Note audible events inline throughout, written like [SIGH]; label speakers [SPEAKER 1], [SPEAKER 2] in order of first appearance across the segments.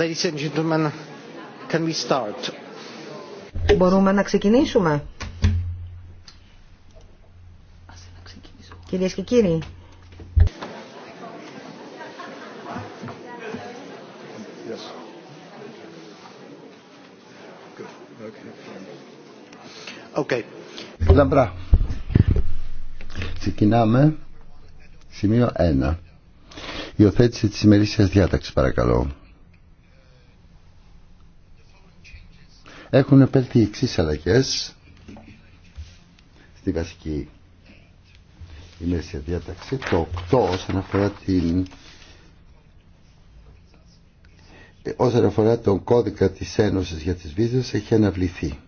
[SPEAKER 1] Ladies and gentlemen, can we start?
[SPEAKER 2] Μπορούμε να ξεκινήσουμε. Κυρίες και κύριοι.
[SPEAKER 3] Okay. Λαμπρά. Ξεκινάμε. Σημείο 1. Υιοθέτηση της ημερήσιας διάταξης παρακαλώ. Έχουν επέλθει εξή αλλαγέ στη βασική ημερήσια διάταξη. Το 8 όσον αφορά την όσον αφορά τον κώδικα της Ένωσης για τις Βίζες έχει αναβληθεί.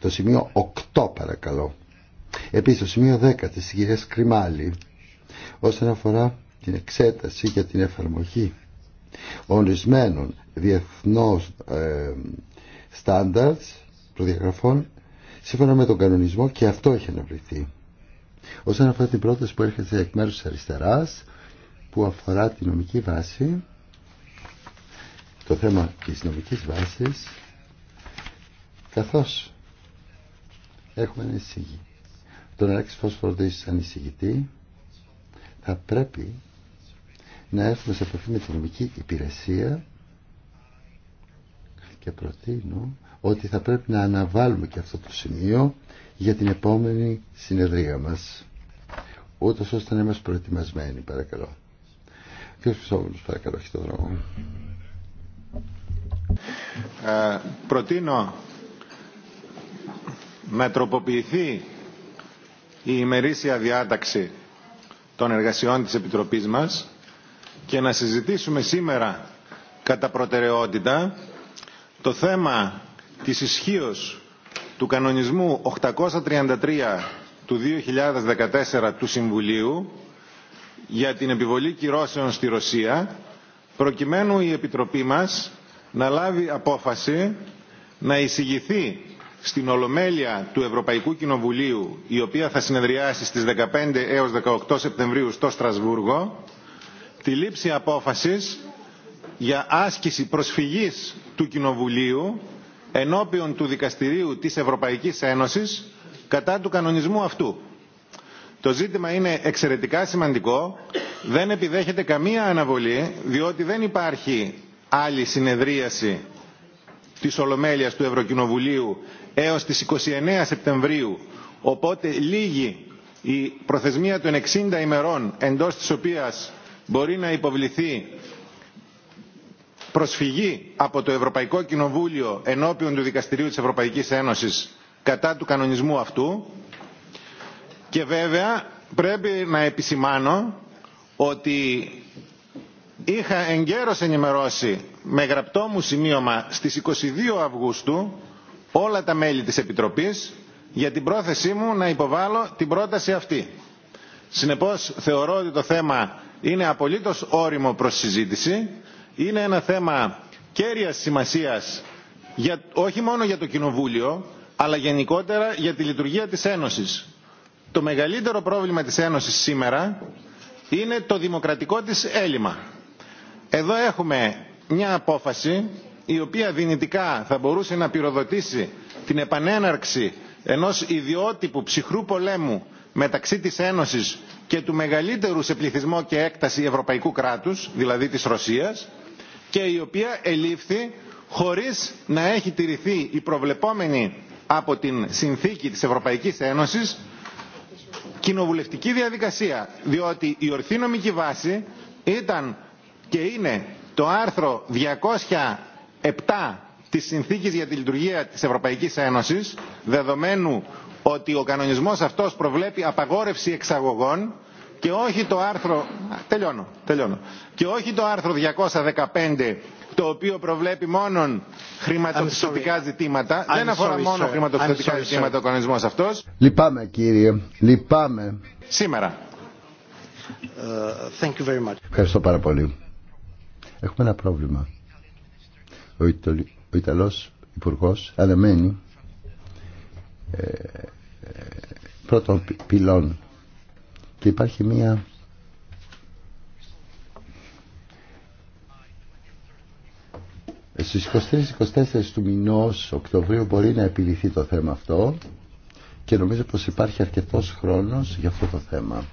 [SPEAKER 3] Το σημείο 8 παρακαλώ. Επίσης το σημείο 10 της κυρίας Κρυμάλη όσον αφορά την εξέταση για την εφαρμογή ορισμένων διεθνώς ε, standards προδιαγραφών σύμφωνα με τον κανονισμό και αυτό έχει αναβληθεί. Όσον αφορά την πρόταση που έρχεται εκ μέρους της αριστεράς που αφορά τη νομική βάση το θέμα της νομικής βάσης καθώς έχουμε ένα το τον Αλέξη Φόσφορο σαν ανησυχητή θα πρέπει να έρθουμε σε επαφή με την νομική υπηρεσία και προτείνω ότι θα πρέπει να αναβάλουμε και αυτό το σημείο για την επόμενη συνεδρία μας ούτως ώστε να είμαστε προετοιμασμένοι παρακαλώ Κύριος Χρυσόβουλος παρακαλώ έχει το δρόμο
[SPEAKER 1] ε, προτείνω να τροποποιηθεί η ημερήσια διάταξη των εργασιών της Επιτροπής μας και να συζητήσουμε σήμερα κατά προτεραιότητα το θέμα της ισχύω του κανονισμού 833 του 2014 του Συμβουλίου για την επιβολή κυρώσεων στη Ρωσία προκειμένου η Επιτροπή μας να λάβει απόφαση να εισηγηθεί στην Ολομέλεια του Ευρωπαϊκού Κοινοβουλίου η οποία θα συνεδριάσει στις 15 έως 18 Σεπτεμβρίου στο Στρασβούργο τη λήψη απόφασης για άσκηση προσφυγής του Κοινοβουλίου ενώπιον του Δικαστηρίου της Ευρωπαϊκής Ένωσης κατά του κανονισμού αυτού. Το ζήτημα είναι εξαιρετικά σημαντικό, δεν επιδέχεται καμία αναβολή, διότι δεν υπάρχει άλλη συνεδρίαση της Ολομέλειας του Ευρωκοινοβουλίου έως τις 29 Σεπτεμβρίου, οπότε λίγη η προθεσμία των 60 ημερών εντός της οποίας μπορεί να υποβληθεί προσφυγή από το Ευρωπαϊκό Κοινοβούλιο ενώπιον του Δικαστηρίου της Ευρωπαϊκής Ένωσης κατά του κανονισμού αυτού και βέβαια πρέπει να επισημάνω ότι είχα εγκαίρως ενημερώσει με γραπτό μου σημείωμα στις 22 Αυγούστου όλα τα μέλη της Επιτροπής για την πρόθεσή μου να υποβάλω την πρόταση αυτή. Συνεπώς θεωρώ ότι το θέμα είναι απολύτως όριμο προς συζήτηση είναι ένα θέμα κέρια σημασίας όχι μόνο για το Κοινοβούλιο, αλλά γενικότερα για τη λειτουργία της Ένωσης. Το μεγαλύτερο πρόβλημα της Ένωσης σήμερα είναι το δημοκρατικό της έλλειμμα. Εδώ έχουμε μια απόφαση η οποία δυνητικά θα μπορούσε να πυροδοτήσει την επανέναρξη ενός ιδιότυπου ψυχρού πολέμου μεταξύ της Ένωσης και του μεγαλύτερου σε πληθυσμό και έκταση ευρωπαϊκού κράτους, δηλαδή της Ρωσίας, και η οποία ελήφθη χωρίς να έχει τηρηθεί η προβλεπόμενη από την συνθήκη της Ευρωπαϊκής Ένωσης κοινοβουλευτική διαδικασία, διότι η ορθή νομική βάση ήταν και είναι το άρθρο 207 της Συνθήκης για τη Λειτουργία της Ευρωπαϊκής Ένωσης, δεδομένου ότι ο κανονισμός αυτός προβλέπει απαγόρευση εξαγωγών και όχι το άρθρο... Τελειώνω, τελειώνω. Και όχι το άρθρο 215 το οποίο προβλέπει μόνο χρηματοπιστωτικά ζητήματα. Δεν αφορά μόνο χρηματοπιστωτικά ζητήματα ο κανονισμός αυτός.
[SPEAKER 3] Λυπάμαι κύριε. Λυπάμαι. Σήμερα.
[SPEAKER 1] Uh, thank you very much.
[SPEAKER 3] Ευχαριστώ πάρα πολύ. Έχουμε ένα πρόβλημα. Ο, Ιταλ... ο Ιταλός Υπουργός αναμένει ε, ε πρώτον πυλών ότι υπάρχει μία Στις 23-24 του μηνός Οκτωβρίου μπορεί να επιληθεί το θέμα αυτό και νομίζω πως υπάρχει αρκετός χρόνος για αυτό το θέμα.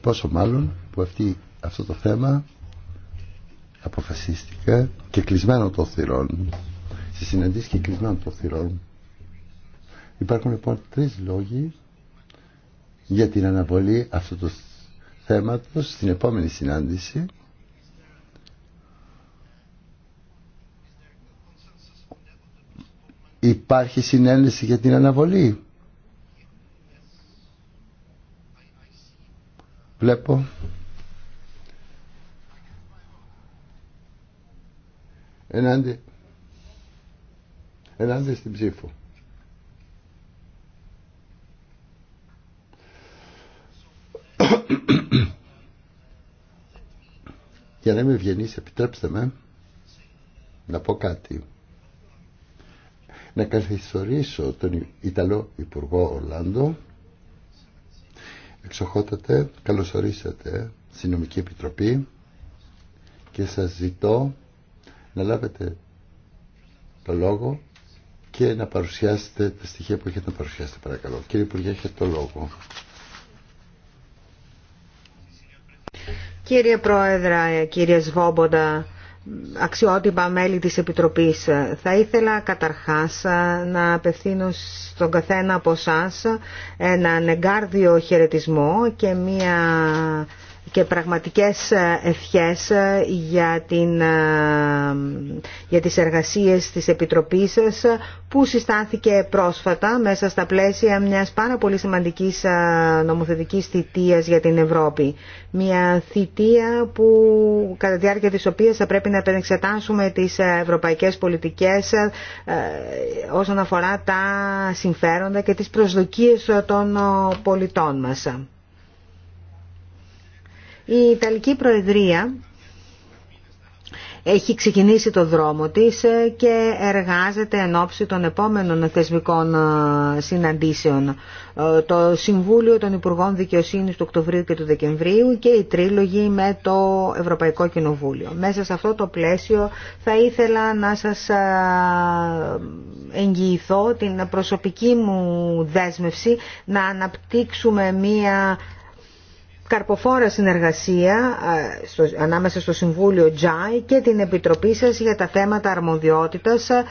[SPEAKER 3] Πόσο μάλλον που αυτή, αυτό το θέμα αποφασίστηκε και κλεισμένο το θυρών στις συναντήσεις και κλεισμένων των θυρών. Υπάρχουν λοιπόν τρεις λόγοι για την αναβολή αυτού του θέματος στην επόμενη συνάντηση. Υπάρχει συνένεση για την αναβολή. Βλέπω. Ενάντια ενάντια στην ψήφο. Για να είμαι ευγενής, επιτρέψτε με να πω κάτι. Να καθιστορήσω τον Ιταλό Υπουργό Ορλάντο. Εξοχότατε, καλωσορίσατε στην Νομική Επιτροπή και σας ζητώ να λάβετε το λόγο και να παρουσιάσετε τα στοιχεία που έχετε να παρουσιάσετε παρακαλώ. Κύριε Υπουργέ, έχετε το λόγο.
[SPEAKER 2] Κύριε Πρόεδρα, κύριε Σβόμποντα, αξιότυπα μέλη της Επιτροπής, θα ήθελα καταρχάς να απευθύνω στον καθένα από εσά έναν εγκάρδιο χαιρετισμό και μία και πραγματικές ε, ευχές ε, για, την, ε, για τις εργασίες της Επιτροπής σας που συστάθηκε πρόσφατα μέσα στα πλαίσια μιας πάρα πολύ σημαντικής νομοθετικής θητείας για την Ευρώπη. Μια θητεία που κατά τη διάρκεια της οποίας θα πρέπει να επενεξετάσουμε τις ευρωπαϊκές πολιτικές όσον αφορά τα συμφέροντα και τις προσδοκίες των πολιτών μας. Η Ιταλική Προεδρία έχει ξεκινήσει το δρόμο της ε, και εργάζεται εν ώψη των επόμενων θεσμικών ε, συναντήσεων. Ε, το Συμβούλιο των Υπουργών Δικαιοσύνης του Οκτωβρίου και του Δεκεμβρίου και η Τρίλογη με το Ευρωπαϊκό Κοινοβούλιο. Μέσα σε αυτό το πλαίσιο θα ήθελα να σας εγγυηθώ την προσωπική μου δέσμευση να αναπτύξουμε μία καρποφόρα συνεργασία ε, στο, ανάμεσα στο Συμβούλιο Τζάι και την Επιτροπή σας για τα θέματα αρμοδιότητας ε,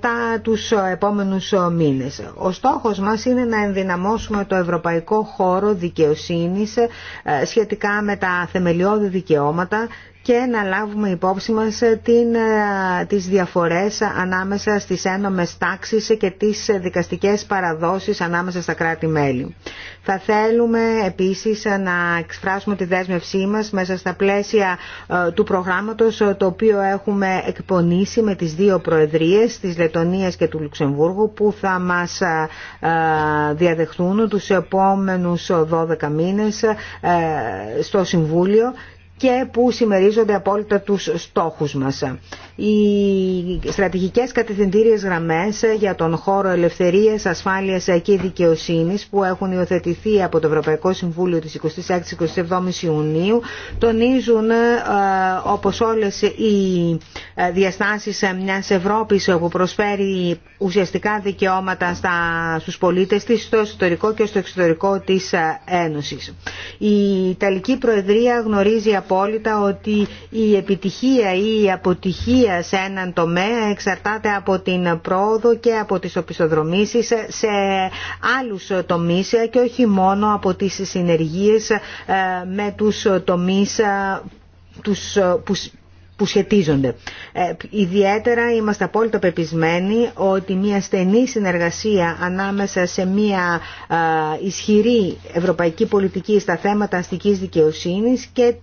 [SPEAKER 2] τα, τους επόμενους μήνες. Ο στόχος μας είναι να ενδυναμώσουμε το ευρωπαϊκό χώρο δικαιοσύνης ε, σχετικά με τα θεμελιώδη δικαιώματα και να λάβουμε υπόψη μας ε, την, ε, τις διαφορές ανάμεσα στις ένομες τάξεις και τις δικαστικές παραδόσεις ανάμεσα στα κράτη-μέλη. Θα θέλουμε επίσης να εκφράσουμε τη δέσμευσή μας μέσα στα πλαίσια ε, του προγράμματος το οποίο έχουμε εκπονήσει με τις δύο προεδρίες της Λετωνίας και του Λουξεμβούργου που θα μας διαδεχθούν τους επόμενους 12 μήνες στο Συμβούλιο και που συμμερίζονται απόλυτα τους στόχους μας. Οι στρατηγικές κατευθυντήριες γραμμές για τον χώρο ελευθερίας, ασφάλειας και δικαιοσύνης που έχουν υιοθετηθεί από το Ευρωπαϊκό Συμβούλιο της 26-27 Ιουνίου τονίζουν ε, όπως όλες οι ε, διαστάσεις μιας Ευρώπης που προσφέρει ουσιαστικά δικαιώματα στους πολίτες της στο εσωτερικό και στο εξωτερικό της ε, Ένωσης. Η Ιταλική Προεδρία γνωρίζει απόλυτα ότι η επιτυχία ή η αποτυχία σε έναν τομέα εξαρτάται από την πρόοδο και από τις οπισθοδρομήσεις σε άλλους τομείς και όχι μόνο από τις συνεργίες ε, με τους τομείς ε, τους, που σχετίζονται. Ε, ιδιαίτερα είμαστε απόλυτα πεπισμένοι ότι μια στενή συνεργασία ανάμεσα σε μια ε, ισχυρή ευρωπαϊκή πολιτική στα θέματα αστικής δικαιοσύνης και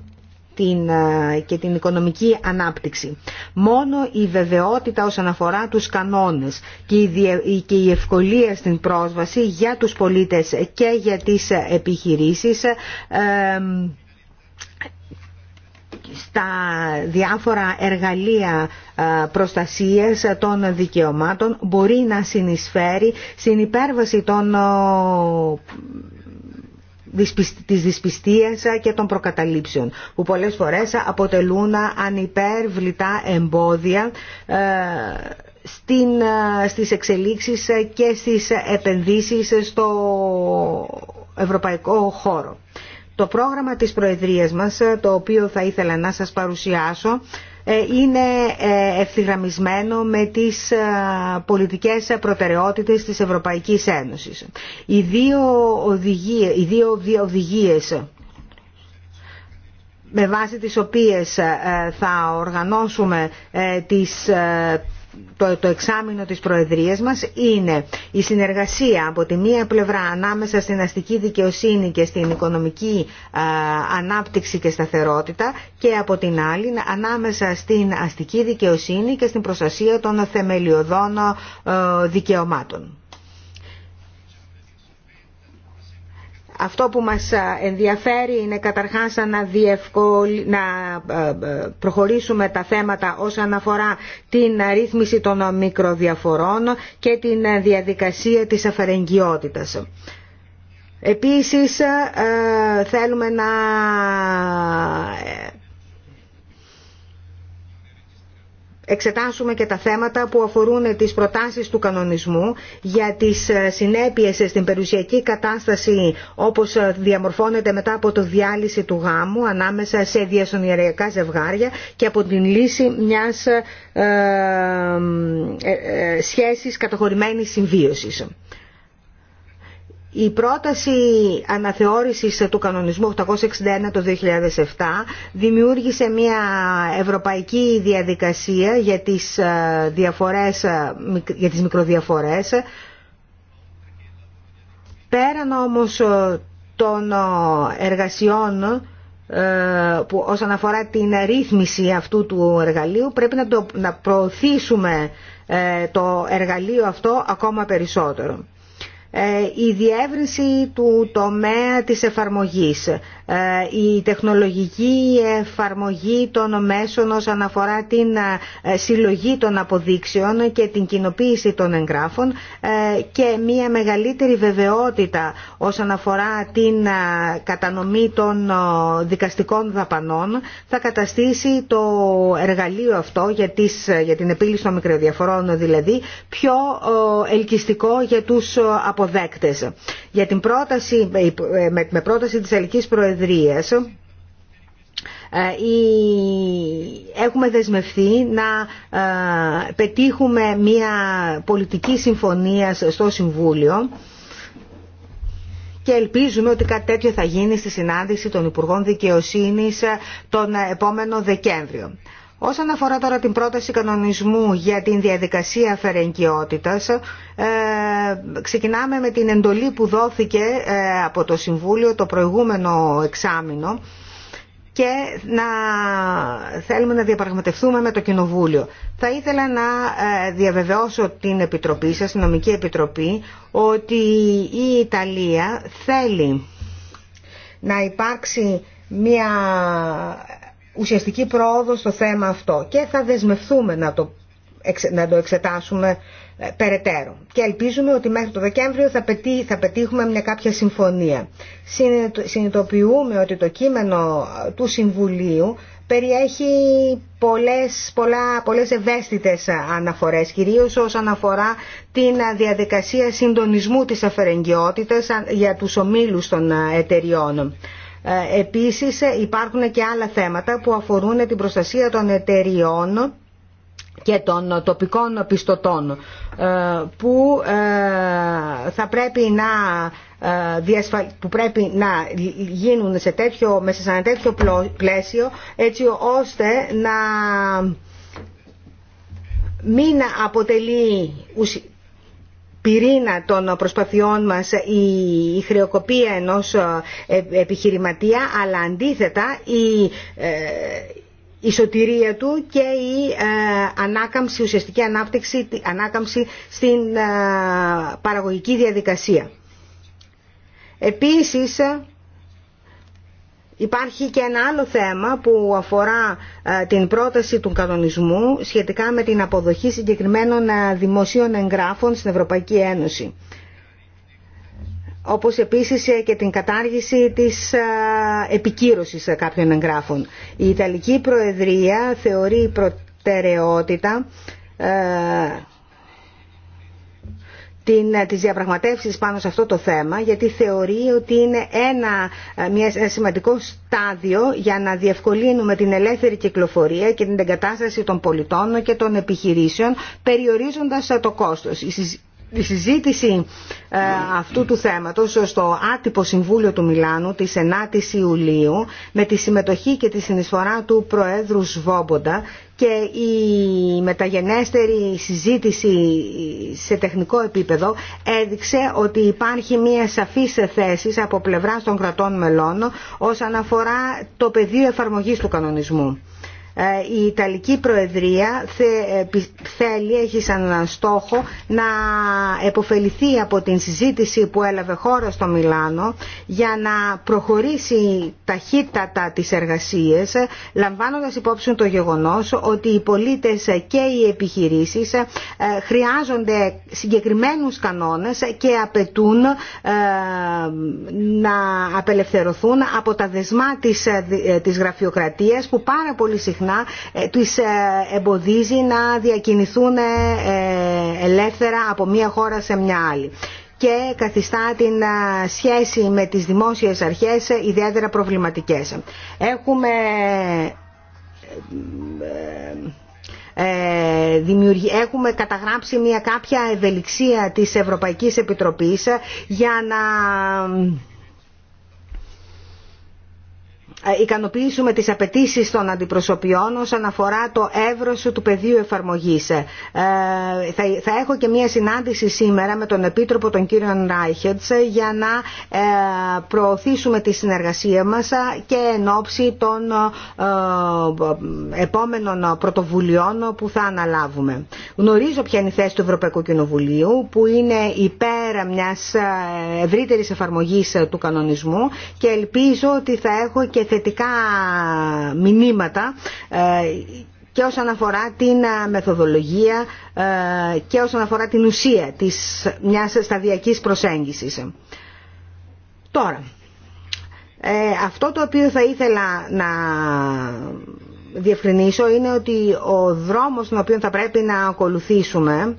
[SPEAKER 2] ε, και την οικονομική ανάπτυξη. Μόνο η βεβαιότητα όσον αφορά τους κανόνες και η, ευκολία στην πρόσβαση για τους πολίτες και για τις επιχειρήσεις ε, στα διάφορα εργαλεία ε, προστασίας των δικαιωμάτων μπορεί να συνεισφέρει στην υπέρβαση των της δυσπιστίας και των προκαταλήψεων που πολλές φορές αποτελούν ανυπέρβλητα εμπόδια ε, στην, ε, στις εξελίξεις και στις επενδύσεις στο ευρωπαϊκό χώρο. Το πρόγραμμα της Προεδρίας μας, το οποίο θα ήθελα να σας παρουσιάσω, ε, είναι ε, ευθυγραμμισμένο με τις ε, πολιτικές προτεραιότητες της Ευρωπαϊκής Ένωσης. Οι δύο, οδηγίες, δύο οδηγίες με βάση τις οποίες θα οργανώσουμε τις το, το εξάμεινο της Προεδρίας μας είναι η συνεργασία από τη μία πλευρά ανάμεσα στην αστική δικαιοσύνη και στην οικονομική ανάπτυξη και σταθερότητα και από την άλλη ανάμεσα στην αστική δικαιοσύνη και στην προστασία των θεμελιωδών δικαιωμάτων. αυτό που μας ε, ενδιαφέρει είναι καταρχάς να, διευκολ... να ε, ε, προχωρήσουμε τα θέματα όσον αφορά την ρύθμιση των μικροδιαφορών και την διαδικασία της αφαιρεγγιότητας. Επίσης θέλουμε να εξετάσουμε και τα θέματα που αφορούν τις προτάσεις του κανονισμού για τις ε, συνέπειες στην περιουσιακή κατάσταση όπως ε, διαμορφώνεται μετά από το διάλυση του γάμου ανάμεσα σε διασωνιαριακά ζευγάρια και από την λύση μιας ε, ε, ε, ε σχέσης συμβίωσης. Η πρόταση αναθεώρησης του κανονισμού 861 το 2007 δημιούργησε μια ευρωπαϊκή διαδικασία για τις, ε, διαφορές, ε, για τις μικροδιαφορές. Πέραν όμως ε, των εργασιών που όσον αφορά την ρύθμιση αυτού του εργαλείου πρέπει να, να προωθήσουμε το εργαλείο αυτό ακόμα περισσότερο. Ε, η διεύρυνση του τομέα της εφαρμογής, ε, η τεχνολογική εφαρμογή των μέσων όσον αφορά την ε, συλλογή των αποδείξεων και την κοινοποίηση των εγγράφων και μια μεγαλύτερη βεβαιότητα όσον αναφορά την κατανομή των δικαστικών δαπανών θα καταστήσει το εργαλείο αυτό για, τις, την επίλυση των μικροδιαφορών δηλαδή πιο ελκυστικό για τους για την πρόταση, ε, ε, με πρόταση της Ελληνικής Προεδρίας, ε, έχουμε δεσμευθεί να πετύχουμε μια πολιτική συμφωνία στο Συμβούλιο και ελπίζουμε ότι κάτι τέτοιο θα γίνει στη συνάντηση των Υπουργών Δικαιοσύνης τον επόμενο Δεκέμβριο. Όσον αφορά τώρα την πρόταση κανονισμού για την διαδικασία αφαιρεγκαιότητας, ε, ξεκινάμε με την εντολή που δόθηκε ε, από το Συμβούλιο το προηγούμενο εξάμεινο και να θέλουμε να διαπραγματευτούμε με το Κοινοβούλιο. Θα ήθελα να ε, διαβεβαιώσω την Επιτροπή σας, την Νομική Επιτροπή, ότι η Ιταλία θέλει να υπάρξει μια ουσιαστική πρόοδο στο θέμα αυτό και θα δεσμευθούμε να το, να το εξετάσουμε ε, περαιτέρω. Και ελπίζουμε ότι μέχρι το Δεκέμβριο θα, πετύχουμε μια κάποια συμφωνία. Συνειδητοποιούμε ότι το κείμενο ε, του Συμβουλίου περιέχει πολλές, πολλά, πολλές ευαίσθητες ε, αναφορές, κυρίως όσον αφορά την διαδικασία συντονισμού της αφαιρεγγιότητας για τους ομίλους των εταιριών. Ε, επίσης ε, υπάρχουν και άλλα θέματα που αφορούν την προστασία των εταιριών και των τοπικών πιστωτών ε, που θα πρέπει να που πρέπει να γίνουν σε τέτοιο, μέσα σε ένα τέτοιο πλαίσιο έτσι ώστε να μην αποτελεί πυρήνα των προσπαθειών μας η χρεοκοπία ενός ε, ε, επιχειρηματία, αλλά αντίθετα η ε, η σωτηρία του και η ανάκαμψη, ουσιαστική ανάπτυξη, ανάκαμψη στην παραγωγική διαδικασία. Επίσης, Υπάρχει και ένα άλλο θέμα που αφορά ε, την πρόταση του κανονισμού σχετικά με την αποδοχή συγκεκριμένων ε, δημοσίων εγγράφων στην Ευρωπαϊκή Ένωση. Όπως επίσης ε, και την κατάργηση της επικύρωσης κάποιων εγγράφων. Η Ιταλική Προεδρία θεωρεί προτεραιότητα την, ε, τις διαπραγματεύσεις πάνω σε αυτό το θέμα γιατί θεωρεί ότι είναι ένα, ε, μια, σημαντικό στάδιο για να διευκολύνουμε την ελεύθερη κυκλοφορία και την εγκατάσταση των πολιτών και των επιχειρήσεων περιορίζοντας ε, το κόστος η συζήτηση ε, αυτού του θέματος στο άτυπο Συμβούλιο του Μιλάνου της 9ης Ιουλίου με τη συμμετοχή και τη συνεισφορά του Προέδρου Σβόμποντα και η μεταγενέστερη συζήτηση σε τεχνικό επίπεδο έδειξε ότι υπάρχει μια σαφής θέση από πλευρά των κρατών μελών όσον αφορά το πεδίο εφαρμογής του κανονισμού. Ε, η Ιταλική Προεδρία θέλει, έχει σαν στόχο να επωφεληθεί από την συζήτηση που έλαβε χώρα στο Μιλάνο για να προχωρήσει ταχύτατα τις εργασίες λαμβάνοντας υπόψη το γεγονός ότι οι πολίτες και οι επιχειρήσεις ε, χρειάζονται συγκεκριμένους κανόνες και απαιτούν ε, να απελευθερωθούν από τα δεσμά της γραφειοκρατίας που πάρα πολύ συχνά συχνά ε, ε, εμποδίζει να διακινηθούν ε, ελεύθερα από μία χώρα σε μια άλλη και καθιστά την σχέση με τις δημόσιες αρχές ιδιαίτερα προβληματικές. Έχουμε έχουμε καταγράψει μια κάποια ευελιξία της Ευρωπαϊκής Επιτροπής για να ε, ικανοποιήσουμε τις απαιτήσεις των αντιπροσωπιών όσον αφορά το εύρος του πεδίου εφαρμογής. Ε, θα, θα έχω και μία συνάντηση σήμερα με τον Επίτροπο τον κύριο Ράιχετς για να ε, προωθήσουμε τη συνεργασία μας και εν ώψη των ε, επόμενων πρωτοβουλειών που θα αναλάβουμε. Γνωρίζω ποια είναι η θέση του Ευρωπαϊκού Κοινοβουλίου που είναι υπέρ πέρα μιας ε, εφαρμογή ε, του κανονισμού και ελπίζω ότι θα έχω και θετικά μηνύματα ε, και όσον αφορά την μεθοδολογία και όσον αφορά την ουσία της μιας σταδιακής προσέγγισης. Τώρα, αυτό το οποίο θα ήθελα να διευκρινίσω είναι ότι ο δρόμος τον οποίο θα πρέπει να ακολουθήσουμε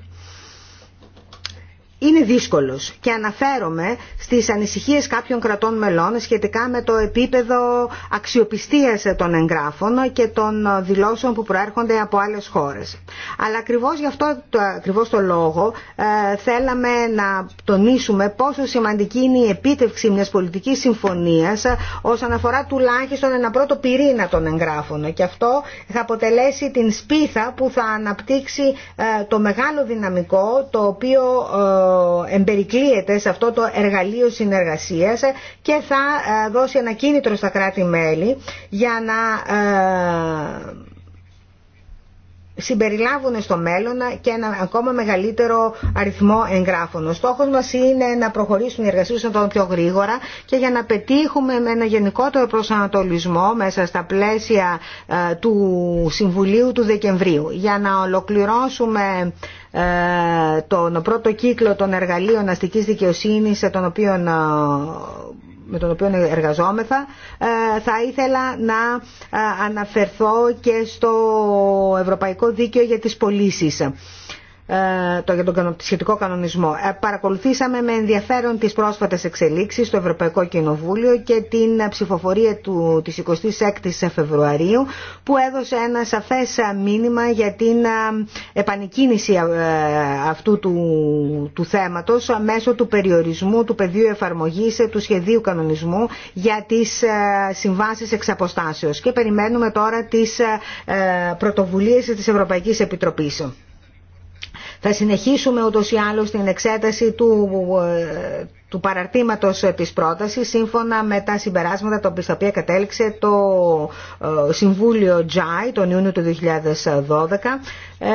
[SPEAKER 2] είναι δύσκολος και αναφέρομαι στις ανησυχίες κάποιων κρατών μελών σχετικά με το επίπεδο αξιοπιστίας των εγγράφων και των δηλώσεων που προέρχονται από άλλες χώρες. Αλλά ακριβώς γι' αυτό ακριβώς το λόγο ε, θέλαμε να τονίσουμε πόσο σημαντική είναι η επίτευξη μιας πολιτικής συμφωνίας ε, όσον αφορά τουλάχιστον ένα πρώτο πυρήνα των εγγράφων και αυτό θα αποτελέσει την σπίθα που θα αναπτύξει ε, το μεγάλο δυναμικό το οποίο εμπερικλείεται σε αυτό το εργαλείο συνεργασίας και θα ε, δώσει ένα κίνητρο στα κράτη-μέλη για να ε, συμπεριλάβουν στο μέλλον και ένα ακόμα μεγαλύτερο αριθμό εγγράφων. Ο στόχος μας είναι να προχωρήσουν οι εργασίες τον πιο γρήγορα και για να πετύχουμε με ένα γενικότερο προσανατολισμό μέσα στα πλαίσια ε, του Συμβουλίου του Δεκεμβρίου. Για να ολοκληρώσουμε ε, τον πρώτο κύκλο των εργαλείων αστικής δικαιοσύνης τον οποίο ε, με τον οποίο εργαζόμεθα, ε, θα ήθελα να ε, αναφερθώ και στο Ευρωπαϊκό Δίκαιο για τις πωλήσει. Ε, για τον σχετικό κανονισμό. Ε, παρακολουθήσαμε με ενδιαφέρον τις πρόσφατες εξελίξεις στο Ευρωπαϊκό Κοινοβούλιο και την ψηφοφορία του, της 26ης Φεβρουαρίου που έδωσε ένα σαφές μήνυμα για την ε, επανεκκίνηση αυτού του, του θέματος μέσω του περιορισμού του πεδίου εφαρμογής του σχεδίου κανονισμού για τις συμβάσεις εξ αποστάσεως. Και περιμένουμε τώρα τις πρωτοβουλίες της Ευρωπαϊκής Επιτροπής. Θα συνεχίσουμε ούτως ή άλλως την εξέταση του, ε, του παραρτήματος της πρότασης σύμφωνα με τα συμπεράσματα τα οποία κατέληξε το ε, Συμβούλιο Τζάι τον Ιούνιο του 2012 ε,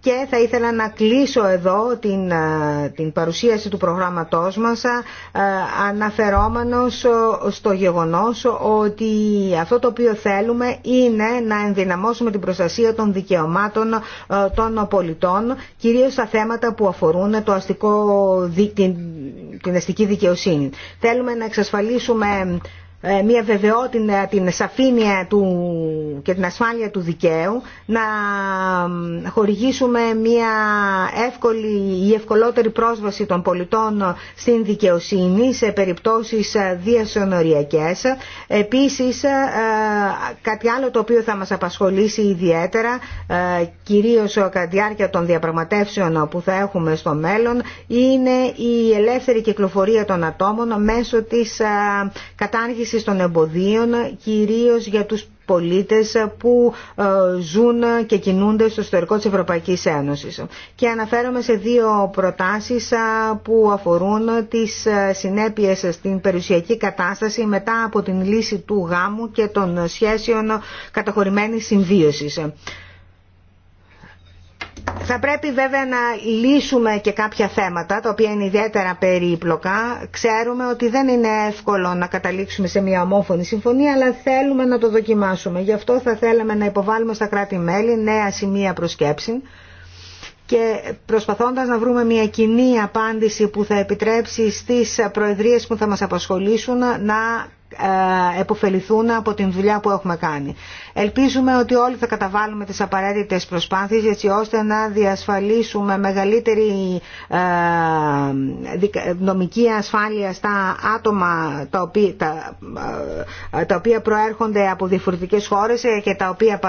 [SPEAKER 2] και θα ήθελα να κλείσω εδώ την, ε, την παρουσίαση του προγράμματός μας ε, αναφερόμενος στο γεγονός ότι αυτό το οποίο θέλουμε είναι να ενδυναμώσουμε την προστασία των δικαιωμάτων των πολιτών κυρίως στα θέματα που αφορούν το αστικό, την, την αστική δικαιοσύνη. Θέλουμε να εξασφαλίσουμε ε, μια βεβαιότητα, ε, την σαφήνεια του, και την ασφάλεια του δικαίου, να χορηγήσουμε μια εύκολη ή ευκολότερη πρόσβαση των πολιτών στην δικαιοσύνη σε περιπτώσεις ε, διασωνοριακές. Επίσης, κάτι άλλο το οποίο θα μας απασχολήσει ιδιαίτερα, κυρίως κατά τη διάρκεια των διαπραγματεύσεων που θα έχουμε στο μέλλον, είναι η ελεύθερη κυκλοφορία των ατόμων μέσω της κατάργησης των εμποδίων, κυρίως για τους πολίτες που ε, ζουν και κινούνται στο ιστορικό της Ευρωπαϊκής Ένωσης. Και αναφέρομαι σε δύο προτάσεις ε, που αφορούν τις ε, συνέπειες στην περιουσιακή κατάσταση μετά από την λύση του γάμου και των σχέσεων καταχωρημένης συμβίωσης θα πρέπει βέβαια να λύσουμε και κάποια θέματα τα οποία είναι ιδιαίτερα περίπλοκα. Ξέρουμε ότι δεν είναι εύκολο να καταλήξουμε σε μια ομόφωνη συμφωνία αλλά θέλουμε να το δοκιμάσουμε. Γι' αυτό θα θέλαμε να υποβάλουμε στα κράτη-μέλη νέα σημεία προσκέψη και προσπαθώντας να βρούμε μια κοινή απάντηση που θα επιτρέψει στις προεδρίες που θα μας απασχολήσουν να ε, επωφεληθούν από την δουλειά που έχουμε κάνει. Ελπίζουμε ότι όλοι θα καταβάλουμε τις απαραίτητες προσπάθειες έτσι ώστε να διασφαλίσουμε μεγαλύτερη ε, νομική ασφάλεια στα άτομα τα οποία, τα, ε, τα οποία προέρχονται από διαφορετικές χώρες και τα οποία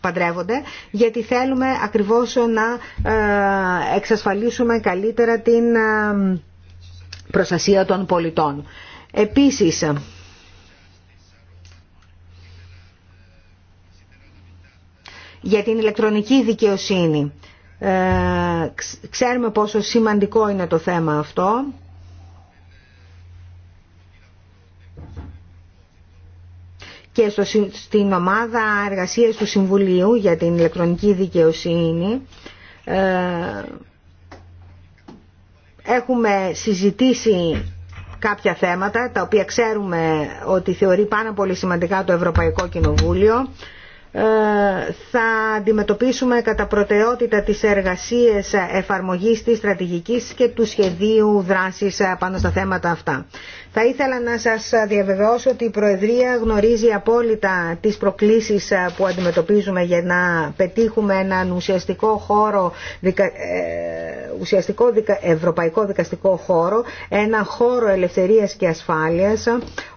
[SPEAKER 2] παντρεύονται, γιατί θέλουμε ακριβώς να εξασφαλίσουμε καλύτερα την προστασία των πολιτών. Επίσης, για την ηλεκτρονική δικαιοσύνη. Ε, ξέρουμε πόσο σημαντικό είναι το θέμα αυτό. Και στο, στην ομάδα εργασίας του Συμβουλίου για την ηλεκτρονική δικαιοσύνη ε, έχουμε συζητήσει κάποια θέματα τα οποία ξέρουμε ότι θεωρεί πάρα πολύ σημαντικά το Ευρωπαϊκό Κοινοβούλιο ε, θα αντιμετωπίσουμε κατά προτεραιότητα τις εργασίες εφαρμογής της στρατηγικής και του σχεδίου δράσης ε, πάνω στα θέματα αυτά. Θα ήθελα να σας διαβεβαιώσω ότι η Προεδρία γνωρίζει απόλυτα τις προκλήσεις ε, που αντιμετωπίζουμε για να πετύχουμε έναν ουσιαστικό χώρο, ε, ουσιαστικό ευρωπαϊκό δικαστικό χώρο, ένα χώρο ελευθερίας και ασφάλειας,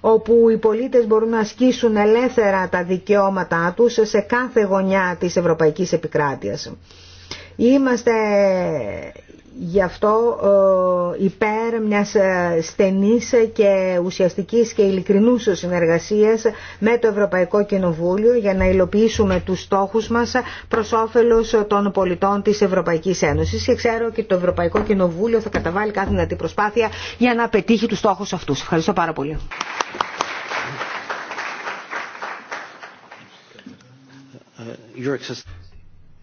[SPEAKER 2] όπου οι πολίτες μπορούν να ασκήσουν ελεύθερα τα δικαιώματά τους σε κάθε γωνιά της ευρωπαϊκής επικράτειας. Είμαστε Γι' αυτό ε, υπέρ μιας ε, στενής και ουσιαστικής και ειλικρινούς συνεργασίας με το Ευρωπαϊκό Κοινοβούλιο για να υλοποιήσουμε τους στόχους μας προς όφελος των πολιτών της Ευρωπαϊκής Ένωσης και ξέρω ότι το Ευρωπαϊκό Κοινοβούλιο θα καταβάλει κάθε δυνατή προσπάθεια για να πετύχει τους στόχους αυτούς. Ευχαριστώ πάρα πολύ.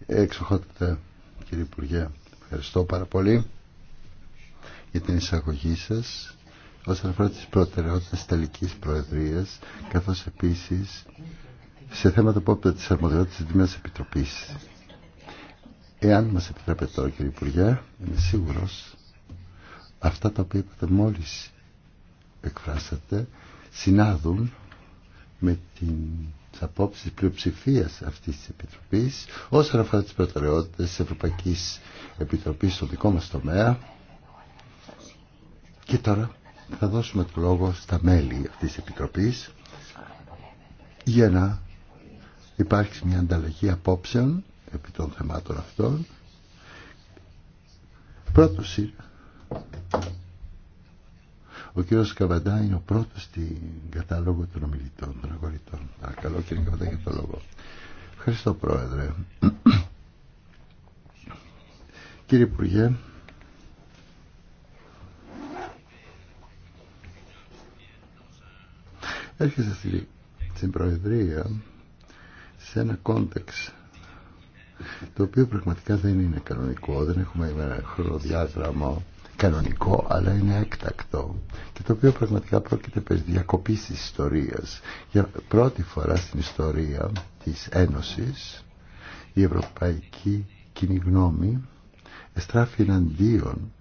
[SPEAKER 3] Ε, Ευχαριστώ πάρα πολύ για την εισαγωγή σας όσον αφορά τις προτεραιότητες τελικής προεδρίας καθώς επίσης σε θέματα που έπρεπε της αρμοδιότητας της Δημιάς Επιτροπής. Εάν μας επιτρέπετε τώρα κύριε Υπουργέ, είμαι σίγουρος αυτά τα οποία είπατε μόλις εκφράσατε συνάδουν με την απόψεις πλειοψηφίας αυτής της Επιτροπής όσον αφορά τις προτεραιότητες της Ευρωπαϊκής Επιτροπής στο δικό μας τομέα και τώρα θα δώσουμε το λόγο στα μέλη αυτής της Επιτροπής για να υπάρξει μια ανταλλαγή απόψεων επί των θεμάτων αυτών. Πρώτος είναι ο κύριο Καβαντά είναι ο πρώτο στην κατάλογο των ομιλητών, των αγορητών. Παρακαλώ κύριε Καβαντά για το λόγο. Ευχαριστώ πρόεδρε. κύριε Υπουργέ, Έρχεσαι στην Προεδρία σε ένα κόντεξ το οποίο πραγματικά δεν είναι κανονικό, δεν έχουμε ένα χρονοδιάγραμμα κανονικό αλλά είναι έκτακτο και το οποίο πραγματικά πρόκειται περί διακοπής της ιστορίας. Για πρώτη φορά στην ιστορία της Ένωσης η Ευρωπαϊκή Κοινή Γνώμη εστράφει εναντίον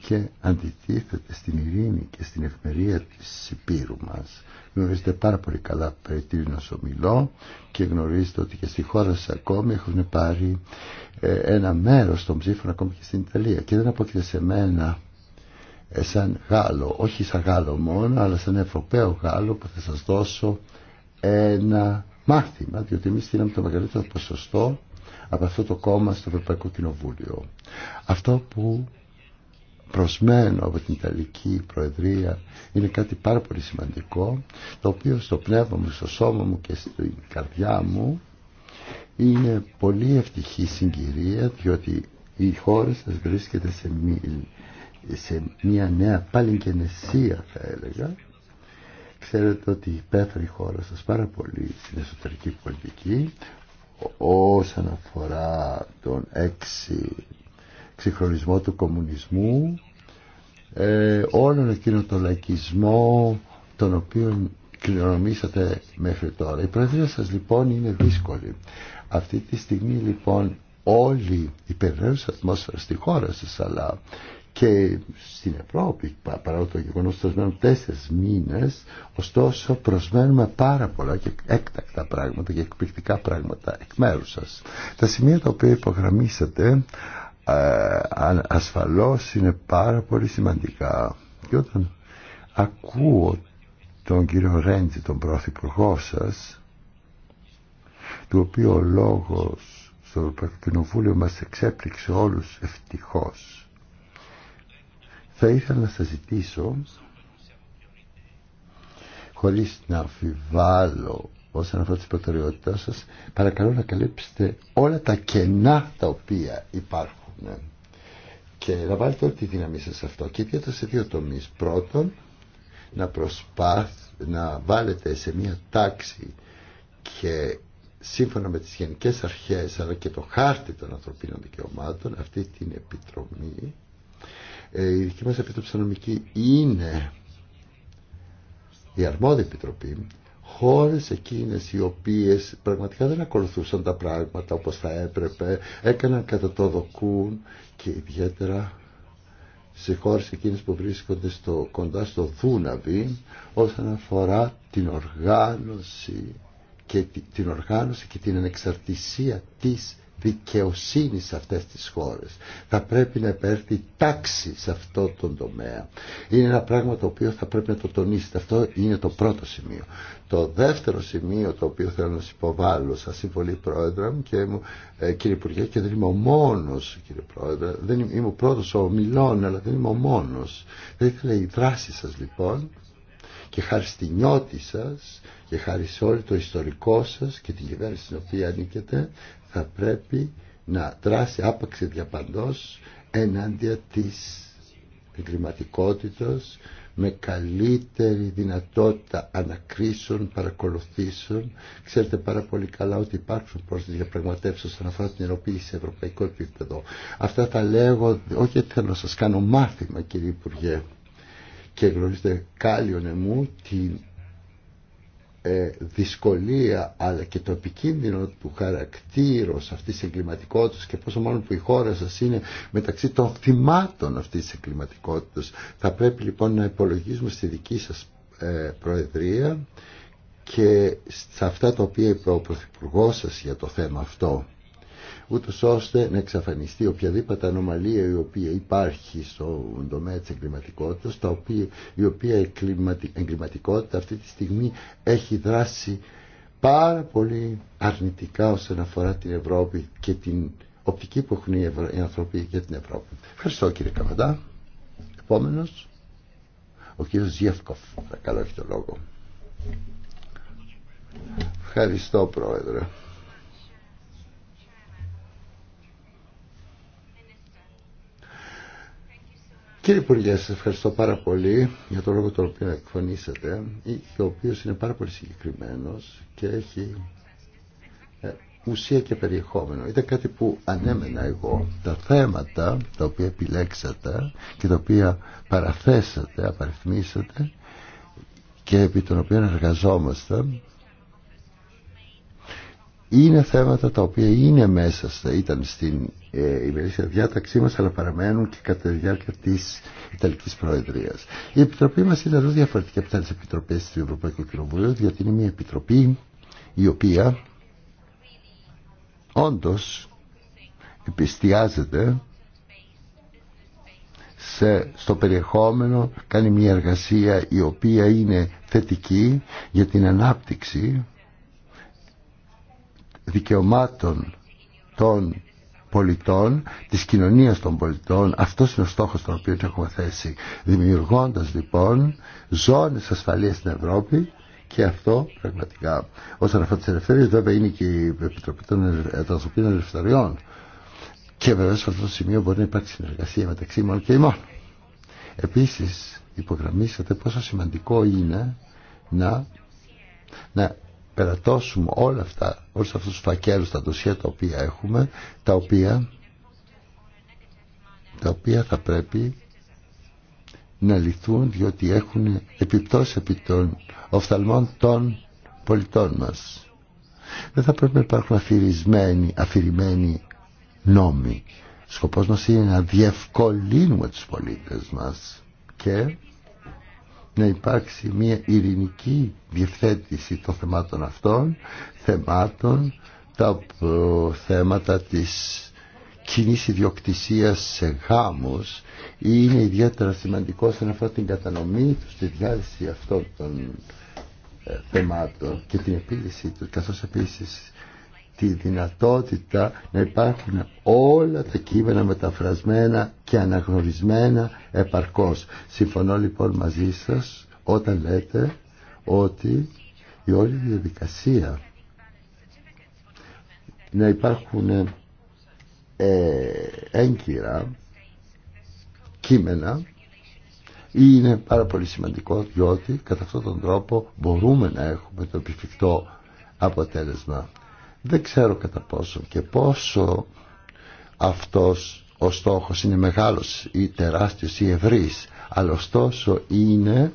[SPEAKER 3] και αντιτίθεται στην ειρήνη και στην ευμερία της Υπήρου μας. Γνωρίζετε πάρα πολύ καλά περί τίνος ομιλώ και γνωρίζετε ότι και στη χώρα σας ακόμη έχουν πάρει ε, ένα μέρος των ψήφων ακόμη και στην Ιταλία και δεν απόκειται σε μένα ε, σαν Γάλλο, όχι σαν Γάλλο μόνο αλλά σαν Ευρωπαίο Γάλλο που θα σας δώσω ένα μάθημα διότι εμείς στείλαμε το μεγαλύτερο ποσοστό από αυτό το κόμμα στο Ευρωπαϊκό Κοινοβούλιο. Αυτό που προσμένο από την Ιταλική Προεδρία είναι κάτι πάρα πολύ σημαντικό το οποίο στο πνεύμα μου, στο σώμα μου και στην καρδιά μου είναι πολύ ευτυχή συγκυρία διότι η χώρα σας βρίσκεται σε μία, σε μία νέα παλιγενεσία θα έλεγα ξέρετε ότι πέθανε η χώρα σας πάρα πολύ στην εσωτερική πολιτική όσον αφορά τον έξι ξεχρονισμό του κομμουνισμού, ε, όλον εκείνο το λαϊκισμό τον οποίο κληρονομήσατε μέχρι τώρα. Η προεδρία σας λοιπόν είναι δύσκολη. Αυτή τη στιγμή λοιπόν όλη η περιραίωση ατμόσφαιρα στη χώρα σας αλλά και στην Ευρώπη παρά το γεγονός ότι προσμένουν τέσσερις μήνες ωστόσο προσμένουμε πάρα πολλά και έκτακτα πράγματα και εκπληκτικά πράγματα εκ μέρους σας. Τα σημεία τα οποία υπογραμμίσατε ε, ασφαλώς είναι πάρα πολύ σημαντικά και όταν ακούω τον κύριο Ρέντζη τον πρωθυπουργό σας του οποίου ο λόγος στο Ευρωπαϊκό Κοινοβούλιο μας εξέπληξε όλους ευτυχώς θα ήθελα να σας ζητήσω χωρίς να αμφιβάλλω όσον αφορά τις προτεραιότητες σας παρακαλώ να καλύψετε όλα τα κενά τα οποία υπάρχουν ναι. Και να βάλετε όλη τη δύναμη σας σε αυτό και ιδιαίτερα σε δύο τομείς. Πρώτον, να προσπάθ, να βάλετε σε μια τάξη και σύμφωνα με τις γενικές αρχές αλλά και το χάρτη των ανθρωπίνων δικαιωμάτων αυτή την επιτρομή ε, η δική μας επιτροπή είναι η αρμόδια επιτροπή χώρες εκείνες οι οποίες πραγματικά δεν ακολουθούσαν τα πράγματα όπως θα έπρεπε, έκαναν κατά το δοκούν και ιδιαίτερα σε χώρες εκείνες που βρίσκονται στο, κοντά στο Δούναβι όσον αφορά την οργάνωση και την οργάνωση και την ανεξαρτησία της δικαιοσύνη σε αυτές τις χώρες. Θα πρέπει να υπέρθει τάξη σε αυτό τον τομέα. Είναι ένα πράγμα το οποίο θα πρέπει να το τονίσετε. Αυτό είναι το πρώτο σημείο. Το δεύτερο σημείο το οποίο θέλω να σας υποβάλω, σας συμβολή πρόεδρα μου και μου, ε, κύριε Υπουργέ, και δεν είμαι ο μόνος κύριε πρόεδρε, δεν είμαι, είμαι ο πρώτος ο μιλών, αλλά δεν είμαι ο μόνος. Θα ήθελα η δράση σας λοιπόν και χάρη στη νιώτη σας και χάρη σε όλο το ιστορικό σας και την κυβέρνηση στην οποία ανήκετε θα πρέπει να δράσει άπαξε διαπαντός ενάντια της εγκληματικότητας με καλύτερη δυνατότητα ανακρίσεων, παρακολουθήσεων. Ξέρετε πάρα πολύ καλά ότι υπάρχουν για διαπραγματεύσει όσον αφορά την ενοποίηση σε ευρωπαϊκό επίπεδο. Αυτά τα λέγω όχι γιατί θέλω να σα κάνω μάθημα, κύριε Υπουργέ. Και γνωρίζετε κάλλιον μου την ε, δυσκολία αλλά και το επικίνδυνο του χαρακτήρου αυτής της εγκληματικότητας και πόσο μάλλον που η χώρα σας είναι μεταξύ των θυμάτων αυτής της εγκληματικότητας. Θα πρέπει λοιπόν να υπολογίζουμε στη δική σας ε, Προεδρία και σε αυτά τα οποία είπε ο Πρωθυπουργός σας για το θέμα αυτό ούτως ώστε να εξαφανιστεί οποιαδήποτε ανομαλία η οποία υπάρχει στον τομέα της εγκληματικότητας, τα οποία, η οποία εγκληματικότητα αυτή τη στιγμή έχει δράσει πάρα πολύ αρνητικά όσον αφορά την Ευρώπη και την οπτική που έχουν οι άνθρωποι για την Ευρώπη. Ευχαριστώ κύριε Καβαντά. Επόμενος, ο κύριος Ζιεύκοφ. Παρακαλώ, έχει το λόγο. Ευχαριστώ πρόεδρε. Κύριε Υπουργέ, σας ευχαριστώ πάρα πολύ για τον λόγο τον οποίο εκφωνήσατε, ο οποίο είναι πάρα πολύ συγκεκριμένο και έχει ε, ουσία και περιεχόμενο. Ήταν κάτι που ανέμενα εγώ. Τα θέματα τα οποία επιλέξατε και τα οποία παραθέσατε, απαριθμίσατε και επί των οποίων εργαζόμαστε είναι θέματα τα οποία είναι μέσα στα, ήταν στην ε, ημερήσια διάταξή μας αλλά παραμένουν και κατά τη διάρκεια της Ιταλικής Προεδρίας. Η Επιτροπή μας είναι αλλού διαφορετική από τις επιτροπές του Ευρωπαϊκού Κοινοβουλίου γιατί είναι μια επιτροπή η οποία όντως επιστιάζεται σε, στο περιεχόμενο κάνει μια εργασία η οποία είναι θετική για την ανάπτυξη δικαιωμάτων των πολιτών, της κοινωνίας των πολιτών. Αυτός είναι ο στόχος τον οποίο έχουμε θέσει. Δημιουργώντας λοιπόν ζώνες ασφαλείας στην Ευρώπη και αυτό πραγματικά. Όσον αφορά τις ελευθερίες βέβαια είναι και η Επιτροπή των ε, Ανθρωπίνων Ελευθεριών. Και βέβαια σε αυτό το σημείο μπορεί να υπάρξει συνεργασία μεταξύ μόνο και ημών. Επίσης υπογραμμίσατε πόσο σημαντικό είναι να, να περατώσουμε όλα αυτά, όλους αυτούς τους φακέλους, τα δοσία τα οποία έχουμε, τα οποία, τα οποία θα πρέπει να λυθούν διότι έχουν επιπτώσει επί των οφθαλμών των πολιτών μας. Δεν θα πρέπει να υπάρχουν αφηρημένοι, αφηρημένοι νόμοι. Σκοπός μας είναι να διευκολύνουμε τους πολίτες μας και να υπάρξει μια ειρηνική διευθέτηση των θεμάτων αυτών, θεμάτων, τα θέματα της κοινή ιδιοκτησία σε γάμους είναι ιδιαίτερα σημαντικό σε αυτό την κατανομή του στη διάθεση αυτών των ε, θεμάτων και την επίλυση του, καθώς επίσης τη δυνατότητα να υπάρχουν όλα τα κείμενα μεταφρασμένα και αναγνωρισμένα επαρκώς. Συμφωνώ λοιπόν μαζί σας όταν λέτε ότι η όλη διαδικασία να υπάρχουν ε, έγκυρα κείμενα είναι πάρα πολύ σημαντικό διότι κατά αυτόν τον τρόπο μπορούμε να έχουμε το επιφυκτό αποτέλεσμα. Δεν ξέρω κατά πόσο και πόσο αυτός ο στόχος είναι μεγάλος ή τεράστιος ή ευρύς αλλά ωστόσο είναι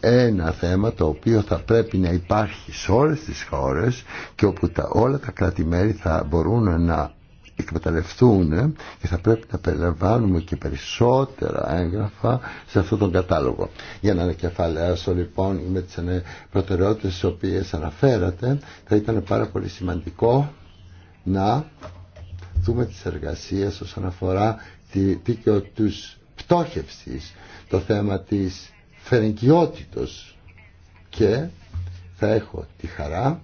[SPEAKER 3] ένα θέμα το οποίο θα πρέπει να υπάρχει σε όλες τις χώρες και όπου τα, όλα τα κρατη θα μπορούν να εκμεταλλευτούν ε, και θα πρέπει να περιλαμβάνουμε και περισσότερα έγγραφα σε αυτόν τον κατάλογο. Για να ανακεφαλαίωσω λοιπόν με τις προτεραιότητες τις οποίες αναφέρατε θα ήταν πάρα πολύ σημαντικό να δούμε τις εργασίες όσον αφορά τη δίκαιο τους πτώχευσης, το θέμα της φερενκιότητος και θα έχω τη χαρά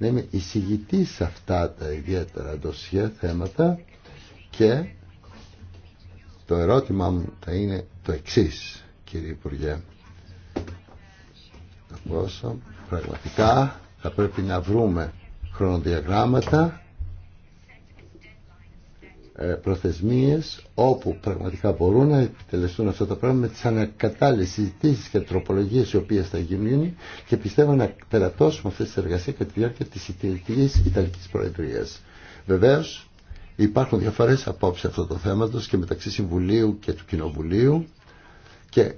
[SPEAKER 3] να είμαι εισηγητή σε αυτά τα ιδιαίτερα ντοσιέ θέματα και το ερώτημά μου θα είναι το εξής κύριε Υπουργέ πόσο πραγματικά θα πρέπει να βρούμε χρονοδιαγράμματα ε, προθεσμίες όπου πραγματικά μπορούν να επιτελεστούν αυτά τα πράγματα με τις ανακατάλληλες συζητήσεις και τροπολογίες οι οποίες θα γίνουν και πιστεύω να περατώσουμε αυτές τις εργασίες κατά τη διάρκεια της Ιταλικής, Ιταλικής Προεδρίας. Βεβαίως υπάρχουν διαφορές απόψε αυτό το θέματος και μεταξύ Συμβουλίου και του Κοινοβουλίου και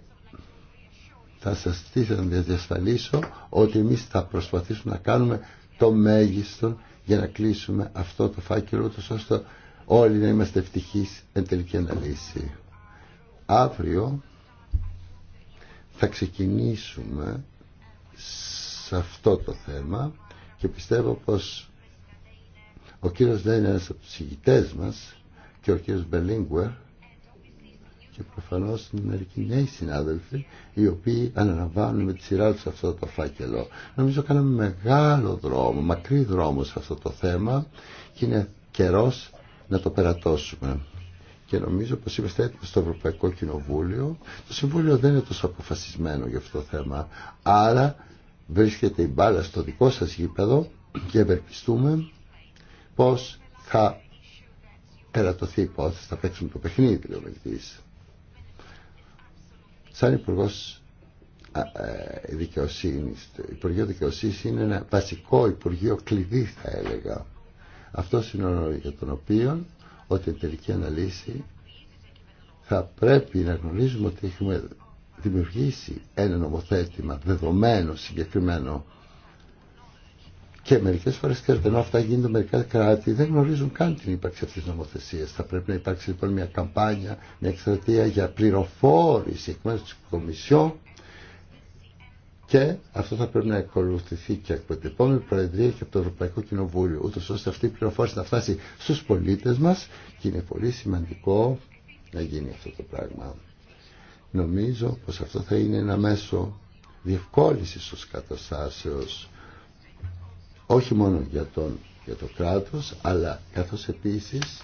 [SPEAKER 3] θα σας στήσω να διασφαλίσω ότι εμείς θα προσπαθήσουμε να κάνουμε το μέγιστο για να κλείσουμε αυτό το φάκελο ώστε όλοι να είμαστε ευτυχείς εν τελική αναλύση. Αύριο θα ξεκινήσουμε σε αυτό το θέμα και πιστεύω πως ο κύριος δεν είναι ένας από τους ηγητές μας και ο κύριος Μπελίνγκουερ και προφανώς μερικοί νέοι συνάδελφοι οι οποίοι αναλαμβάνουν με τη σειρά τους αυτό το φάκελο. Νομίζω κάναμε μεγάλο δρόμο, μακρύ δρόμο σε αυτό το θέμα και είναι καιρός να το περατώσουμε. Και νομίζω πως είμαστε έτοιμοι στο Ευρωπαϊκό Κοινοβούλιο. Το Συμβούλιο δεν είναι τόσο αποφασισμένο για αυτό το θέμα. Άρα βρίσκεται η μπάλα στο δικό σας γήπεδο και ευελπιστούμε πως θα περατωθεί η υπόθεση, θα παίξουμε το παιχνίδι, λέει ο Σαν υπουργό ε, δικαιοσύνη, το Υπουργείο Δικαιοσύνη είναι ένα βασικό Υπουργείο κλειδί, θα έλεγα. Αυτό είναι ο για τον οποίο ότι η τελική αναλύση θα πρέπει να γνωρίζουμε ότι έχουμε δημιουργήσει ένα νομοθέτημα δεδομένο, συγκεκριμένο και μερικέ φορέ ενώ αυτά γίνονται μερικά κράτη, δεν γνωρίζουν καν την ύπαρξη αυτή τη νομοθεσία. Θα πρέπει να υπάρξει λοιπόν μια καμπάνια, μια εκστρατεία για πληροφόρηση εκ μέρου τη Κομισιόν και αυτό θα πρέπει να ακολουθηθεί και από την επόμενη Προεδρία και από το Ευρωπαϊκό Κοινοβούλιο, ούτω ώστε αυτή η πληροφόρηση να φτάσει στου πολίτε μα και είναι πολύ σημαντικό να γίνει αυτό το πράγμα. Νομίζω πως αυτό θα είναι ένα μέσο διευκόλυνση της καταστάσεω, όχι μόνο για, τον, για το κράτος αλλά καθώ επίσης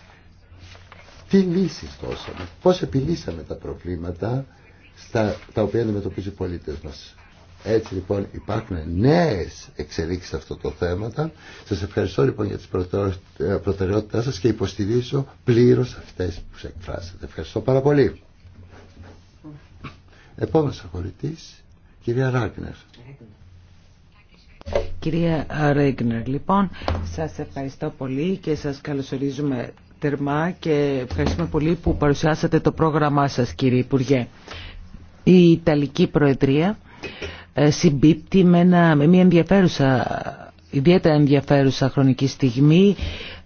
[SPEAKER 3] τι λύσει δώσαμε, πώς επιλύσαμε τα προβλήματα στα, τα οποία αντιμετωπίζουν οι πολίτε μα. Έτσι λοιπόν υπάρχουν νέες εξελίξεις σε αυτό το θέμα. Σας ευχαριστώ λοιπόν για τις προτεραιότητά σας και υποστηρίζω πλήρως αυτές που σε εκφράσατε. Ευχαριστώ πάρα πολύ. Επόμενος αγορητής, κυρία Ράγκνερ. Κυρία Ράγκνερ
[SPEAKER 4] λοιπόν, σας ευχαριστώ πολύ και σας καλωσορίζουμε τερμά και ευχαριστούμε πολύ που παρουσιάσατε το πρόγραμμά σας, κύριε Υπουργέ. Η Ιταλική Προεδρία ε, συμπίπτει με, μια ενδιαφέρουσα, ιδιαίτερα ενδιαφέρουσα χρονική στιγμή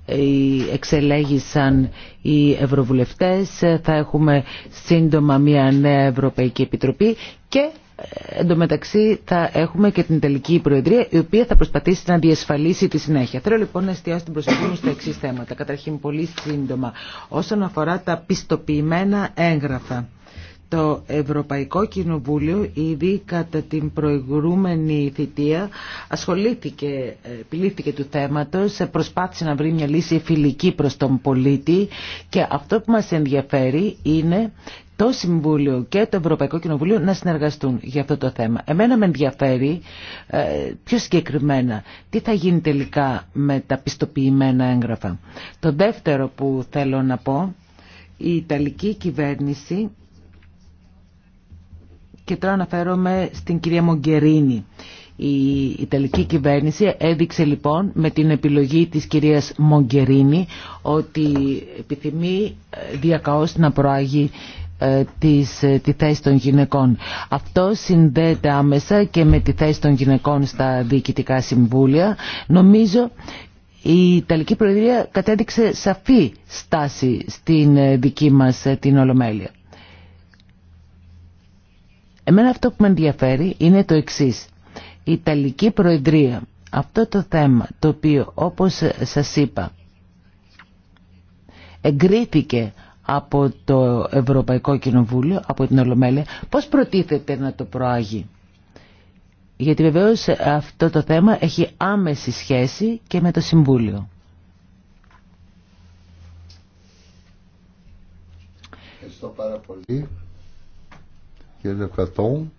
[SPEAKER 4] ε, εξελέγησαν οι ευρωβουλευτές, ε, θα έχουμε σύντομα μια νέα Ευρωπαϊκή Επιτροπή και εντωμεταξύ θα έχουμε και την τελική Προεδρία η οποία θα προσπαθήσει να διασφαλίσει τη συνέχεια. Θέλω λοιπόν να εστιάσω την προσοχή μου στα εξή θέματα. Καταρχήν πολύ σύντομα όσον αφορά τα πιστοποιημένα έγγραφα. Το Ευρωπαϊκό Κοινοβούλιο ήδη κατά την προηγούμενη θητεία ασχολήθηκε, ε, επιλήφθηκε του θέματος, ε, προσπάθησε να βρει μια λύση φιλική προς τον πολίτη και αυτό που μας ενδιαφέρει είναι το Συμβούλιο και το Ευρωπαϊκό Κοινοβούλιο να συνεργαστούν για αυτό το θέμα. Εμένα με ενδιαφέρει ε, πιο συγκεκριμένα τι θα γίνει τελικά με τα πιστοποιημένα έγγραφα. Το δεύτερο που θέλω να πω, η Ιταλική κυβέρνηση και τώρα αναφέρομαι στην κυρία Μογκερίνη. Η Ιταλική κυβέρνηση έδειξε λοιπόν με την επιλογή της κυρίας Μογκερίνη ότι επιθυμεί ε, διακαώς να προάγει ε, της, ε, τη θέση των γυναικών. Αυτό συνδέεται άμεσα και με τη θέση των γυναικών στα διοικητικά συμβούλια. Νομίζω η Ιταλική Προεδρία κατέδειξε σαφή στάση στην δική μας την Ολομέλεια. Εμένα αυτό που με ενδιαφέρει είναι το εξής. Η Ιταλική Προεδρία, αυτό το θέμα το οποίο όπως σας είπα εγκρίθηκε από το Ευρωπαϊκό Κοινοβούλιο, από την Ολομέλεια, πώς προτίθεται να το προάγει. Γιατί βεβαίως αυτό το θέμα έχει άμεση σχέση και με το Συμβούλιο.
[SPEAKER 3] Ευχαριστώ πάρα πολύ. Κύριε Λευκατόν.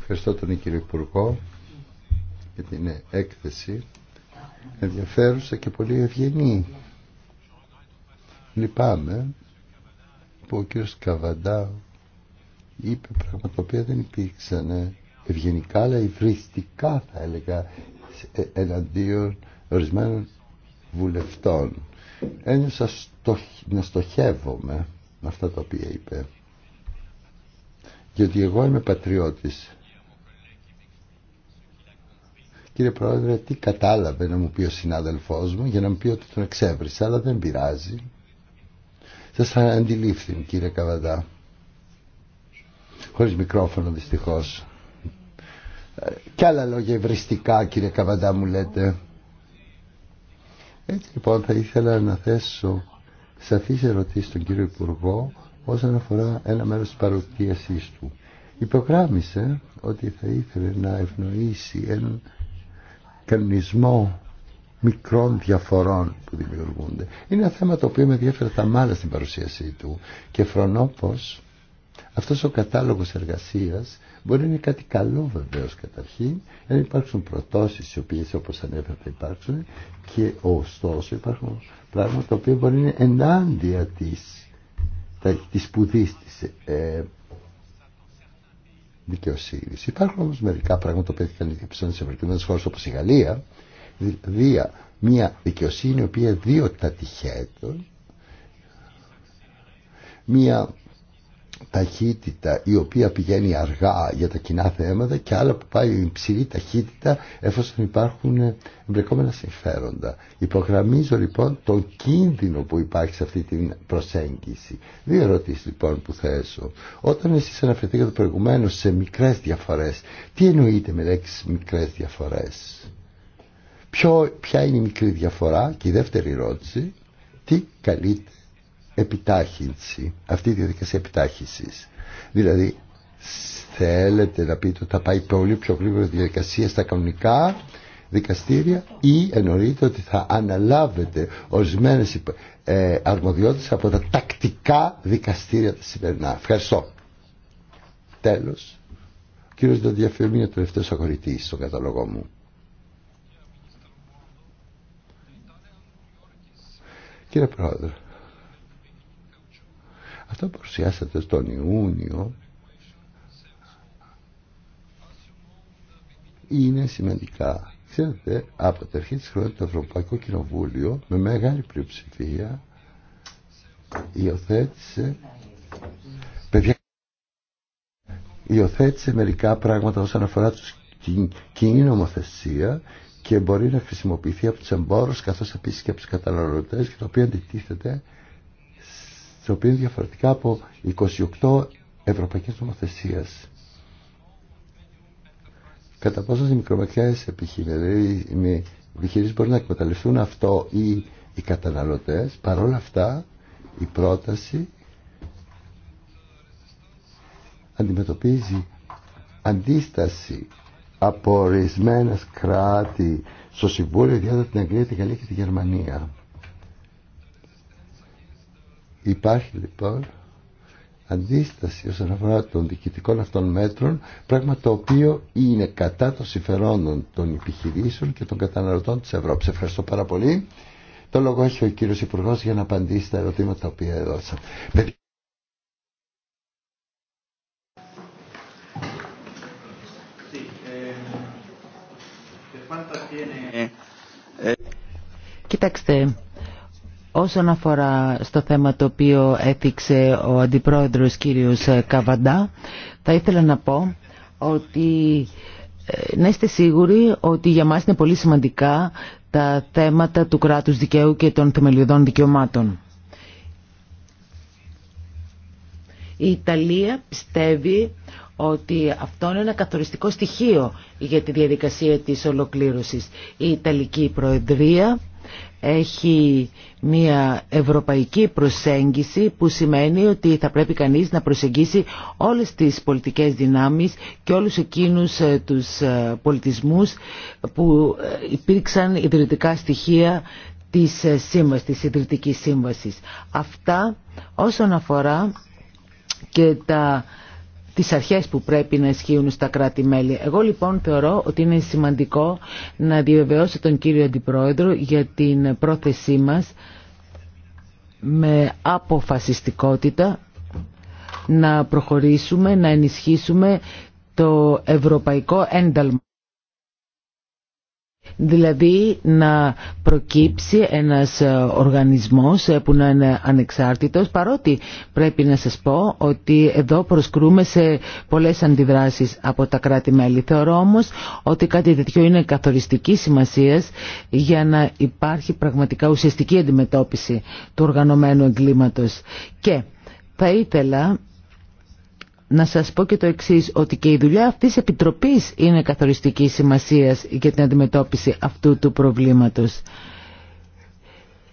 [SPEAKER 3] Ευχαριστώ τον κύριο Υπουργό για την έκθεση ενδιαφέρουσα και πολύ ευγενή. Λυπάμαι που ο κύριος Καβαντά είπε πράγματα που δεν υπήρξαν ε, ευγενικά αλλά υβριστικά θα έλεγα ε, εναντίον ορισμένων βουλευτών ένιωσα να στοχεύομαι με αυτά τα οποία είπε γιατί εγώ είμαι πατριώτης κύριε Πρόεδρε τι κατάλαβε να μου πει ο συνάδελφός μου για να μου πει ότι τον εξέβρισα αλλά δεν πειράζει σας αντιλήφθη κύριε Καβαδά χωρίς μικρόφωνο δυστυχώς ε, κι άλλα λόγια ευριστικά κύριε Καβαντά μου λέτε έτσι λοιπόν θα ήθελα να θέσω σαφείς ερωτήσεις στον κύριο Υπουργό όσον αφορά ένα μέρος της παρουσίασής του. Υπογράμμισε ότι θα ήθελε να ευνοήσει έναν κανονισμό μικρών διαφορών που δημιουργούνται. Είναι ένα θέμα το οποίο με διέφερε τα μάλα στην παρουσίασή του και φρονώ αυτός ο κατάλογος εργασίας μπορεί να είναι κάτι καλό βεβαίω καταρχήν, αν υπάρξουν προτώσεις οι οποίες όπως ανέφερα θα υπάρξουν και ωστόσο υπάρχουν πράγματα τα οποία μπορεί να είναι ενάντια της, της σπουδής της ε, δικαιοσύνης. Υπάρχουν όμως μερικά πράγματα που έχουν σε ευρωπαϊκές χώρες όπως η Γαλλία, δια μια δικαιοσύνη η οποία δύο τα μια ταχύτητα η οποία πηγαίνει αργά για τα κοινά θέματα και άλλα που πάει υψηλή ταχύτητα εφόσον υπάρχουν εμπλεκόμενα συμφέροντα. Υπογραμμίζω λοιπόν τον κίνδυνο που υπάρχει σε αυτή την προσέγγιση. Δύο ερωτήσει λοιπόν που θέσω. Όταν εσείς αναφερθήκατε προηγουμένω σε μικρές διαφορές, τι εννοείτε με λέξεις μικρές διαφορές. ποια είναι η μικρή διαφορά και η δεύτερη ερώτηση, τι καλείται επιτάχυνση, αυτή η διαδικασία επιτάχυνσης. Δηλαδή θέλετε να πείτε ότι θα πάει πολύ πιο γρήγορα διαδικασία στα κανονικά δικαστήρια ή εννοείται ότι θα αναλάβετε ορισμένε αρμοδιότητε αρμοδιότητες από τα τακτικά δικαστήρια τα σημερινά. Ευχαριστώ. Τέλος. Ο κύριος Δαδιαφιωμή είναι ο τελευταίος αγορητής στον καταλογό μου. Κύριε Πρόεδρε, αυτό που παρουσιάσατε στον Ιούνιο είναι σημαντικά. Ξέρετε, από την αρχή της χρόνια το Ευρωπαϊκό Κοινοβούλιο με μεγάλη πλειοψηφία υιοθέτησε παιδιά υιοθέτησε μερικά πράγματα όσον αφορά τους, την κοινή νομοθεσία και μπορεί να χρησιμοποιηθεί από τους εμπόρους καθώς επίσης και από τους καταναλωτές και το οποίο αντιτίθεται οποίες διαφορετικά από 28 ευρωπαϊκές νομοθεσίες. Κατά πόσο οι μικρομεσαίες επιχειρήσεις μπορεί να εκμεταλλευτούν αυτό ή οι καταναλωτές, παρόλα αυτά η πρόταση αντιμετωπίζει αντίσταση από ορισμένε κράτη στο Συμβούλιο, ιδιαίτερα την Αγγλία, τη Γαλλία και τη Γερμανία. Υπάρχει λοιπόν αντίσταση όσον αφορά των διοικητικών αυτών μέτρων, πράγμα το οποίο είναι κατά των συμφερόντων των επιχειρήσεων και των καταναλωτών της Ευρώπης. Ευχαριστώ πάρα πολύ. Το λόγο έχει ο κύριος Υπουργός για να απαντήσει τα ερωτήματα τα οποία έδωσα.
[SPEAKER 4] Κοιτάξτε, Όσον αφορά στο θέμα το οποίο έθιξε ο Αντιπρόεδρος κύριος Καβαντά, θα ήθελα να πω ότι ε, να είστε σίγουροι ότι για μας είναι πολύ σημαντικά τα θέματα του κράτους δικαίου και των θεμελιωδών δικαιωμάτων. Η Ιταλία πιστεύει ότι αυτό είναι ένα καθοριστικό στοιχείο για τη διαδικασία της ολοκλήρωσης. Η Ιταλική Προεδρία έχει μια ευρωπαϊκή προσέγγιση που σημαίνει ότι θα πρέπει κανείς να προσεγγίσει όλες τις πολιτικές δυνάμεις και όλους εκείνους ε, τους ε, πολιτισμούς που ε, υπήρξαν ιδρυτικά στοιχεία της σύμβασης, της ιδρυτικής σύμβασης. Αυτά όσον αφορά και τα τις αρχές που πρέπει να ισχύουν στα κράτη-μέλη. Εγώ λοιπόν θεωρώ ότι είναι σημαντικό να διαβεβαιώσω τον κύριο Αντιπρόεδρο για την πρόθεσή μας με αποφασιστικότητα να προχωρήσουμε, να ενισχύσουμε το ευρωπαϊκό ένταλμα δηλαδή να προκύψει ένας ε, οργανισμός ε, που να είναι ανεξάρτητος παρότι πρέπει να σας πω ότι εδώ προσκρούμε σε πολλές αντιδράσεις από τα κράτη-μέλη θεωρώ όμως ότι κάτι τέτοιο είναι καθοριστική σημασίας για να υπάρχει πραγματικά ουσιαστική αντιμετώπιση του οργανωμένου εγκλήματος και θα ήθελα να σας πω και το εξής, ότι και η δουλειά αυτής της Επιτροπής είναι καθοριστική σημασίας για την αντιμετώπιση αυτού του προβλήματος.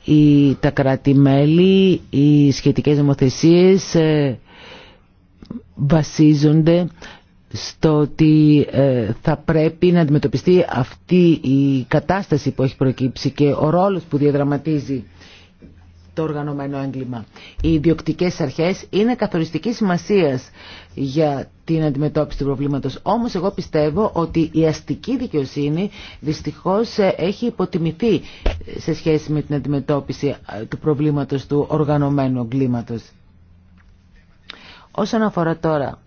[SPEAKER 4] Οι, τα κράτη-μέλη, οι σχετικές νομοθεσίες ε, βασίζονται στο ότι ε, θα πρέπει να αντιμετωπιστεί αυτή η κατάσταση που έχει προκύψει και ο ρόλος που διαδραματίζει το οργανωμένο έγκλημα. Οι ιδιοκτικέ αρχές είναι καθοριστικής σημασίας για την αντιμετώπιση του προβλήματος. Όμως εγώ πιστεύω ότι η αστική δικαιοσύνη δυστυχώς ε, έχει υποτιμηθεί σε σχέση με την αντιμετώπιση ε, του προβλήματος του οργανωμένου εγκλήματος. Όσον αφορά τώρα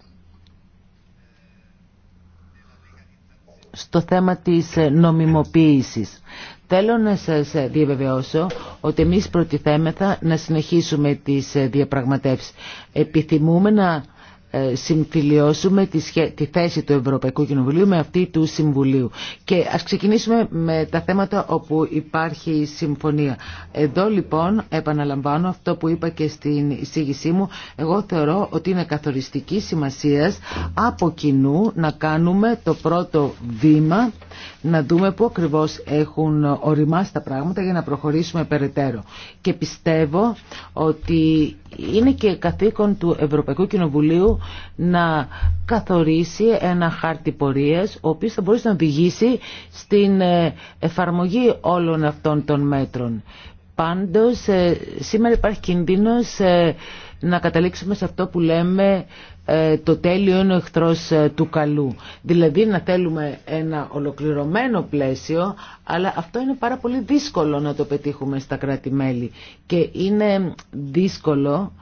[SPEAKER 4] στο θέμα της ε, νομιμοποίησης. Θέλω να σας διαβεβαιώσω ότι εμείς προτιθέμεθα να συνεχίσουμε τις διαπραγματεύσεις. Επιθυμούμε να ε, συμφιλιώσουμε τη θέση του Ευρωπαϊκού Κοινοβουλίου με αυτή του Συμβουλίου. Και ας ξεκινήσουμε με τα θέματα όπου υπάρχει συμφωνία. Εδώ λοιπόν επαναλαμβάνω αυτό που είπα και στην εισήγησή μου. Εγώ θεωρώ ότι είναι καθοριστική σημασίας από κοινού να κάνουμε το πρώτο βήμα να δούμε πού ακριβώς έχουν οριμάσει τα πράγματα για να προχωρήσουμε περαιτέρω. Και πιστεύω ότι είναι και καθήκον του Ευρωπαϊκού Κοινοβουλίου να καθορίσει ένα χάρτη πορείας ο οποίος θα μπορούσε να οδηγήσει στην ε, εφαρμογή όλων αυτών των μέτρων. Πάντως ε, σήμερα υπάρχει κινδύνος ε, να καταλήξουμε σε αυτό που λέμε ε, το τέλειο είναι ο εχθρός ε, του καλού. Δηλαδή να θέλουμε ένα ολοκληρωμένο πλαίσιο, αλλά αυτό είναι πάρα πολύ δύσκολο να το πετύχουμε στα κράτη-μέλη. Και είναι δύσκολο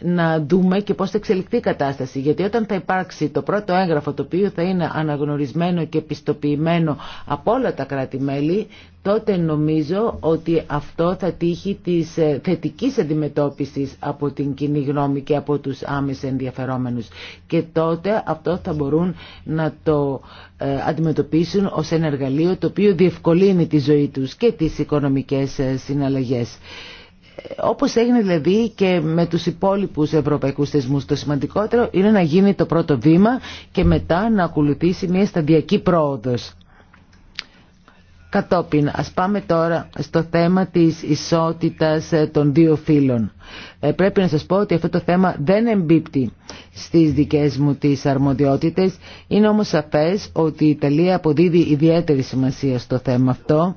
[SPEAKER 4] να δούμε και πώς θα εξελιχθεί η κατάσταση. Γιατί όταν θα υπάρξει το πρώτο έγγραφο το οποίο θα είναι αναγνωρισμένο και πιστοποιημένο από όλα τα κράτη-μέλη, τότε νομίζω ότι αυτό θα τύχει της ε, θετικής αντιμετώπισης από την κοινή γνώμη και από τους άμεσα ενδιαφερόμενους. Και τότε αυτό θα μπορούν να το ε, αντιμετωπίσουν ως ένα εργαλείο το οποίο διευκολύνει τη ζωή τους και τις οικονομικές ε, συναλλαγές όπως έγινε δηλαδή και με τους υπόλοιπους ευρωπαϊκούς θεσμούς το σημαντικότερο είναι να γίνει το πρώτο βήμα και μετά να ακολουθήσει μια σταδιακή πρόοδος. Κατόπιν, ας πάμε τώρα στο θέμα της ισότητας ε, των δύο φύλων. Ε, πρέπει να σας πω ότι αυτό το θέμα δεν εμπίπτει στις δικές μου τις αρμοδιότητες. Είναι όμως σαφές ότι η Ιταλία αποδίδει ιδιαίτερη σημασία στο θέμα αυτό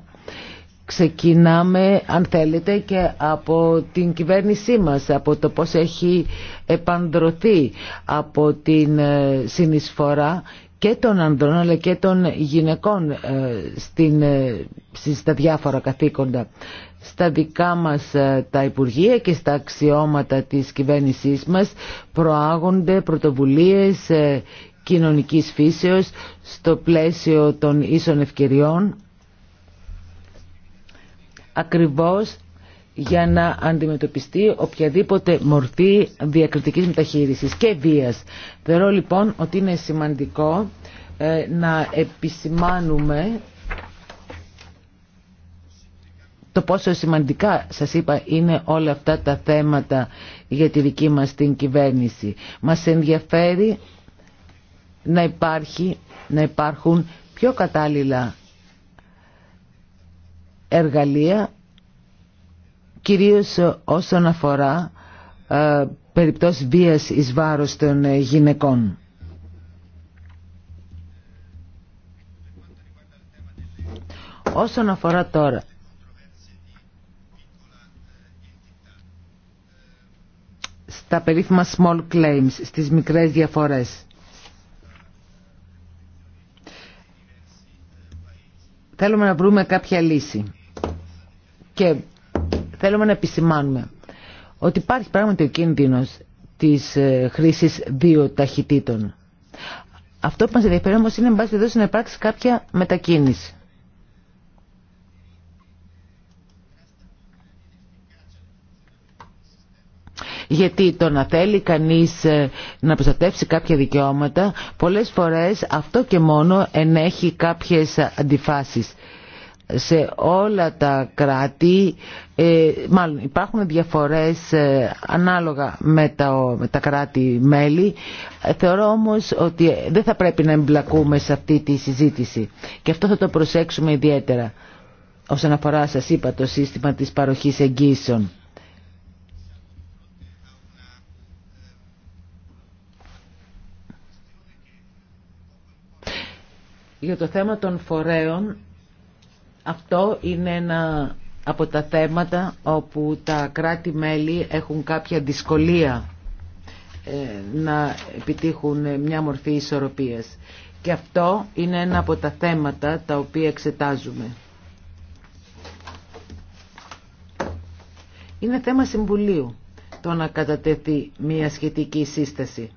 [SPEAKER 4] ξεκινάμε αν θέλετε και από την κυβέρνησή μας, από το πώς έχει επανδρωθεί από την ε, συνεισφορά και των ανδρών αλλά και των γυναικών ε, στην, ε, στα διάφορα καθήκοντα στα δικά μας τα Υπουργεία και στα αξιώματα της κυβέρνησής μας προάγονται πρωτοβουλίες κοινωνικής φύσεως στο πλαίσιο των ίσων ευκαιριών ακριβώς για να αντιμετωπιστεί οποιαδήποτε μορφή διακριτικής μεταχείρισης και βίας. Θεωρώ λοιπόν ότι είναι σημαντικό ε, να επισημάνουμε το πόσο σημαντικά σας είπα είναι όλα αυτά τα θέματα για τη δική μας την κυβέρνηση. Μας ενδιαφέρει να, υπάρχει, να υπάρχουν πιο κατάλληλα εργαλεία κυρίως όσον αφορά ε, περιπτώσεις βίας εις βάρος των ε, γυναικών. Όσον αφορά τώρα στα περίφημα small claims, στις μικρές διαφορές. Θέλουμε να βρούμε κάποια λύση. Και θέλουμε να επισημάνουμε ότι υπάρχει πράγματι ο κίνδυνος της ε, χρήσης δύο ταχυτήτων. Αυτό που μας ενδιαφέρει όμως είναι, εν πάση να υπάρξει κάποια μετακίνηση. γιατί το να θέλει κανείς ε, να προστατεύσει κάποια δικαιώματα πολλές φορές αυτό και μόνο ενέχει κάποιες αντιφάσεις σε όλα τα κράτη, ε, μάλλον υπάρχουν διαφορές ε, ανάλογα με τα, με τα κράτη-μέλη. Ε, θεωρώ όμως ότι δεν θα πρέπει να εμπλακούμε σε αυτή τη συζήτηση και αυτό θα το προσέξουμε ιδιαίτερα όσον αφορά, σας είπα, το σύστημα της παροχής εγγύσεων. Για το θέμα των φορέων αυτό είναι ένα από τα θέματα όπου τα κράτη-μέλη έχουν κάποια δυσκολία ε, να επιτύχουν μια μορφή ισορροπίας. Και αυτό είναι ένα από τα θέματα τα οποία εξετάζουμε. Είναι θέμα Συμβουλίου το να κατατεθεί μια σχετική σύσταση.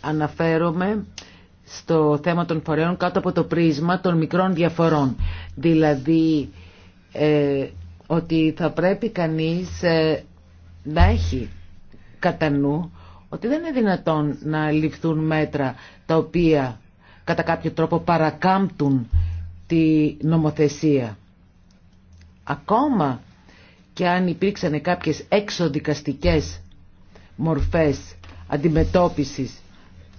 [SPEAKER 4] αναφέρομαι στο θέμα των φορέων κάτω από το πρίσμα των μικρών διαφορών. Δηλαδή ε, ότι θα πρέπει κανείς ε, να έχει κατά νου ότι δεν είναι δυνατόν να ληφθούν μέτρα τα οποία κατά κάποιο τρόπο παρακάμπτουν τη νομοθεσία. Ακόμα και αν υπήρξαν κάποιες εξοδικαστικές μορφές αντιμετώπισης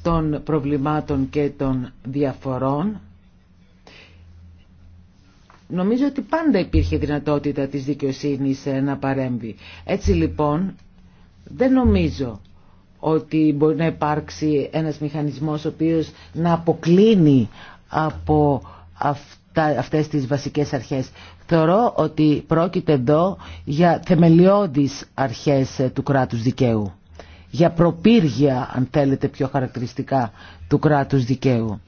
[SPEAKER 4] των προβλημάτων και των διαφορών. Νομίζω ότι πάντα υπήρχε δυνατότητα της δικαιοσύνης ε, να παρέμβει. Έτσι λοιπόν δεν νομίζω ότι μπορεί να υπάρξει ένας μηχανισμός ο οποίος να αποκλίνει από αυτά, αυτές τις βασικές αρχές. Θεωρώ ότι πρόκειται εδώ για θεμελιώδεις αρχές ε, του κράτους δικαίου για προπύργια, αν θέλετε πιο χαρακτηριστικά, του κράτους δικαίου.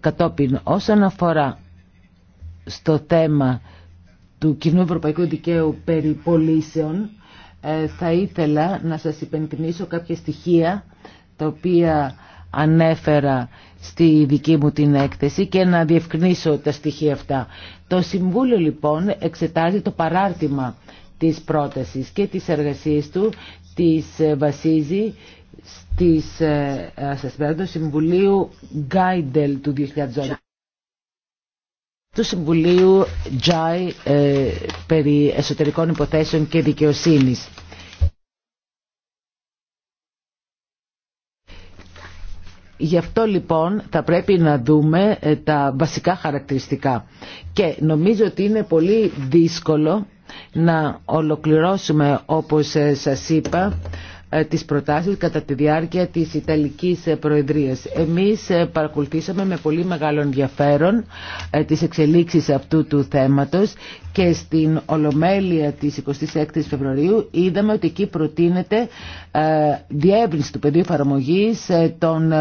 [SPEAKER 4] Κατόπιν, όσον αφορά στο θέμα του Κοινού Ευρωπαϊκού Δικαίου περί πολίσεων, ε, θα ήθελα να σας υπενθυμίσω κάποια στοιχεία τα οποία ανέφερα στη δική μου την έκθεση και να διευκρινίσω τα στοιχεία αυτά. Το Συμβούλιο λοιπόν εξετάζει το παράρτημα της πρότασης και της εργασίας του της ε, βασίζει στις, ε, ε, Συμβουλίου Γκάιντελ του 2012 του Συμβουλίου Τζάι περί εσωτερικών υποθέσεων και δικαιοσύνης. Γι' αυτό λοιπόν θα πρέπει να δούμε τα βασικά χαρακτηριστικά. Και νομίζω ότι είναι πολύ δύσκολο να ολοκληρώσουμε όπως ε, σας είπα ε, τις προτάσεις κατά τη διάρκεια της Ιταλικής ε, Προεδρίας. Εμείς παρακολουθήσαμε με πολύ μεγάλο ενδιαφέρον τις εξελίξεις αυτού του θέματος και στην Ολομέλεια της 26ης Φεβρουαρίου είδαμε ότι εκεί προτείνεται διεύρυνση του πεδίου εφαρμογής των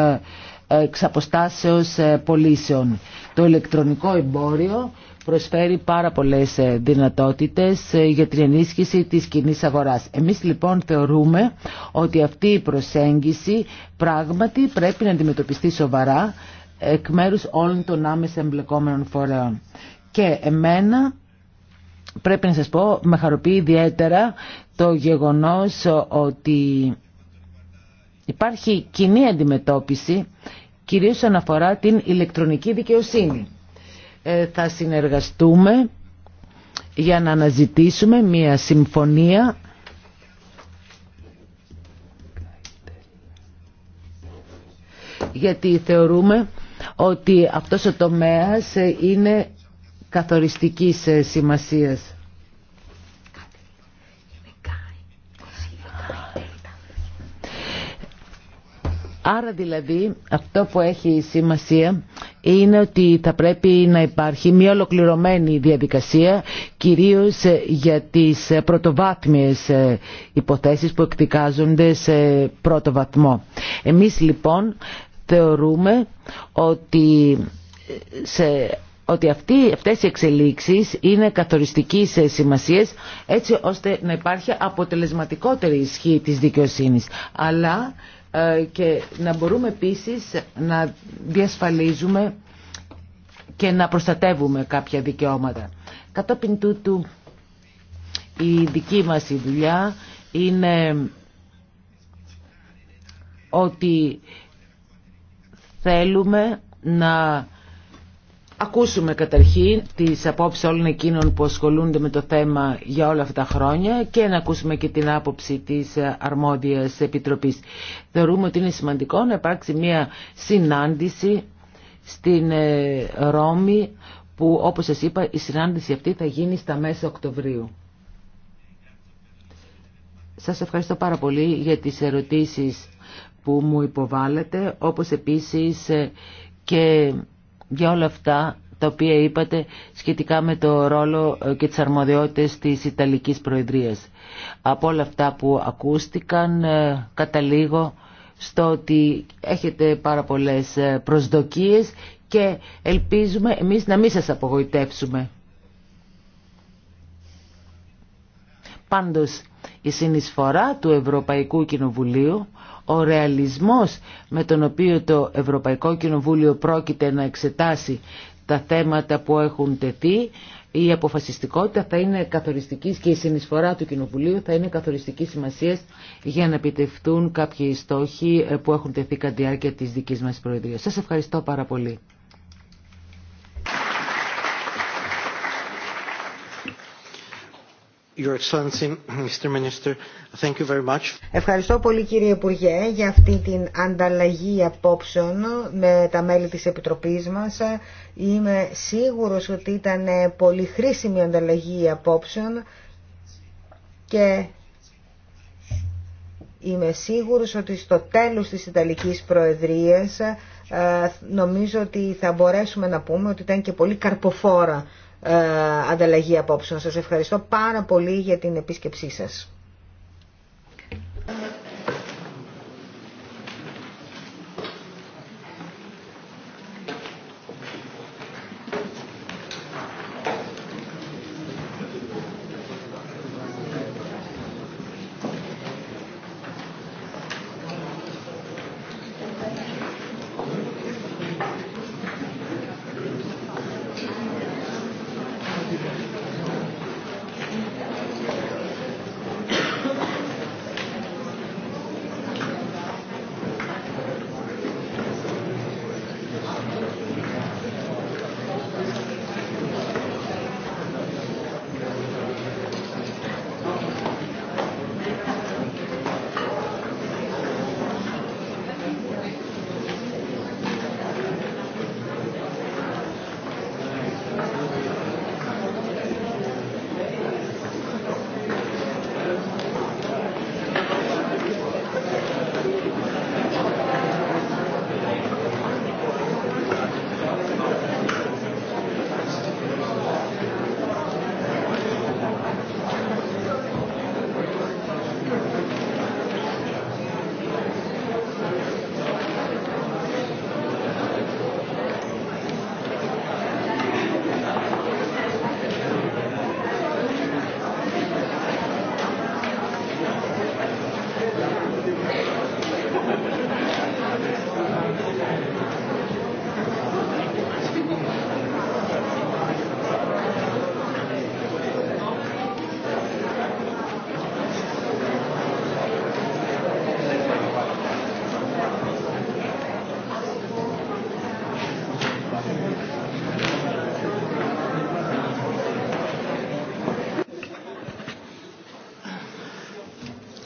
[SPEAKER 4] εξ αποστάσεως ε, πωλήσεων. Το ηλεκτρονικό εμπόριο προσφέρει πάρα πολλές ε, δυνατότητες ε, για την ενίσχυση της κοινή αγοράς. Εμείς λοιπόν θεωρούμε ότι αυτή η προσέγγιση πράγματι πρέπει να αντιμετωπιστεί σοβαρά εκ μέρους όλων των άμεσα εμπλεκόμενων φορέων. Και εμένα πρέπει να σας πω, με χαροποιεί ιδιαίτερα το γεγονός ότι Υπάρχει κοινή αντιμετώπιση κυρίως όσον αφορά την ηλεκτρονική δικαιοσύνη. Ε, θα συνεργαστούμε για να αναζητήσουμε μια συμφωνία γιατί θεωρούμε ότι αυτός ο τομέας ε, είναι καθοριστικής ε, σημασίας. Άρα δηλαδή αυτό που έχει σημασία είναι ότι θα πρέπει να υπάρχει μια ολοκληρωμένη διαδικασία κυρίως για τις πρωτοβάθμιες υποθέσεις που εκδικάζονται σε πρώτο βαθμό. Εμείς λοιπόν θεωρούμε ότι, σε, ότι αυτές οι εξελίξεις είναι καθοριστικής σημασίας έτσι ώστε να υπάρχει αποτελεσματικότερη ισχύ της δικαιοσύνης. Αλλά ε, και να μπορούμε επίσης να διασφαλίζουμε και να προστατεύουμε κάποια δικαιώματα. Κατόπιν τούτου η δική μας η δουλειά είναι ότι θέλουμε να ακούσουμε καταρχήν τις απόψεις όλων εκείνων που ασχολούνται με το θέμα για όλα αυτά τα χρόνια και να ακούσουμε και την άποψη της αρμόδιας επιτροπής. Θεωρούμε ότι είναι σημαντικό να υπάρξει μια συνάντηση στην ε, Ρώμη που όπως σας είπα η συνάντηση αυτή θα γίνει στα μέσα Οκτωβρίου. Σας ευχαριστώ πάρα πολύ για τις ερωτήσεις που μου υποβάλλετε, όπως επίσης ε, και για όλα αυτά τα οποία είπατε σχετικά με το ρόλο ε, και τις αρμοδιότητες της Ιταλικής Προεδρίας. Από όλα αυτά που ακούστηκαν ε, καταλήγω στο ότι έχετε πάρα πολλές ε, προσδοκίες και ελπίζουμε εμείς να μην σας απογοητεύσουμε. Πάντως η συνεισφορά του Ευρωπαϊκού Κοινοβουλίου ο ρεαλισμός με τον οποίο το Ευρωπαϊκό Κοινοβούλιο πρόκειται να εξετάσει τα θέματα που έχουν τεθεί, η αποφασιστικότητα θα είναι καθοριστική και η συνεισφορά του Κοινοβουλίου θα είναι καθοριστική σημασία για να επιτευχθούν κάποιοι στόχοι που έχουν τεθεί κατά τη διάρκεια τη δική μα Προεδρία. Σα ευχαριστώ πάρα πολύ.
[SPEAKER 2] Ευχαριστώ πολύ κύριε Υπουργέ για αυτή την ανταλλαγή απόψεων με τα μέλη της Επιτροπής μας. Είμαι σίγουρος ότι ήταν πολύ χρήσιμη ανταλλαγή απόψεων και είμαι σίγουρος ότι στο τέλος της Ιταλικής Προεδρίας ε, νομίζω ότι θα μπορέσουμε να πούμε ότι ήταν και πολύ καρποφόρα ε, ανταλλαγή απόψεων. Σας ευχαριστώ πάρα πολύ για την επίσκεψή σας.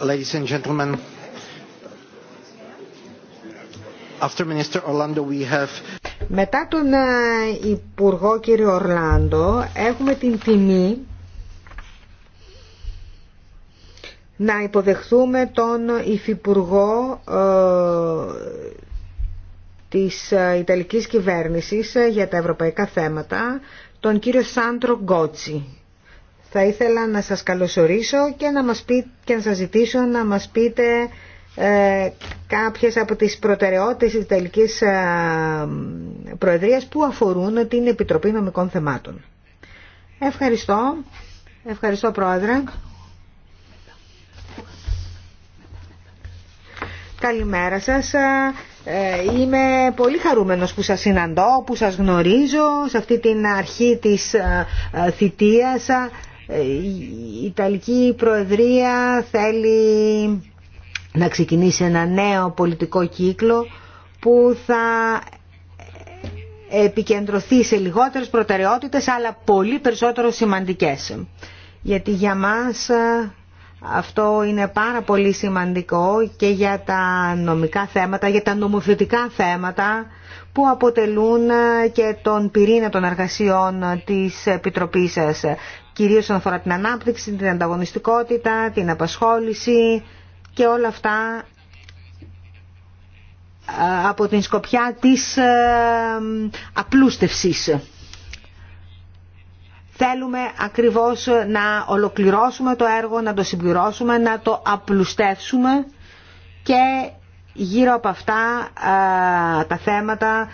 [SPEAKER 1] Ladies and we
[SPEAKER 2] Μετά τον Υπουργό κύριο Ορλάντο έχουμε την τιμή να υποδεχθούμε τον Υφυπουργό ε, της Ιταλικής Κυβέρνησης ε, για τα ευρωπαϊκά θέματα, τον κύριο Σάντρο Γκότσι. Θα ήθελα να σας καλωσορίσω και να, μας και να σας ζητήσω να μας πείτε ε, κάποιες από τις προτεραιότητες της τελικής ε, Προεδρίας που αφορούν την Επιτροπή Νομικών Θεμάτων. Ευχαριστώ. Ευχαριστώ Πρόεδρε. Καλημέρα σας. Ε, είμαι πολύ χαρούμενος που σας συναντώ, που σας γνωρίζω σε αυτή την αρχή της ε, θητείας. Ε, η Ιταλική Προεδρία θέλει να ξεκινήσει ένα νέο πολιτικό κύκλο που θα επικεντρωθεί σε λιγότερες προτεραιότητες αλλά πολύ περισσότερο σημαντικές. Γιατί για μας ε, αυτό είναι πάρα πολύ σημαντικό και για τα νομικά θέματα, για τα νομοθετικά θέματα που αποτελούν ε, και τον πυρήνα των εργασιών της Επιτροπής σας κυρίως όσον αφορά την ανάπτυξη, την ανταγωνιστικότητα, την απασχόληση και όλα αυτά ε, από την σκοπιά της ε, απλούστευσης. Θέλουμε ακριβώς να ολοκληρώσουμε το έργο, να το συμπληρώσουμε, να το απλουστεύσουμε και γύρω από αυτά ε, τα θέματα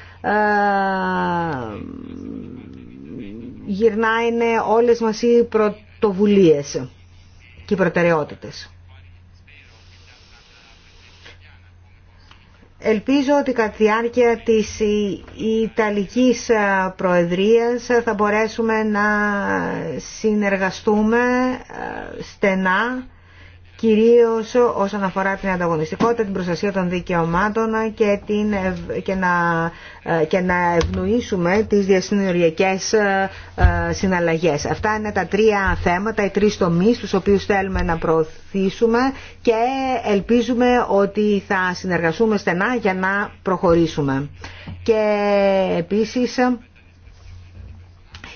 [SPEAKER 2] γυρνάνε όλες μας οι πρωτοβουλίες και οι προτεραιότητες. Ελπίζω ότι κατά τη διάρκεια της Ιταλικής ε, Προεδρίας θα μπορέσουμε να συνεργαστούμε ε, στενά κυρίως όσον αφορά την ανταγωνιστικότητα, την προστασία των δικαιωμάτων και, την, και, να, ε, και να ευνοήσουμε τις διασυνοριακές ε, ε, συναλλαγές. Αυτά είναι τα τρία θέματα, οι τρεις τομείς τους οποίους θέλουμε να προωθήσουμε και ελπίζουμε ότι θα συνεργαστούμε στενά για να προχωρήσουμε. Και επίσης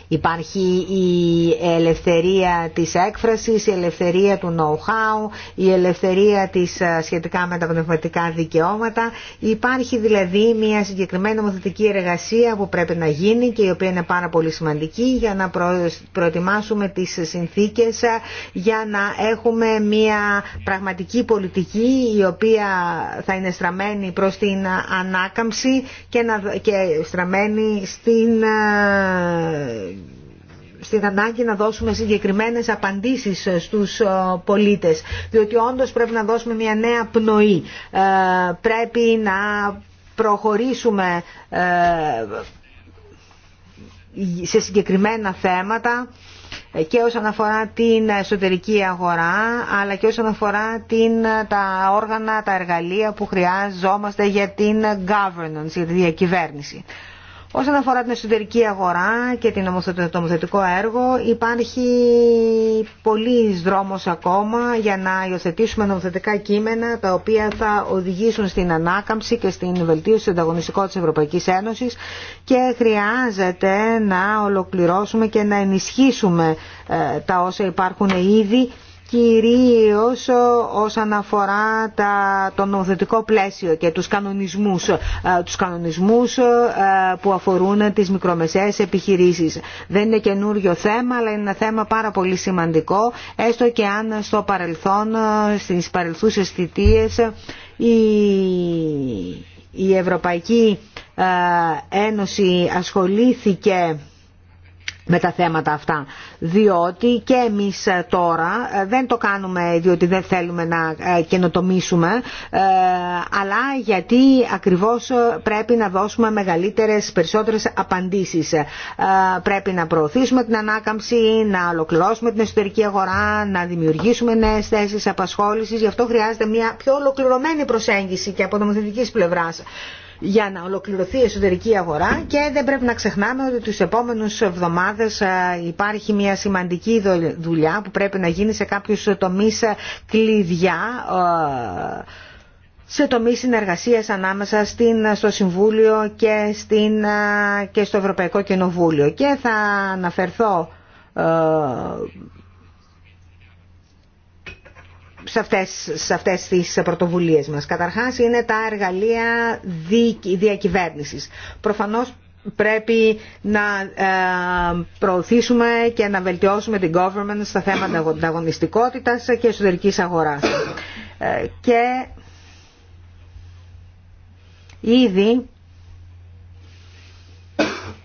[SPEAKER 2] Υπάρχει η ελευθερία της έκφρασης, η ελευθερία του know-how, η ελευθερία της ε, σχετικά με τα πνευματικά δικαιώματα. Υπάρχει δηλαδή μια συγκεκριμένη νομοθετική εργασία που πρέπει να γίνει και η οποία είναι πάρα πολύ σημαντική για να προετοιμάσουμε τις συνθήκες ε, για να έχουμε μια πραγματική πολιτική η οποία θα είναι στραμμένη προς την ανάκαμψη και, να, και στραμμένη στην ε, στην ανάγκη να δώσουμε συγκεκριμένες απαντήσεις ε, στους ε, πολίτες, διότι όντως πρέπει να δώσουμε μια νέα πνοή. Ε, πρέπει να προχωρήσουμε σε συγκεκριμένα θέματα και όσον αφορά την εσωτερική αγορά αλλά και όσον αφορά την, τα όργανα, τα εργαλεία που χρειάζομαστε για την governance, για τη διακυβέρνηση. Όσον αφορά την εσωτερική αγορά και το νομοθετικό έργο, υπάρχει πολλής δρόμος ακόμα για να υιοθετήσουμε νομοθετικά κείμενα τα οποία θα οδηγήσουν στην ανάκαμψη και στην βελτίωση του ανταγωνιστικού της Ευρωπαϊκής Ένωσης και χρειάζεται να ολοκληρώσουμε και να ενισχύσουμε ε, τα όσα υπάρχουν ήδη κυρίως όσον αφορά τα, το νομοθετικό πλαίσιο και τους κανονισμούς, ε, τους κανονισμούς ε, που αφορούν τις μικρομεσαίες επιχειρήσεις. Δεν είναι καινούριο θέμα, αλλά είναι ένα θέμα πάρα πολύ σημαντικό, έστω και αν στο παρελθόν, ε, στις παρελθούσες θητείες, η, η Ευρωπαϊκή Ένωση ασχολήθηκε με τα θέματα αυτά. Διότι και εμείς ε, τώρα ε, δεν το κάνουμε διότι δεν θέλουμε να ε, καινοτομήσουμε, αλλά γιατί ακριβώς πρέπει να δώσουμε μεγαλύτερες, περισσότερες απαντήσεις. Πρέπει να προωθήσουμε την ανάκαμψη, να ολοκληρώσουμε την εσωτερική αγορά, να δημιουργήσουμε νέες θέσεις απασχόλησης. Γι' αυτό χρειάζεται μια πιο ολοκληρωμένη προσέγγιση και από νομοθετικής πλευράς για να ολοκληρωθεί η εσωτερική αγορά και δεν πρέπει να ξεχνάμε ότι τους επόμενους εβδομάδες ε, υπάρχει μια σημαντική δουλειά που πρέπει να γίνει σε κάποιους τομείς ε, κλειδιά ε, σε τομεί συνεργασία ανάμεσα στην, στο Συμβούλιο και, στην, και στο Ευρωπαϊκό Κοινοβούλιο. Και θα αναφερθώ σε αυτές, σε αυτές τις πρωτοβουλίες μας. Καταρχάς είναι τα εργαλεία διακυβέρνησης. Προφανώς πρέπει να ε, προωθήσουμε και να βελτιώσουμε την government στα θέματα ανταγωνιστικότητας και εσωτερικής αγοράς. Ε, και ήδη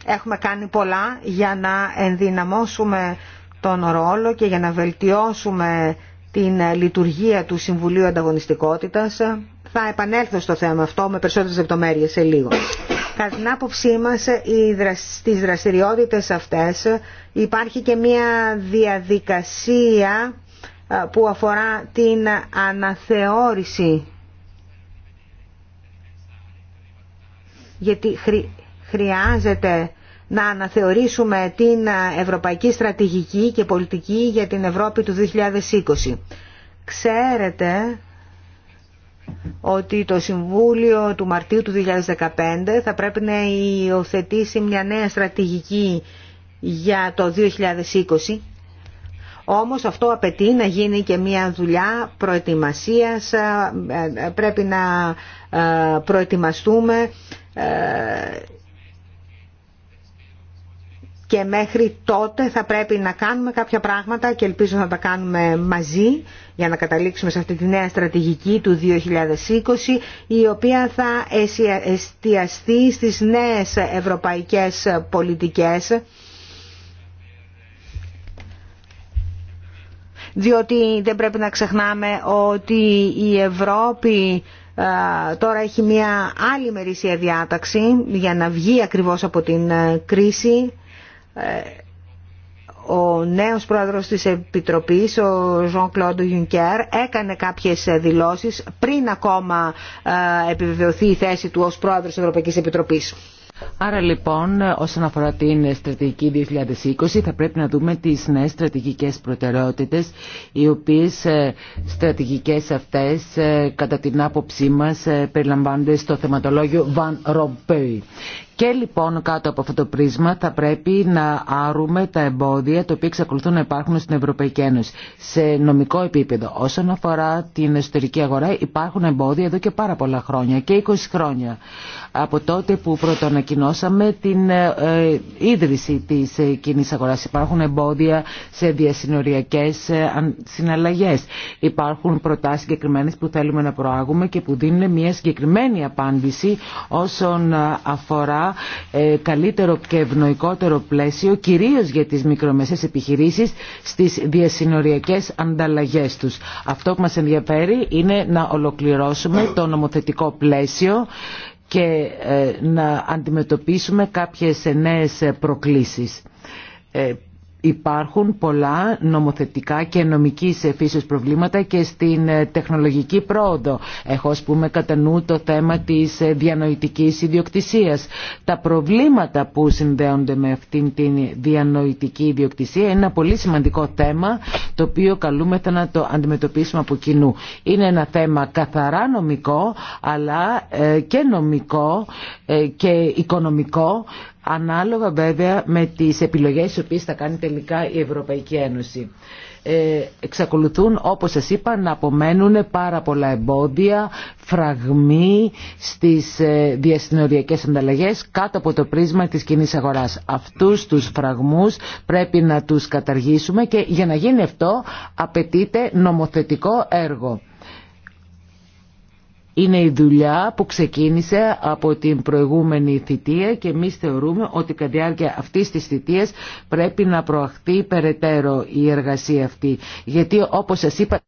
[SPEAKER 2] έχουμε κάνει πολλά για να ενδυναμώσουμε τον ρόλο και για να βελτιώσουμε την ε, λειτουργία του Συμβουλίου Ανταγωνιστικότητας. Θα επανέλθω στο θέμα αυτό με περισσότερες λεπτομέρειες σε λίγο. Κατά την άποψή μας στις δραστηριότητες αυτές υπάρχει και μια διαδικασία ε, που αφορά την αναθεώρηση γιατί χρειάζεται να αναθεωρήσουμε την ευρωπαϊκή στρατηγική και πολιτική για την Ευρώπη του 2020. Ξέρετε ότι το Συμβούλιο του Μαρτίου του 2015 θα πρέπει να υιοθετήσει μια νέα στρατηγική για το 2020 όμως αυτό απαιτεί να γίνει και μια δουλειά προετοιμασίας, ε, ε, πρέπει να ε, προετοιμαστούμε και μέχρι τότε θα πρέπει να κάνουμε κάποια πράγματα και ελπίζω να τα κάνουμε μαζί για να καταλήξουμε σε αυτή τη νέα στρατηγική του 2020 η οποία θα εστιαστεί στις νέες ευρωπαϊκές πολιτικές διότι δεν πρέπει να ξεχνάμε ότι η Ευρώπη τώρα έχει μια άλλη μερίσια διάταξη για να βγει ακριβώς από την ε, κρίση ε, ο νέος πρόεδρος της Επιτροπής, ο jean Κλόντου Γιουνκέρ, έκανε κάποιες δηλώσεις πριν ακόμα ε, επιβεβαιωθεί η θέση του ως πρόεδρος της Ευρωπαϊκής Επιτροπής.
[SPEAKER 4] Άρα λοιπόν, όσον αφορά την στρατηγική 2020, θα πρέπει να δούμε τις νέες στρατηγικές προτεραιότητες, οι οποίες ε, στρατηγικές αυτές, κατά την άποψή μας, περιλαμβάνονται στο θεματολόγιο Van Rompuy. Και λοιπόν κάτω από αυτό το πρίσμα θα πρέπει να άρουμε τα εμπόδια τα οποία εξακολουθούν να υπάρχουν στην Ευρωπαϊκή Ένωση. Σε νομικό επίπεδο όσον αφορά την εσωτερική αγορά υπάρχουν εμπόδια εδώ και πάρα πολλά χρόνια και 20 χρόνια από τότε που πρωτοανακοινώσαμε την ε, ίδρυση της ε, κοινή αγοράς. Υπάρχουν εμπόδια σε διασυνοριακές ε, συναλλαγές. Υπάρχουν προτάσεις συγκεκριμένε που θέλουμε να προάγουμε και που δίνουν μια συγκεκριμένη απάντηση όσον ε, αφορά ε, καλύτερο και ευνοϊκότερο πλαίσιο κυρίως για τις μικρομεσαίες επιχειρήσεις στις διασυνοριακές ανταλλαγές τους. Αυτό που μας ενδιαφέρει είναι να ολοκληρώσουμε το νομοθετικό πλαίσιο και ε, να αντιμετωπίσουμε κάποιες νέες προκλήσεις. Ε, Υπάρχουν πολλά νομοθετικά και νομικής φύσεως προβλήματα και στην ε, τεχνολογική πρόοδο. Έχω, ας πούμε, κατά νου το θέμα της ε, διανοητικής ιδιοκτησίας. Τα προβλήματα που συνδέονται με αυτήν την διανοητική ιδιοκτησία είναι ένα πολύ σημαντικό θέμα το οποίο καλούμεθα να το αντιμετωπίσουμε από κοινού. Είναι ένα θέμα καθαρά νομικό αλλά ε, και νομικό και οικονομικό Ανάλογα βέβαια με τις επιλογές τις οποίες θα κάνει τελικά η Ευρωπαϊκή Ένωση. Ε, εξακολουθούν όπως σας είπα να απομένουν πάρα πολλά εμπόδια, φραγμοί στις ε, ανταλλαγές κάτω από το πρίσμα της κοινή αγοράς. Αυτούς τους φραγμούς πρέπει να τους καταργήσουμε και για να γίνει αυτό απαιτείται νομοθετικό έργο. Είναι η δουλειά που ξεκίνησε από την προηγούμενη θητεία και εμεί θεωρούμε ότι κατά διάρκεια αυτής της θητείας πρέπει να προαχθεί περαιτέρω η εργασία αυτή. Γιατί όπως είπα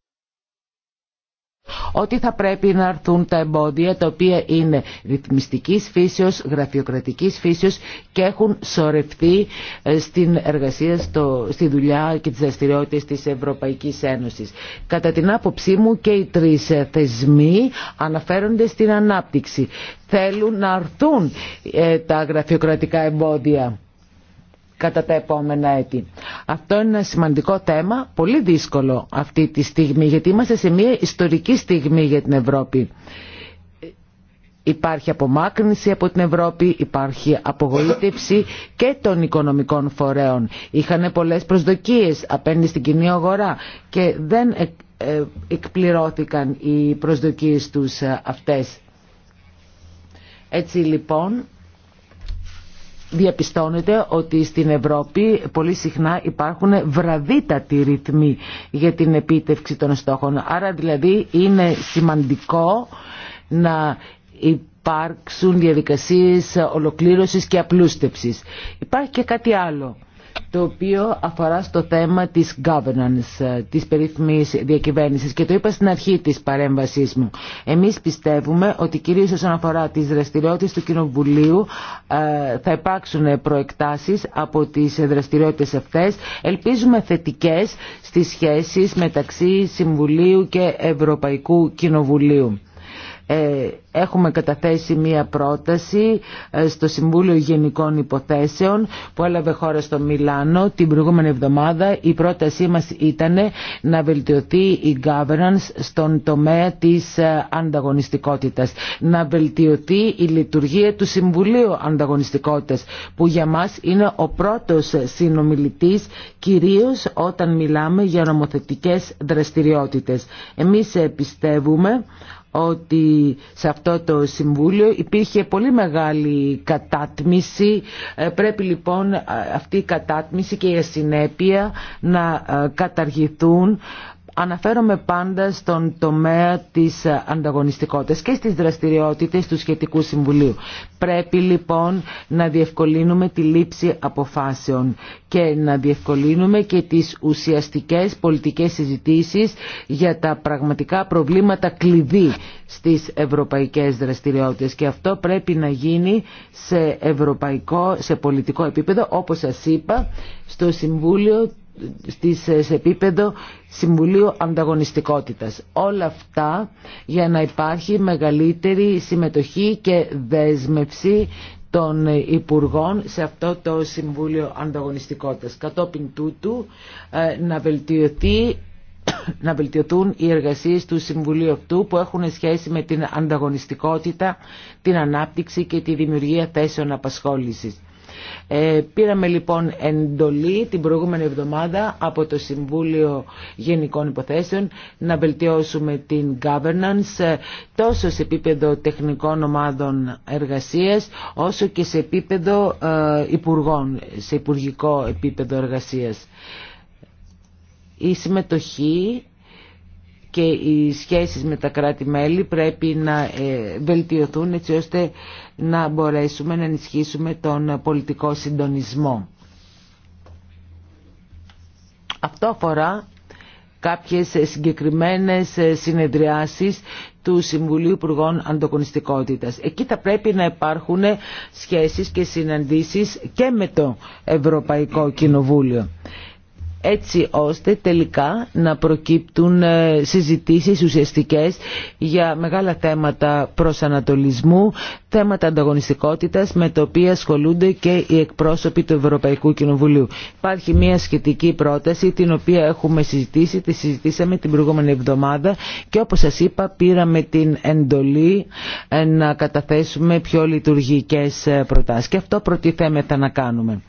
[SPEAKER 4] ότι θα πρέπει να έρθουν τα εμπόδια τα οποία είναι ρυθμιστικής φύσεως, γραφειοκρατικής φύσεως και έχουν σωρευτεί ε, στην εργασία, στο, στη δουλειά και τις δραστηριότητε της Ευρωπαϊκής Ένωσης. Κατά την άποψή μου και οι τρεις ε, θεσμοί αναφέρονται στην ανάπτυξη. Θέλουν να έρθουν ε, τα γραφειοκρατικά εμπόδια κατά τα επόμενα έτη. Αυτό είναι ένα σημαντικό θέμα, πολύ δύσκολο αυτή τη στιγμή, γιατί είμαστε σε μια ιστορική στιγμή για την Ευρώπη. Υπάρχει απομάκρυνση από την Ευρώπη, υπάρχει απογοήτευση και των οικονομικών φορέων. Είχαν πολλές προσδοκίες απέναντι στην κοινή αγορά και δεν ε, εκπληρώθηκαν οι προσδοκίες τους ε, αυτές. Έτσι λοιπόν διαπιστώνεται ότι στην Ευρώπη πολύ συχνά υπάρχουν βραδύτατοι ρυθμοί για την επίτευξη των στόχων. Άρα δηλαδή είναι σημαντικό να υπάρξουν διαδικασίες ολοκλήρωσης και απλούστευσης. Υπάρχει και κάτι άλλο το οποίο αφορά στο θέμα της governance, ε, της περίφημης διακυβέρνησης και το είπα στην αρχή της παρέμβασής μου. Εμείς πιστεύουμε ότι κυρίως όσον αφορά τις δραστηριότητες του Κοινοβουλίου ε, θα υπάρξουν προεκτάσεις από τις δραστηριότητες αυτές. Ελπίζουμε θετικές στις σχέσεις μεταξύ Συμβουλίου και Ευρωπαϊκού Κοινοβουλίου. Ε, έχουμε καταθέσει μία πρόταση ε, στο Συμβούλιο Γενικών Υποθέσεων που έλαβε χώρα στο Μιλάνο την προηγούμενη εβδομάδα. Η πρότασή μας ήταν να βελτιωθεί η governance στον τομέα της ε, ανταγωνιστικότητας, να βελτιωθεί η λειτουργία του Συμβουλίου Ανταγωνιστικότητας που για μας είναι ο πρώτος συνομιλητής κυρίως όταν μιλάμε για νομοθετικές δραστηριότητες. Εμείς πιστεύουμε ότι σε αυτό το Συμβούλιο υπήρχε πολύ μεγάλη κατάτμιση. Ε, πρέπει λοιπόν ε, αυτή η κατάτμιση και η ασυνέπεια να ε, καταργηθούν Αναφέρομαι πάντα στον τομέα της ανταγωνιστικότητας και στις δραστηριότητες του σχετικού συμβουλίου. Πρέπει λοιπόν να διευκολύνουμε τη λήψη αποφάσεων και να διευκολύνουμε και τις ουσιαστικές πολιτικές συζητήσεις για τα πραγματικά προβλήματα κλειδί στις ευρωπαϊκές δραστηριότητες και αυτό πρέπει να γίνει σε ευρωπαϊκό, σε πολιτικό επίπεδο όπως σας είπα στο Συμβούλιο στις, ε, σε επίπεδο Συμβουλίου Ανταγωνιστικότητας. Όλα αυτά για να υπάρχει μεγαλύτερη συμμετοχή και δέσμευση των Υπουργών σε αυτό το Συμβούλιο Ανταγωνιστικότητας. Κατόπιν τούτου ε, να, βελτιωθεί, [COUGHS] να βελτιωθούν οι εργασίες του Συμβουλίου αυτού που έχουν σχέση με την ανταγωνιστικότητα, την ανάπτυξη και τη δημιουργία θέσεων απασχόλησης. Ε, πήραμε λοιπόν εντολή την προηγούμενη εβδομάδα από το Συμβούλιο Γενικών Υποθέσεων να βελτιώσουμε την governance ε, τόσο σε επίπεδο τεχνικών ομάδων εργασίας όσο και σε επίπεδο ε, υπουργών, σε υπουργικό επίπεδο εργασίας. Η συμμετοχή και οι σχέσεις με τα κράτη-μέλη πρέπει να ε, βελτιωθούν έτσι ώστε να μπορέσουμε να ενισχύσουμε τον πολιτικό συντονισμό. Αυτό αφορά κάποιες συγκεκριμένες συνεδριάσεις του Συμβουλίου Υπουργών Αντοκονιστικότητας. Εκεί θα πρέπει να υπάρχουν σχέσεις και συναντήσεις και με το Ευρωπαϊκό Κοινοβούλιο έτσι ώστε τελικά να προκύπτουν ε, συζητήσεις ουσιαστικές για μεγάλα θέματα προσανατολισμού, θέματα ανταγωνιστικότητας με τα οποία ασχολούνται και οι εκπρόσωποι του Ευρωπαϊκού Κοινοβουλίου. Υπάρχει μια σχετική πρόταση την οποία έχουμε συζητήσει, τη συζητήσαμε την προηγούμενη εβδομάδα και όπως σας είπα πήραμε την εντολή ε, να καταθέσουμε πιο λειτουργικές ε, προτάσεις και αυτό προτιθέμεθα να κάνουμε.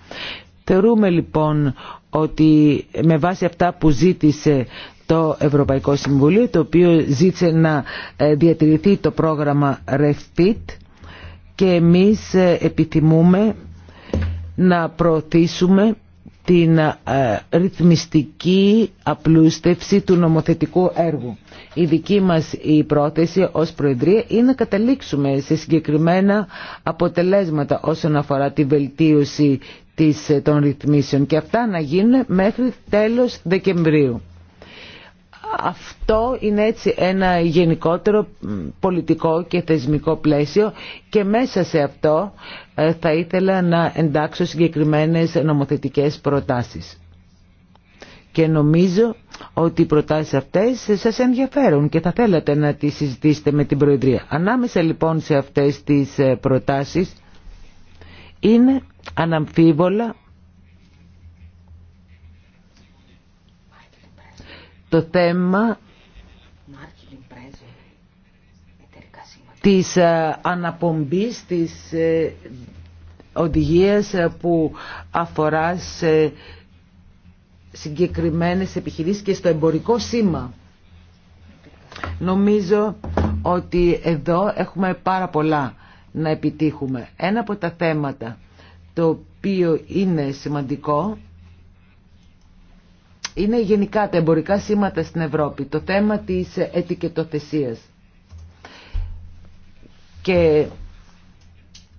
[SPEAKER 4] Θεωρούμε λοιπόν ότι με βάση αυτά που ζήτησε το Ευρωπαϊκό Συμβουλίο, το οποίο ζήτησε να ε, διατηρηθεί το πρόγραμμα REFIT και εμείς ε, επιθυμούμε να προωθήσουμε την ε, ρυθμιστική απλούστευση του νομοθετικού έργου. Η δική μας η πρόθεση ως Προεδρία είναι να καταλήξουμε σε συγκεκριμένα αποτελέσματα όσον αφορά τη βελτίωση της, ε, των ρυθμίσεων και αυτά να γίνουν μέχρι τέλος Δεκεμβρίου. Αυτό είναι έτσι ένα γενικότερο πολιτικό και θεσμικό πλαίσιο και μέσα σε αυτό ε, θα ήθελα να εντάξω συγκεκριμένες νομοθετικές προτάσεις. Και νομίζω ότι οι προτάσεις αυτές σας ενδιαφέρουν και θα θέλατε να τις συζητήσετε με την Προεδρία. Ανάμεσα λοιπόν σε αυτές τις ε, προτάσεις είναι αναμφίβολα το θέμα της ε, αναπομπής της ε, οδηγίας ε, που αφορά σε συγκεκριμένες επιχειρήσεις και στο εμπορικό σήμα. Νομίζω ότι εδώ έχουμε πάρα πολλά να επιτύχουμε. Ένα από τα θέματα το οποίο είναι σημαντικό είναι γενικά τα εμπορικά σήματα στην Ευρώπη, το θέμα της ετικετοθεσίας. Και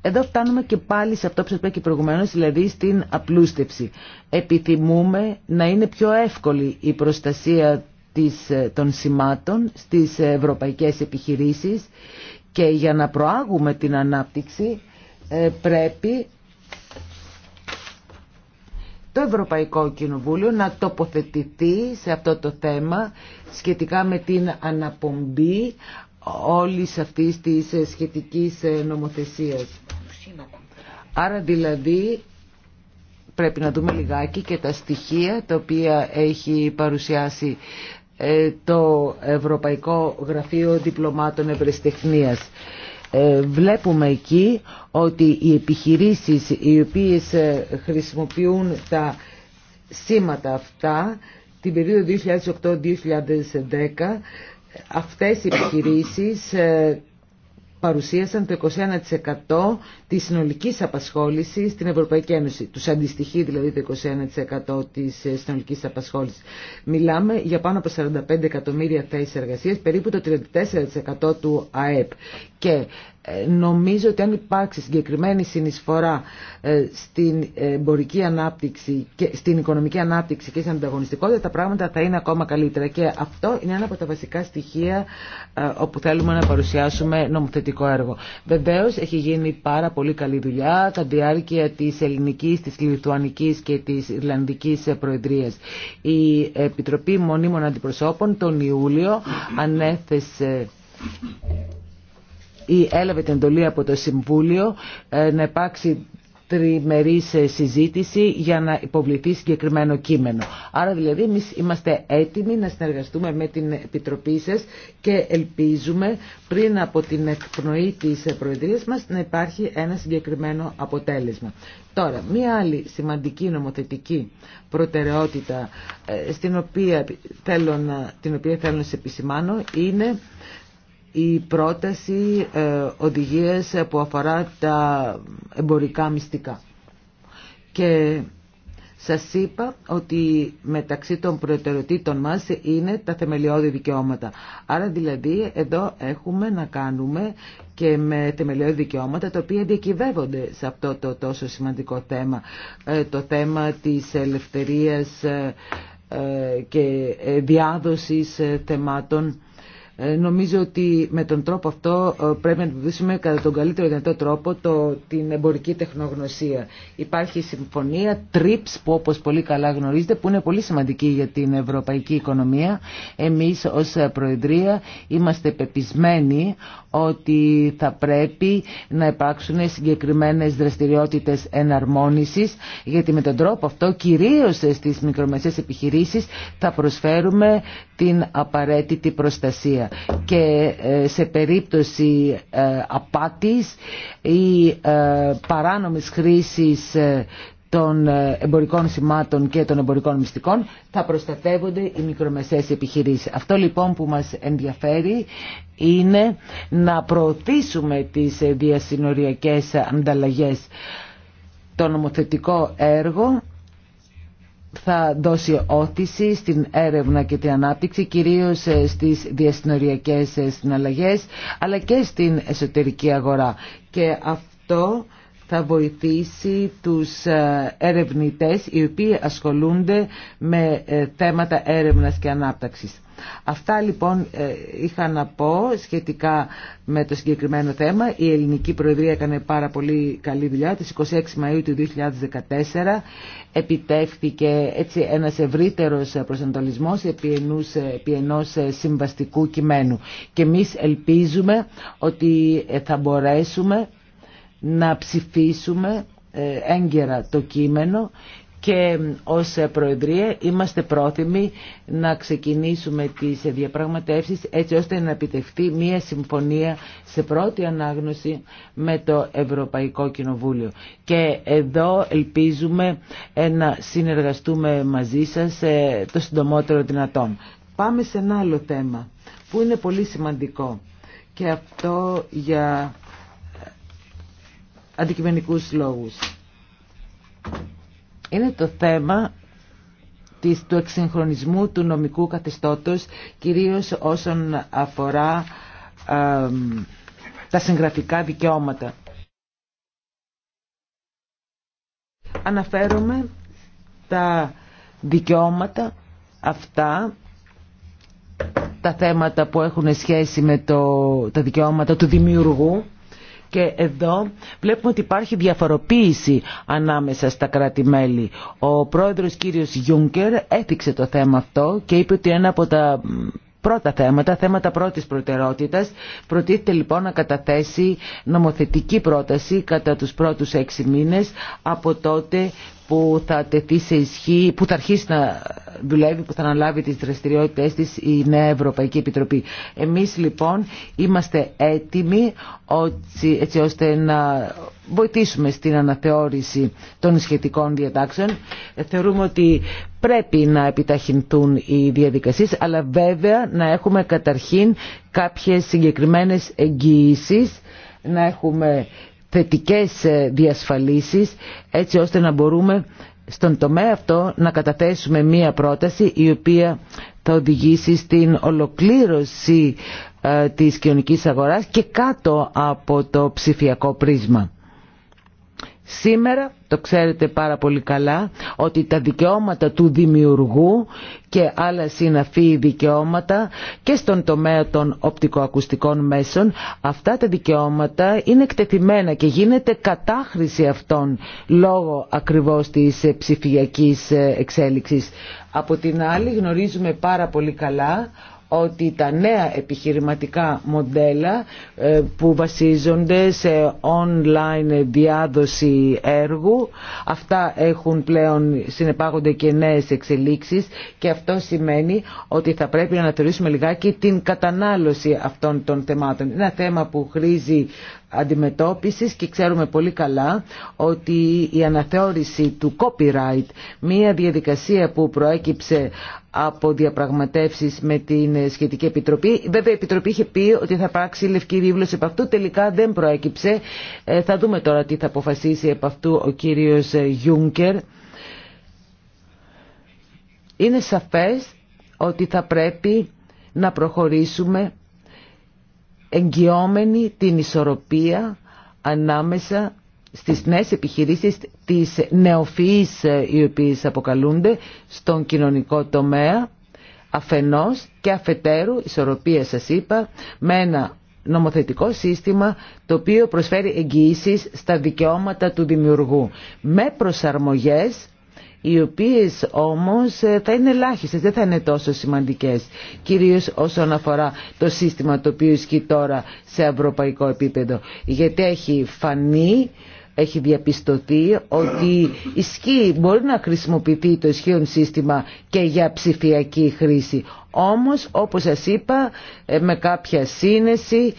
[SPEAKER 4] εδώ φτάνουμε και πάλι σε αυτό που σας είπα και προηγουμένως, δηλαδή στην απλούστευση. Επιθυμούμε να είναι πιο εύκολη η προστασία των σημάτων στις ευρωπαϊκές επιχειρήσεις και για να προάγουμε την ανάπτυξη ε, πρέπει το Ευρωπαϊκό Κοινοβούλιο να τοποθετηθεί σε αυτό το θέμα σχετικά με την αναπομπή όλης αυτής της σχετικής ε, νομοθεσίας. Άρα δηλαδή πρέπει να δούμε λιγάκι και τα στοιχεία τα οποία έχει παρουσιάσει ε, το Ευρωπαϊκό Γραφείο Διπλωμάτων Ευρεσιτεχνίας. Ε, βλέπουμε εκεί ότι οι επιχειρήσεις οι οποίες ε, χρησιμοποιούν τα σήματα αυτά την περίοδο 2008-2010 αυτές οι επιχειρήσεις ε, παρουσίασαν το 21% της συνολικής απασχόλησης στην Ευρωπαϊκή Ένωση. Τους αντιστοιχεί δηλαδή το 21% της συνολικής απασχόλησης. Μιλάμε για πάνω από 45 εκατομμύρια θέσεις εργασίας, περίπου το 34% του ΑΕΠ. Και ε, νομίζω ότι αν υπάρξει συγκεκριμένη συνεισφορά ε, στην εμπορική ανάπτυξη και στην οικονομική ανάπτυξη και στην ανταγωνιστικότητα τα πράγματα θα είναι ακόμα καλύτερα και αυτό είναι ένα από τα βασικά στοιχεία ε, όπου θέλουμε να παρουσιάσουμε νομοθετικό έργο. Βεβαίω έχει γίνει πάρα πολύ καλή δουλειά τα διάρκεια της ελληνικής, της λιθουανικής και της Ιρλανδικής Προεδρίας. Η Επιτροπή Μονίμων Αντιπροσώπων τον Ιούλιο ανέθεσε ή έλαβε την εντολή από το Συμβούλιο ε, να υπάρξει τριμερής ε, συζήτηση για να υποβληθεί συγκεκριμένο κείμενο. Άρα δηλαδή εμεί είμαστε έτοιμοι να συνεργαστούμε με την Επιτροπή σας και ελπίζουμε πριν από την εκπνοή της Προεδρίας μας να υπάρχει ένα συγκεκριμένο αποτέλεσμα. Τώρα, μία άλλη σημαντική νομοθετική προτεραιότητα ε, στην οποία θέλω την οποία θέλω να σε επισημάνω είναι η πρόταση ε, οδηγίες που αφορά τα εμπορικά μυστικά. Και σας είπα ότι μεταξύ των προτεραιοτήτων μας είναι τα θεμελιώδη δικαιώματα. Άρα δηλαδή εδώ έχουμε να κάνουμε και με θεμελιώδη δικαιώματα τα οποία διακυβεύονται σε αυτό το τόσο σημαντικό θέμα. Ε, το θέμα της ελευθερίας ε, και διάδοσης θεμάτων ε, νομίζω ότι με τον τρόπο αυτό ε, πρέπει να αντιμετωπίσουμε κατά τον καλύτερο δυνατό τρόπο το, την εμπορική τεχνογνωσία. Υπάρχει η συμφωνία TRIPS που όπως πολύ καλά γνωρίζετε που είναι πολύ σημαντική για την ευρωπαϊκή οικονομία. Εμείς ως Προεδρία είμαστε πεπισμένοι ότι θα πρέπει να υπάρξουν συγκεκριμένες δραστηριότητες εναρμόνισης γιατί με τον τρόπο αυτό κυρίως στις μικρομεσαίες επιχειρήσεις θα προσφέρουμε την απαραίτητη προστασία και ε, σε περίπτωση ε, απάτης ή ε, παράνομης χρήσης των ε, εμπορικών σημάτων και των εμπορικών μυστικών θα προστατεύονται οι μικρομεσαίες επιχειρήσεις. Αυτό λοιπόν που μας ενδιαφέρει είναι να προωθήσουμε τις ε, διασυνοριακές ανταλλαγές. Το νομοθετικό έργο θα δώσει όθηση στην έρευνα και την ανάπτυξη, κυρίως ε, στις διασυνοριακές συναλλαγές, αλλά και στην εσωτερική αγορά. Και αυτό θα βοηθήσει τους ε, ερευνητές οι οποίοι ασχολούνται με ε, θέματα έρευνας και ανάπταξης. Αυτά λοιπόν ε, είχα να πω σχετικά με το συγκεκριμένο θέμα. Η Ελληνική Προεδρία έκανε πάρα πολύ καλή δουλειά. Τις 26 Μαΐου του 2014 επιτεύχθηκε έτσι ένας ευρύτερος προσανατολισμός επί, επί ενός συμβαστικού κειμένου. Και εμείς ελπίζουμε ότι θα μπορέσουμε να ψηφίσουμε ε, έγκαιρα το κείμενο και ε, ως ε, Προεδρία είμαστε πρόθυμοι να ξεκινήσουμε τις διαπραγματεύσεις έτσι ώστε να επιτευχθεί μια συμφωνία σε πρώτη ανάγνωση με το Ευρωπαϊκό Κοινοβούλιο. Και εδώ ελπίζουμε να συνεργαστούμε μαζί σας το συντομότερο δυνατόν. Πάμε σε ένα άλλο θέμα που είναι πολύ σημαντικό και αυτό για αντικειμενικούς λόγους. Είναι το θέμα της, του εξυγχρονισμού του νομικού καθεστώτος, κυρίως όσον αφορά τα συγγραφικά δικαιώματα. Αναφέρομαι τα δικαιώματα αυτά τα θέματα που έχουν σχέση με το, τα δικαιώματα του δημιουργού και εδώ βλέπουμε ότι υπάρχει διαφοροποίηση ανάμεσα στα κράτη-μέλη. Ο πρόεδρος κύριος Γιούγκερ έθιξε το θέμα αυτό και είπε ότι ένα από τα πρώτα θέματα, θέματα πρώτης προτεραιότητας. Προτίθεται λοιπόν να καταθέσει νομοθετική πρόταση κατά τους πρώτους έξι μήνες από τότε που θα τεθεί σε ισχύ, που θα αρχίσει να δουλεύει, που θα αναλάβει τις δραστηριότητες της η Νέα Ευρωπαϊκή Επιτροπή. Εμείς λοιπόν είμαστε έτοιμοι οτι έτσι ώστε να βοηθήσουμε στην αναθεώρηση των σχετικών διατάξεων. Θεωρούμε ότι πρέπει να επιταχυνθούν οι διαδικασίες, αλλά βέβαια να έχουμε καταρχήν κάποιες συγκεκριμένες εγγυήσεις, να έχουμε θετικές ε, διασφαλίσεις έτσι ώστε να μπορούμε στον τομέα αυτό να καταθέσουμε μία πρόταση η οποία θα οδηγήσει στην ολοκλήρωση ε, της κοινωνικής αγοράς και κάτω από το ψηφιακό πρίσμα. Σήμερα το ξέρετε πάρα πολύ καλά ότι τα δικαιώματα του δημιουργού και άλλα συναφή δικαιώματα και στον τομέα των οπτικοακουστικών μέσων αυτά τα δικαιώματα είναι εκτεθειμένα και γίνεται κατάχρηση αυτών λόγω ακριβώς της ψηφιακής εξέλιξης. Από την άλλη γνωρίζουμε πάρα πολύ καλά ότι τα νέα επιχειρηματικά μοντέλα ε, που βασίζονται σε online διάδοση έργου αυτά έχουν πλέον συνεπάγονται και νέες εξελίξεις και αυτό σημαίνει ότι θα πρέπει να αναθεωρήσουμε λιγάκι την κατανάλωση αυτών των θεμάτων. Είναι Ένα θέμα που χρήζει αντιμετώπισης και ξέρουμε πολύ καλά ότι η αναθεώρηση του copyright, μια διαδικασία που προέκυψε από διαπραγματεύσεις με την σχετική επιτροπή. Βέβαια η επιτροπή είχε πει ότι θα υπάρξει λευκή βίβλωση επ' αυτού, τελικά δεν προέκυψε. Ε, θα δούμε τώρα τι θα αποφασίσει επ' αυτού ο κύριος Γιούνκερ. Είναι σαφές ότι θα πρέπει να προχωρήσουμε εγγυόμενοι την ισορροπία ανάμεσα στις νέες επιχειρήσεις, της νεοφυής ε, οι οποίες αποκαλούνται στον κοινωνικό τομέα αφενός και αφετέρου ισορροπία σας είπα με ένα νομοθετικό σύστημα το οποίο προσφέρει εγγυήσεις στα δικαιώματα του δημιουργού με προσαρμογές οι οποίες όμως ε, θα είναι ελάχιστες, δεν θα είναι τόσο σημαντικές, κυρίως όσον αφορά το σύστημα το οποίο ισχύει τώρα σε ευρωπαϊκό επίπεδο, γιατί έχει φανεί έχει διαπιστωθεί ότι ισχύει, μπορεί να χρησιμοποιηθεί το ισχύον σύστημα και για ψηφιακή χρήση. Όμως, όπως σας είπα, ε, με κάποια σύνεση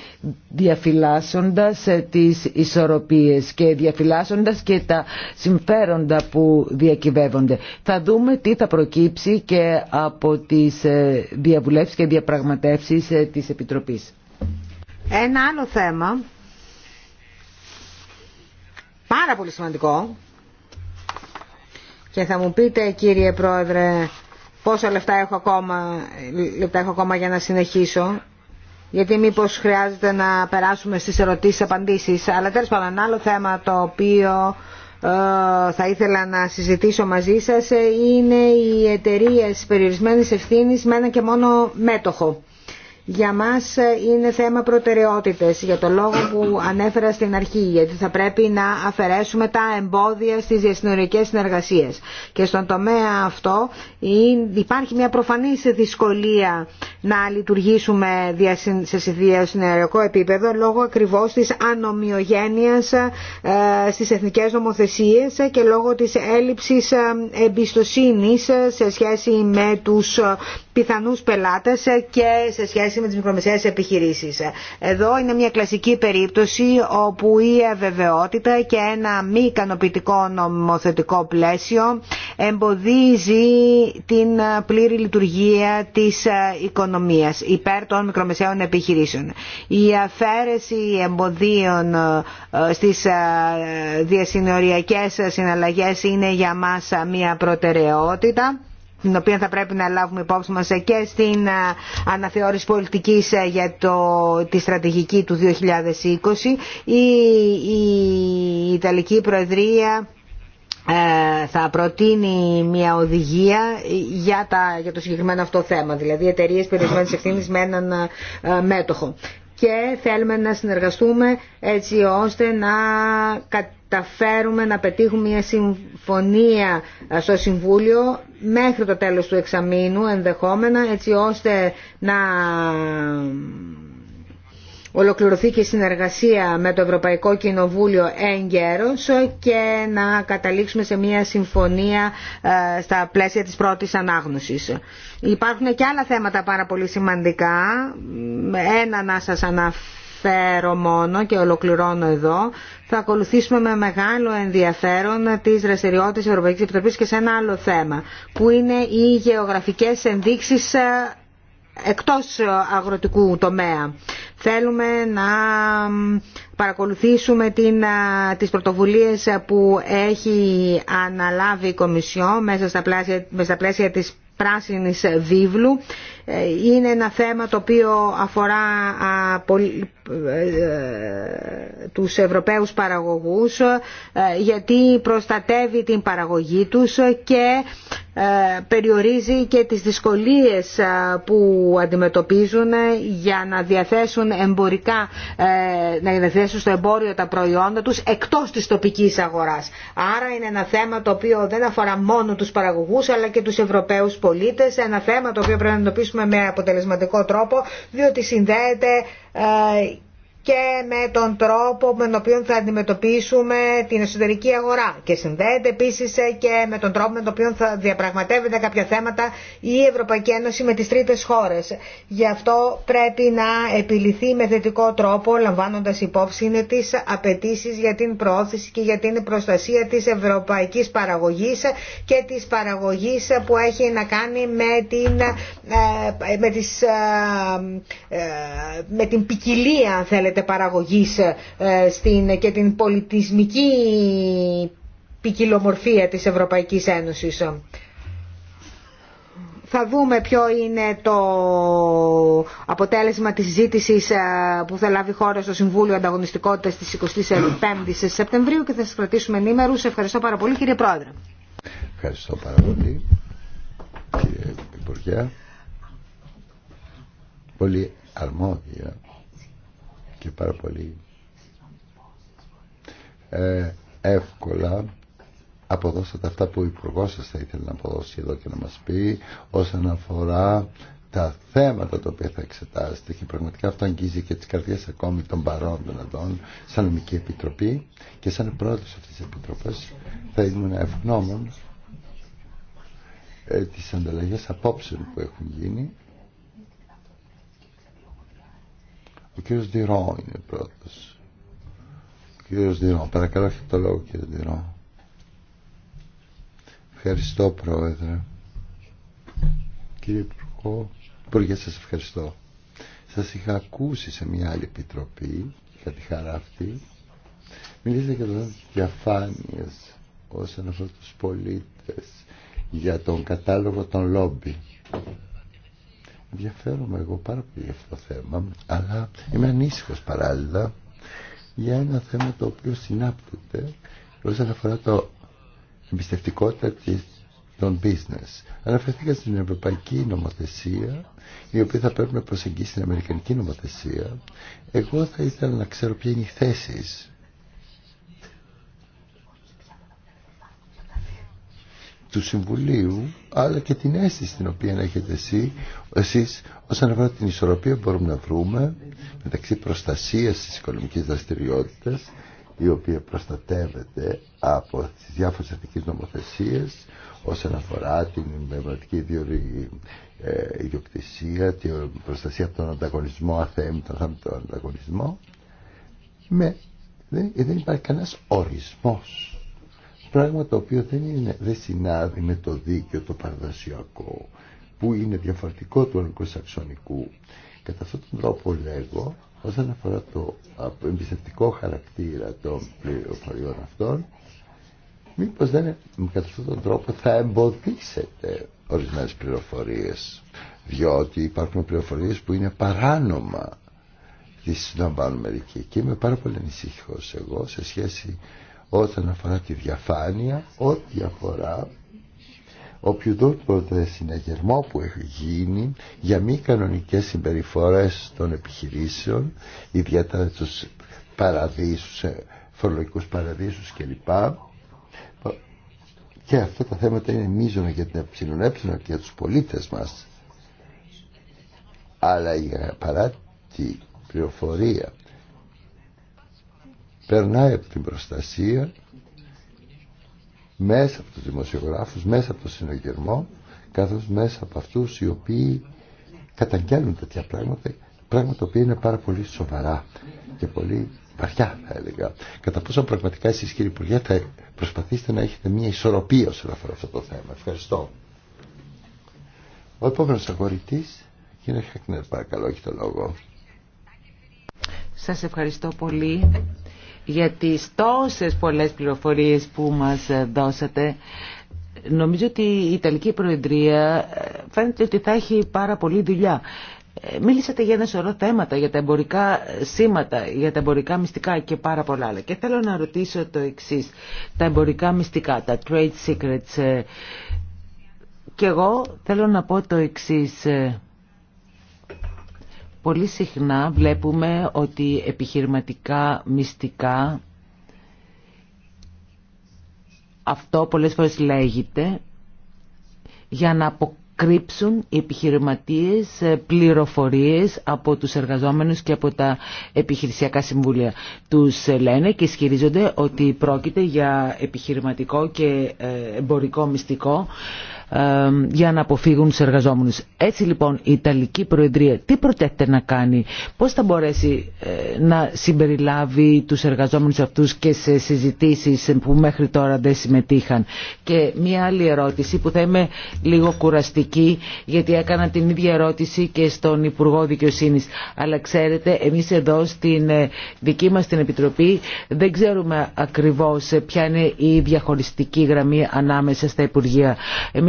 [SPEAKER 4] διαφυλάσσοντας ε, τις ισορροπίες και διαφυλάσσοντας και τα συμφέροντα που διακυβεύονται. Θα δούμε τι θα προκύψει και από τις ε, διαβουλεύσεις και διαπραγματεύσεις της Επιτροπής.
[SPEAKER 2] Ένα άλλο θέμα πάρα πολύ σημαντικό και θα μου πείτε κύριε Πρόεδρε πόσα λεφτά έχω ακόμα, λεπτά έχω ακόμα για να συνεχίσω γιατί μήπως χρειάζεται να περάσουμε στις ερωτήσεις απαντήσεις αλλά τέλος πάντων ένα άλλο θέμα το οποίο ε, θα ήθελα να συζητήσω μαζί σας ε, είναι οι εταιρείε περιορισμένης ευθύνης με ένα και μόνο μέτοχο για μας ε, είναι θέμα προτεραιότητες για το λόγο που ανέφερα στην αρχή γιατί θα πρέπει να αφαιρέσουμε τα εμπόδια στις διασυνορικές συνεργασίες και στον τομέα αυτό υπάρχει μια προφανής δυσκολία να λειτουργήσουμε σε διασυνοριακό επίπεδο λόγω ακριβώς της ανομοιογένειας ε, στις εθνικές νομοθεσίες και λόγω της έλλειψης ε, εμπιστοσύνης σε σχέση με τους πιθανούς πελάτες και σε σχέση με τις μικρομεσαίες επιχειρήσεις. Εδώ είναι μια κλασική περίπτωση όπου η αβεβαιότητα και ένα μη ικανοποιητικό νομοθετικό πλαίσιο εμποδίζει την πλήρη λειτουργία της οικονομίας υπέρ των μικρομεσαίων επιχειρήσεων. Η αφαίρεση εμποδίων ε, στις ε, διασυνοριακές συναλλαγές είναι για μας μια προτεραιότητα την οποία θα πρέπει να λάβουμε υπόψη μας και στην ε, αναθεώρηση πολιτικής ε, για το, τη στρατηγική του 2020. Η, η Ιταλική Προεδρία ε, θα προτείνει μια οδηγία για, τα, για το συγκεκριμένο αυτό θέμα, δηλαδή εταιρείε περιορισμένη ευθύνη με έναν μέτοχο και θέλουμε να συνεργαστούμε έτσι ώστε να καταφέρουμε να πετύχουμε μια συμφωνία ε, στο Συμβούλιο μέχρι το τέλος του εξαμήνου ενδεχόμενα έτσι ώστε να ολοκληρωθεί και η συνεργασία με το Ευρωπαϊκό Κοινοβούλιο εγκαίρως και να καταλήξουμε σε μια συμφωνία ε, στα πλαίσια της πρώτης ανάγνωσης. Υπάρχουν και άλλα θέματα πάρα πολύ σημαντικά. Ένα να σας αναφέρω μόνο και ολοκληρώνω εδώ. Θα ακολουθήσουμε με μεγάλο ενδιαφέρον τις δραστηριότητες της Ευρωπαϊκής Επιτροπής και σε ένα άλλο θέμα που είναι οι γεωγραφικές ενδείξεις ε, εκτός αγροτικού τομέα. Θέλουμε να παρακολουθήσουμε την, τις πρωτοβουλίες που έχει αναλάβει η Κομισιό μέσα στα πλαίσια, μέσα στα πλαίσια της πράσινης βίβλου είναι ένα θέμα το οποίο αφορά ε, τους Ευρωπαίους παραγωγούς ε, γιατί προστατεύει την παραγωγή τους και ε, περιορίζει και τις δυσκολίες που αντιμετωπίζουν για να διαθέσουν εμπορικά, να διαθέσουν στο εμπόριο τα προϊόντα τους εκτός της τοπικής αγοράς. Άρα είναι ένα θέμα το οποίο δεν αφορά μόνο τους παραγωγούς αλλά και τους Ευρωπαίους πολίτες, ένα θέμα το οποίο πρέπει να αντιμετωπίσουμε με με αποτελεσματικό τρόπο, διότι συνδέεται ε, και με τον τρόπο με τον οποίο θα αντιμετωπίσουμε την εσωτερική αγορά. Και συνδέεται επίσης ε, και με τον τρόπο με τον οποίο θα διαπραγματεύεται κάποια θέματα η Ευρωπαϊκή Ένωση με τις τρίτες χώρες. Γι' αυτό πρέπει να επιληθεί με θετικό τρόπο λαμβάνοντας υπόψη τις απαιτήσει για την προώθηση και για την προστασία τη Ευρωπαϊκή παραγωγή και τη παραγωγή που έχει να κάνει με την, ε, με, τις, ε, με την ποικιλία αν θέλετε παραγωγής ε, στην, και την πολιτισμική ποικιλομορφία της Ευρωπαϊκής Ένωσης. Θα δούμε ποιο είναι το αποτέλεσμα της ζήτησης ε, που θα λάβει η χώρα στο Συμβούλιο Ανταγωνιστικότητας της 25ης Σεπτεμβρίου και θα σας κρατήσουμε ενήμερους. Ευχαριστώ πάρα πολύ κύριε Πρόεδρε.
[SPEAKER 3] Ευχαριστώ πάρα πολύ κύριε Υπουργέ. Πολύ αρμόδια και πάρα πολύ ε, εύκολα αποδώσατε αυτά που ο υπουργό σα θα ήθελε να αποδώσει εδώ και να μας πει όσον αφορά τα θέματα τα οποία θα εξετάσετε και πραγματικά αυτό αγγίζει και τις καρδιές ακόμη των παρόντων εδώ σαν νομική επιτροπή και σαν πρόεδρος αυτής της επιτροπής θα ήμουν ευγνώμων ε, τις ανταλλαγές απόψεων που έχουν γίνει Ο κύριο Διρό είναι πρώτος. Ο κύριος Διρό. Παρακαλώ έχετε το λόγο κύριε Διρό. Ευχαριστώ πρόεδρε. Κύριε Υπουργό, Υπουργέ σα ευχαριστώ. Σα είχα ακούσει σε μια άλλη επιτροπή για τη χαρά αυτή. Μιλήσατε για το θέμα όσον αφορά τους πολίτες για τον κατάλογο των λόμπι ενδιαφέρομαι εγώ πάρα πολύ για αυτό το θέμα αλλά είμαι ανήσυχο παράλληλα για ένα θέμα το οποίο συνάπτεται όσον αφορά το εμπιστευτικότητα της, των business. Αναφερθήκα στην ευρωπαϊκή νομοθεσία η οποία θα πρέπει να προσεγγίσει την αμερικανική νομοθεσία. Εγώ θα ήθελα να ξέρω ποια είναι η του Συμβουλίου αλλά και την αίσθηση την οποία έχετε εσύ, εσείς όσον αφορά την ισορροπία μπορούμε να βρούμε μεταξύ προστασίας της οικονομικής δραστηριότητας η οποία προστατεύεται από τις διάφορες εθνικές νομοθεσίες όσον αφορά την πνευματική ε, ιδιοκτησία, την προστασία από τον ανταγωνισμό, αθέμητο, τον ανταγωνισμό, με, δεν, δεν υπάρχει κανένας ορισμός πράγμα το οποίο δεν, είναι, δεν συνάδει με το δίκαιο το παραδοσιακό που είναι διαφορετικό του αγγλοσαξονικού. Κατά αυτόν τον τρόπο λέγω, όσον αφορά το εμπιστευτικό χαρακτήρα των πληροφοριών αυτών, μήπως δεν, κατά αυτόν τον τρόπο θα εμποδίσετε ορισμένε πληροφορίε, διότι υπάρχουν πληροφορίε που είναι παράνομα τις συλλαμβάνουν μερικοί. Και είμαι πάρα πολύ ανησυχικό εγώ σε σχέση όταν αφορά τη διαφάνεια, ό,τι αφορά οποιοδήποτε συναγερμό που έχει γίνει για μη κανονικές συμπεριφορές των επιχειρήσεων, ιδιαίτερα τους παραδείσους, ε, φορολογικούς παραδείσους κλπ. Και αυτά τα θέματα είναι μείζωνα για την ψηλονέψηνα και για τους πολίτες μας. Αλλά για παρά πληροφορία περνάει από την προστασία μέσα από τους δημοσιογράφους, μέσα από το συνογερμό, καθώς μέσα από αυτούς οι οποίοι καταγγέλνουν τέτοια πράγματα, πράγματα που είναι πάρα πολύ σοβαρά και πολύ βαριά θα έλεγα. Κατά πόσο πραγματικά εσείς κύριε Υπουργέ θα προσπαθήσετε να έχετε μια ισορροπία όσον αφορά αυτό το θέμα. Ευχαριστώ. Ο επόμενο αγορητή, κύριε Χακνέρ, παρακαλώ, έχει το λόγο.
[SPEAKER 4] Σα ευχαριστώ πολύ για τις τόσες πολλές πληροφορίες που μας δώσατε. Νομίζω ότι η Ιταλική Προεδρία ε, φαίνεται ότι θα έχει πάρα πολύ δουλειά. Ε, μίλησατε για ένα σωρό θέματα, για τα εμπορικά σήματα, για τα εμπορικά μυστικά και πάρα πολλά άλλα. Και θέλω να ρωτήσω το εξής. Τα εμπορικά μυστικά, τα trade secrets. Ε, και εγώ θέλω να πω το εξή Πολύ συχνά βλέπουμε ότι επιχειρηματικά μυστικά αυτό πολλές φορές λέγεται για να αποκρύψουν οι επιχειρηματίες ε, πληροφορίες από τους εργαζόμενους και από τα επιχειρησιακά συμβούλια. Τους ε, λένε και ισχυρίζονται ότι πρόκειται για επιχειρηματικό και ε, εμπορικό μυστικό ε, για να αποφύγουν του εργαζόμενους. Έτσι λοιπόν η Ιταλική Προεδρία τι προτείνεται να κάνει, πώς θα μπορέσει ε, να συμπεριλάβει τους εργαζόμενους αυτούς και σε συζητήσεις που μέχρι τώρα δεν συμμετείχαν. Και μία άλλη ερώτηση που θα είμαι λίγο κουραστική γιατί έκανα την ίδια ερώτηση και στον Υπουργό Δικαιοσύνη. Αλλά ξέρετε, εμείς εδώ στην ε, δική μας την Επιτροπή δεν ξέρουμε ακριβώς ποια είναι η διαχωριστική γραμμή ανάμεσα στα Υπουργεία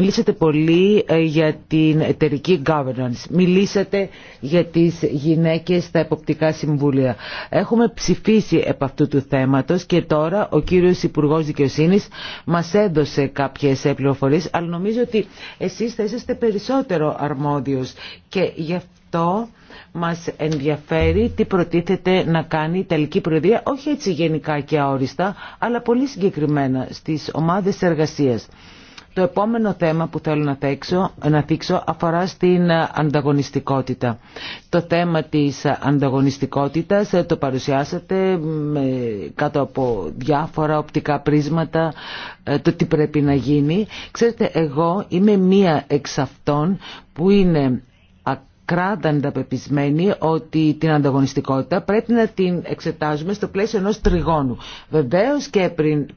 [SPEAKER 4] μιλήσατε πολύ ε, για την εταιρική governance. Μιλήσατε για τις γυναίκες στα εποπτικά συμβούλια. Έχουμε ψηφίσει επ' αυτού του θέματος και τώρα ο κύριος Υπουργός Δικαιοσύνης μας έδωσε κάποιες πληροφορίε, αλλά νομίζω ότι εσείς θα είσαστε περισσότερο αρμόδιος και γι' αυτό μας ενδιαφέρει τι προτίθεται να κάνει η Ιταλική Προεδρία, όχι έτσι γενικά και αόριστα, αλλά πολύ συγκεκριμένα στις ομάδες εργασίας. Το επόμενο θέμα που θέλω να, θέξω, να θίξω αφορά στην ανταγωνιστικότητα. Το θέμα της ανταγωνιστικότητας ε, το παρουσιάσατε κάτω από διάφορα οπτικά πρίσματα ε, το τι πρέπει να γίνει. Ξέρετε, εγώ είμαι μία εξ αυτών που είναι κράτανε τα πεπισμένη ότι την ανταγωνιστικότητα πρέπει να την εξετάζουμε στο πλαίσιο ενός τριγώνου. Βεβαίως και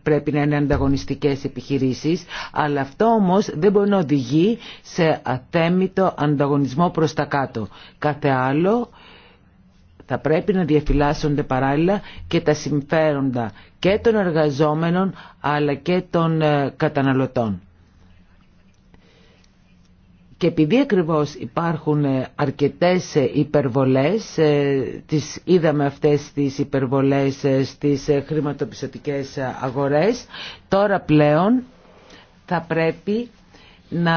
[SPEAKER 4] πρέπει να είναι ανταγωνιστικές επιχειρήσεις, αλλά αυτό όμως δεν μπορεί να οδηγεί σε αθέμητο ανταγωνισμό προς τα κάτω. Κάθε άλλο θα πρέπει να διαφυλάσσονται παράλληλα και τα συμφέροντα και των εργαζόμενων αλλά και των ε, καταναλωτών. Και επειδή ακριβώς υπάρχουν ε, αρκετές ε, υπερβολές, ε, τις είδαμε αυτές τις υπερβολές στις χρηματοπιστωτικές αγορές, τώρα πλέον θα πρέπει να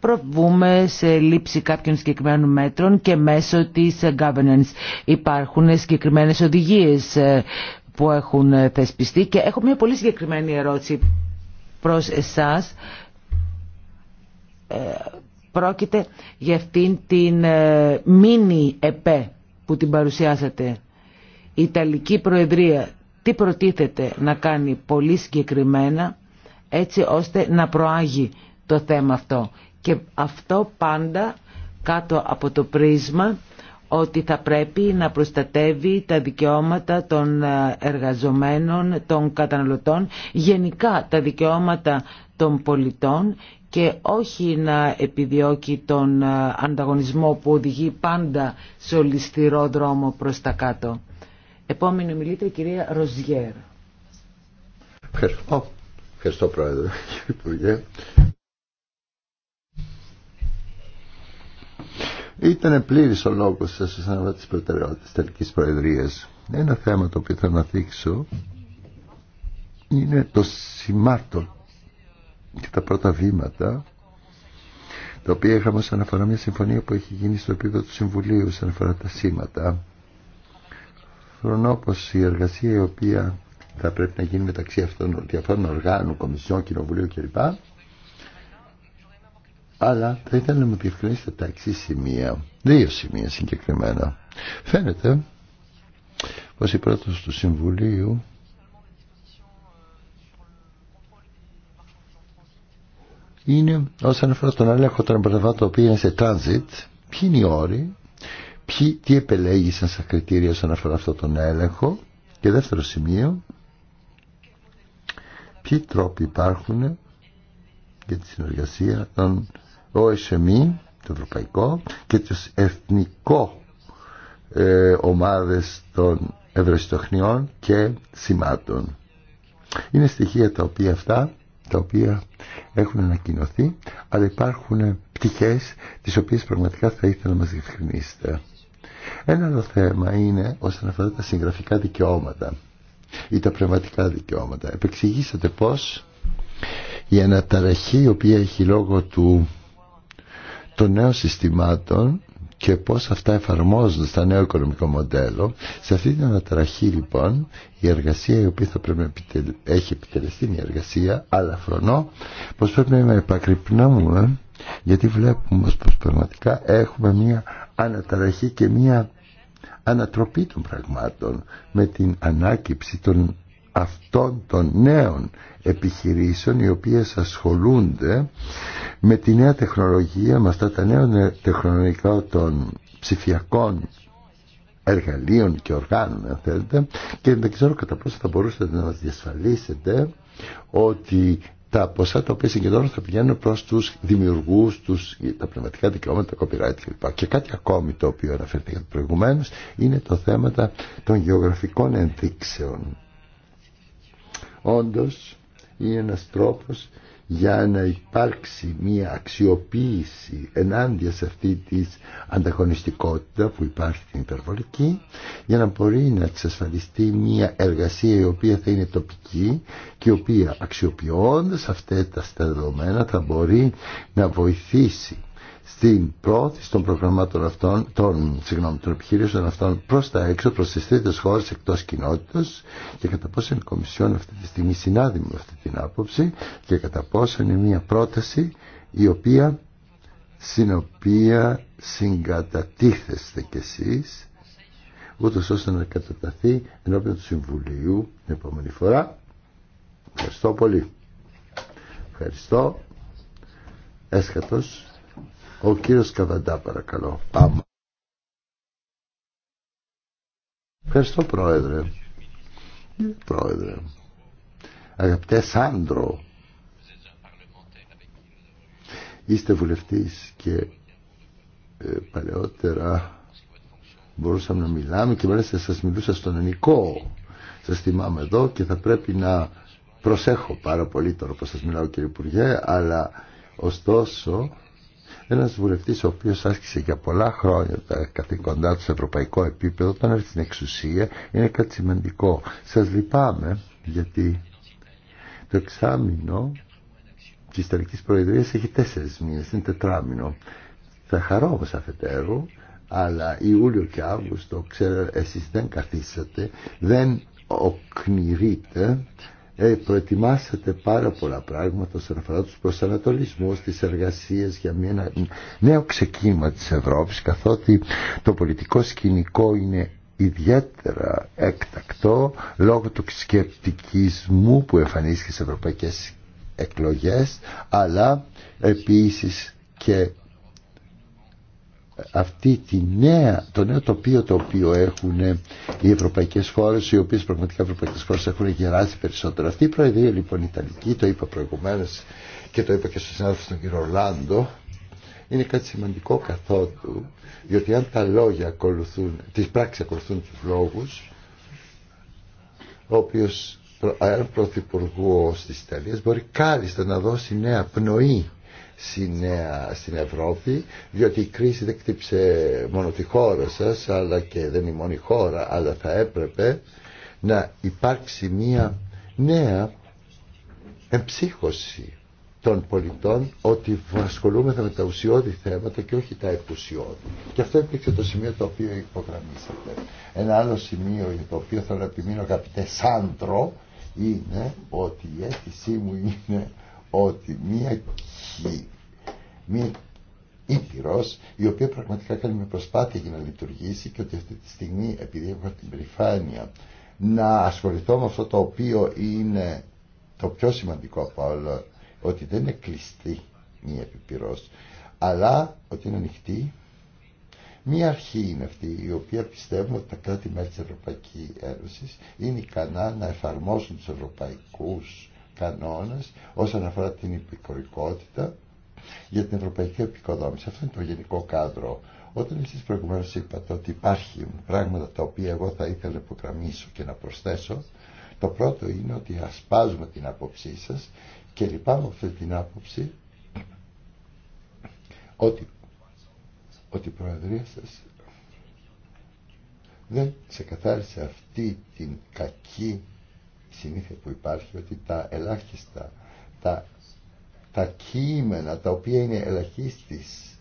[SPEAKER 4] προβούμε σε λήψη κάποιων συγκεκριμένων μέτρων και μέσω της governance. Υπάρχουν συγκεκριμένες οδηγίες που έχουν θεσπιστεί και έχω μια πολύ συγκεκριμένη ερώτηση προς εσάς Πρόκειται για αυτήν την ε, μίνι ΕΠΕ που την παρουσιάσατε. Η Ιταλική Προεδρία τι προτίθεται να κάνει πολύ συγκεκριμένα έτσι ώστε να προάγει το θέμα αυτό. Και αυτό πάντα κάτω από το πρίσμα ότι θα πρέπει να προστατεύει τα δικαιώματα των ε, εργαζομένων, των καταναλωτών, γενικά τα δικαιώματα των πολιτών και όχι να επιδιώκει τον ε, ανταγωνισμό που οδηγεί πάντα σε ολισθηρό δρόμο προς τα κάτω. Επόμενη μιλήτρια, κυρία Ροζιέρ.
[SPEAKER 3] Ευχαριστώ. Ευχαριστώ, Πρόεδρε, [LAUGHS] κύριε Υπουργέ. Ήταν πλήρη ο λόγο σα όσον αφορά τι προτεραιότητε τη Τελική Προεδρία. Ένα θέμα το οποίο θέλω να θίξω είναι το σημάτο και τα πρώτα βήματα τα οποία είχαμε σαν αφορά μια συμφωνία που έχει γίνει στο επίπεδο του Συμβουλίου σαν αφορά τα σήματα. Φρονώ πως η εργασία η οποία θα πρέπει να γίνει μεταξύ αυτών των διαφόρων οργάνων, κομισιών, κοινοβουλίου κλπ. Αλλά θα ήθελα να μου διευκρινίσετε τα εξή σημεία, δύο σημεία συγκεκριμένα. Φαίνεται πως η πρόταση του Συμβουλίου είναι όσον αφορά τον έλεγχο των εμπορευμάτων που είναι σε transit, ποιοι είναι οι όροι, ποιοι, τι επελέγησαν σαν κριτήρια όσον αφορά αυτόν τον έλεγχο και δεύτερο σημείο, ποιοι τρόποι υπάρχουν για τη συνεργασία των OSMI, το ευρωπαϊκό, και τους εθνικό ε, ομάδες των ευρωστοχνιών και σημάτων. Είναι στοιχεία τα οποία αυτά τα οποία έχουν ανακοινωθεί, αλλά υπάρχουν πτυχές τις οποίες πραγματικά θα ήθελα να μας διευκρινίσετε. Ένα άλλο θέμα είναι όσον αφορά τα συγγραφικά δικαιώματα ή τα πνευματικά δικαιώματα. Επεξηγήσατε πώς η αναταραχή η οποία έχει λόγω του των νέων συστημάτων και πώς αυτά εφαρμόζονται στα νέο οικονομικό μοντέλο. Σε αυτή την αναταραχή λοιπόν η εργασία η οποία θα πρέπει να έχει επιτελεστεί είναι η εργασία αλλά φρονώ πως πρέπει να επακρυπνούμε γιατί βλέπουμε πως πραγματικά έχουμε μια αναταραχή και μια ανατροπή των πραγμάτων με την ανάκυψη των αυτών των νέων επιχειρήσεων οι οποίες ασχολούνται με τη νέα τεχνολογία, με αυτά τα νέα τεχνολογικά των ψηφιακών εργαλείων και οργάνων αν θέλετε και δεν ξέρω κατά πόσο θα μπορούσατε να μας διασφαλίσετε ότι τα ποσά τα οποία συγκεντρώνουν θα πηγαίνουν προς τους δημιουργούς, τους, τα πνευματικά δικαιώματα, τα copyright κλπ. Και κάτι ακόμη το οποίο αναφέρθηκε προηγουμένως είναι το θέμα των γεωγραφικών ενδείξεων. Όντως είναι ένας τρόπος για να υπάρξει μια αξιοποίηση ενάντια σε αυτή τη ανταγωνιστικότητα που υπάρχει στην υπερβολική για να μπορεί να εξασφαλιστεί μια εργασία η οποία θα είναι τοπική και η οποία αξιοποιώντας αυτά τα δεδομένα θα μπορεί να βοηθήσει στην πρόθεση των προγραμμάτων αυτών, των, συγγνώμη, των επιχειρήσεων αυτών προς τα έξω, προ τις τρίτε χώρες εκτός κοινότητα και κατά πόσο η Κομισιόν αυτή τη στιγμή συνάδει με αυτή την άποψη και κατά πόσο είναι μια πρόταση η οποία, στην οποία συγκατατίθεστε κι εσείς ούτως ώστε να καταταθεί ενώπιον του Συμβουλίου την επόμενη φορά. Ευχαριστώ πολύ. Ευχαριστώ. Έσχατος ο κύριος Καβαντά παρακαλώ. Πάμε. Ευχαριστώ πρόεδρε. Ε, πρόεδρε. Αγαπητέ Σάντρο. Είστε βουλευτής και ε, παλαιότερα μπορούσαμε να μιλάμε και μάλιστα σας μιλούσα στον ελληνικό. Σας θυμάμαι εδώ και θα πρέπει να προσέχω πάρα πολύ τώρα που σας μιλάω κύριε Υπουργέ αλλά ωστόσο ένας βουλευτής ο οποίος άσκησε για πολλά χρόνια τα καθήκοντά του σε ευρωπαϊκό επίπεδο όταν έρθει στην εξουσία είναι κάτι σημαντικό. Σας λυπάμαι γιατί το εξάμεινο της τελική Προεδρίας έχει τέσσερις μήνες, είναι τετράμινο. Θα χαρώ όμως αφετέρου, αλλά Ιούλιο και Αύγουστο, ξέρω εσείς δεν καθίσατε, δεν οκνηρείτε ε, προετοιμάσατε πάρα πολλά πράγματα όσον αφορά τους προσανατολισμούς, τις εργασίες για μια νέο ξεκίνημα της Ευρώπης καθότι το πολιτικό σκηνικό είναι ιδιαίτερα έκτακτο λόγω του σκεπτικισμού που εμφανίστηκε σε ευρωπαϊκές εκλογές αλλά επίσης και αυτή τη νέα, το νέο τοπίο το οποίο έχουν οι ευρωπαϊκές χώρες, οι οποίες πραγματικά οι ευρωπαϊκές χώρες έχουν γεράσει περισσότερο. Αυτή η προεδρία λοιπόν Ιταλική, το είπα προηγουμένω και το είπα και στον συνάδελφο στον κύριο Ρολάντο, είναι κάτι σημαντικό καθότου, διότι αν τα λόγια ακολουθούν, τις πράξεις ακολουθούν τους λόγους, ο οποίος, αν πρωθυπουργός της Ιταλίας, μπορεί κάλλιστα να δώσει νέα πνοή στην Ευρώπη διότι η κρίση δεν κτύψε μόνο τη χώρα σας αλλά και δεν είναι μόνο η χώρα αλλά θα έπρεπε να υπάρξει μια νέα εμψύχωση των πολιτών ότι ασχολούμεθα με τα ουσιώδη θέματα και όχι τα επουσιώδη. Και αυτό υπήρξε το σημείο το οποίο υπογραμμίσατε. Ένα άλλο σημείο για το οποίο θέλω να επιμείνω αγαπητέ Σάντρο είναι ότι η αίτησή μου είναι ότι μια, μια η οποία πραγματικά κάνει μια προσπάθεια για να λειτουργήσει και ότι αυτή τη στιγμή επειδή έχω την περηφάνεια να ασχοληθώ με αυτό το οποίο είναι το πιο σημαντικό από όλα ότι δεν είναι κλειστή μια επιπυρός αλλά ότι είναι ανοιχτή Μία αρχή είναι αυτή η οποία πιστεύουμε ότι τα κράτη-μέλη της Ευρωπαϊκής Ένωσης είναι ικανά να εφαρμόσουν τους ευρωπαϊκούς κανόνες όσον αφορά την υπηκορικότητα για την ευρωπαϊκή επικοδόμηση. Αυτό είναι το γενικό κάδρο. Όταν εσείς προηγουμένως είπατε ότι υπάρχει πράγματα τα οποία εγώ θα ήθελα να υπογραμμίσω και να προσθέσω, το πρώτο είναι ότι ασπάζουμε την άποψή σας και λυπάμαι αυτή την άποψη ότι, ότι η Προεδρία σας δεν ξεκαθάρισε αυτή την κακή συνήθεια που υπάρχει ότι τα ελάχιστα, τα, τα κείμενα τα οποία είναι ελαχίστης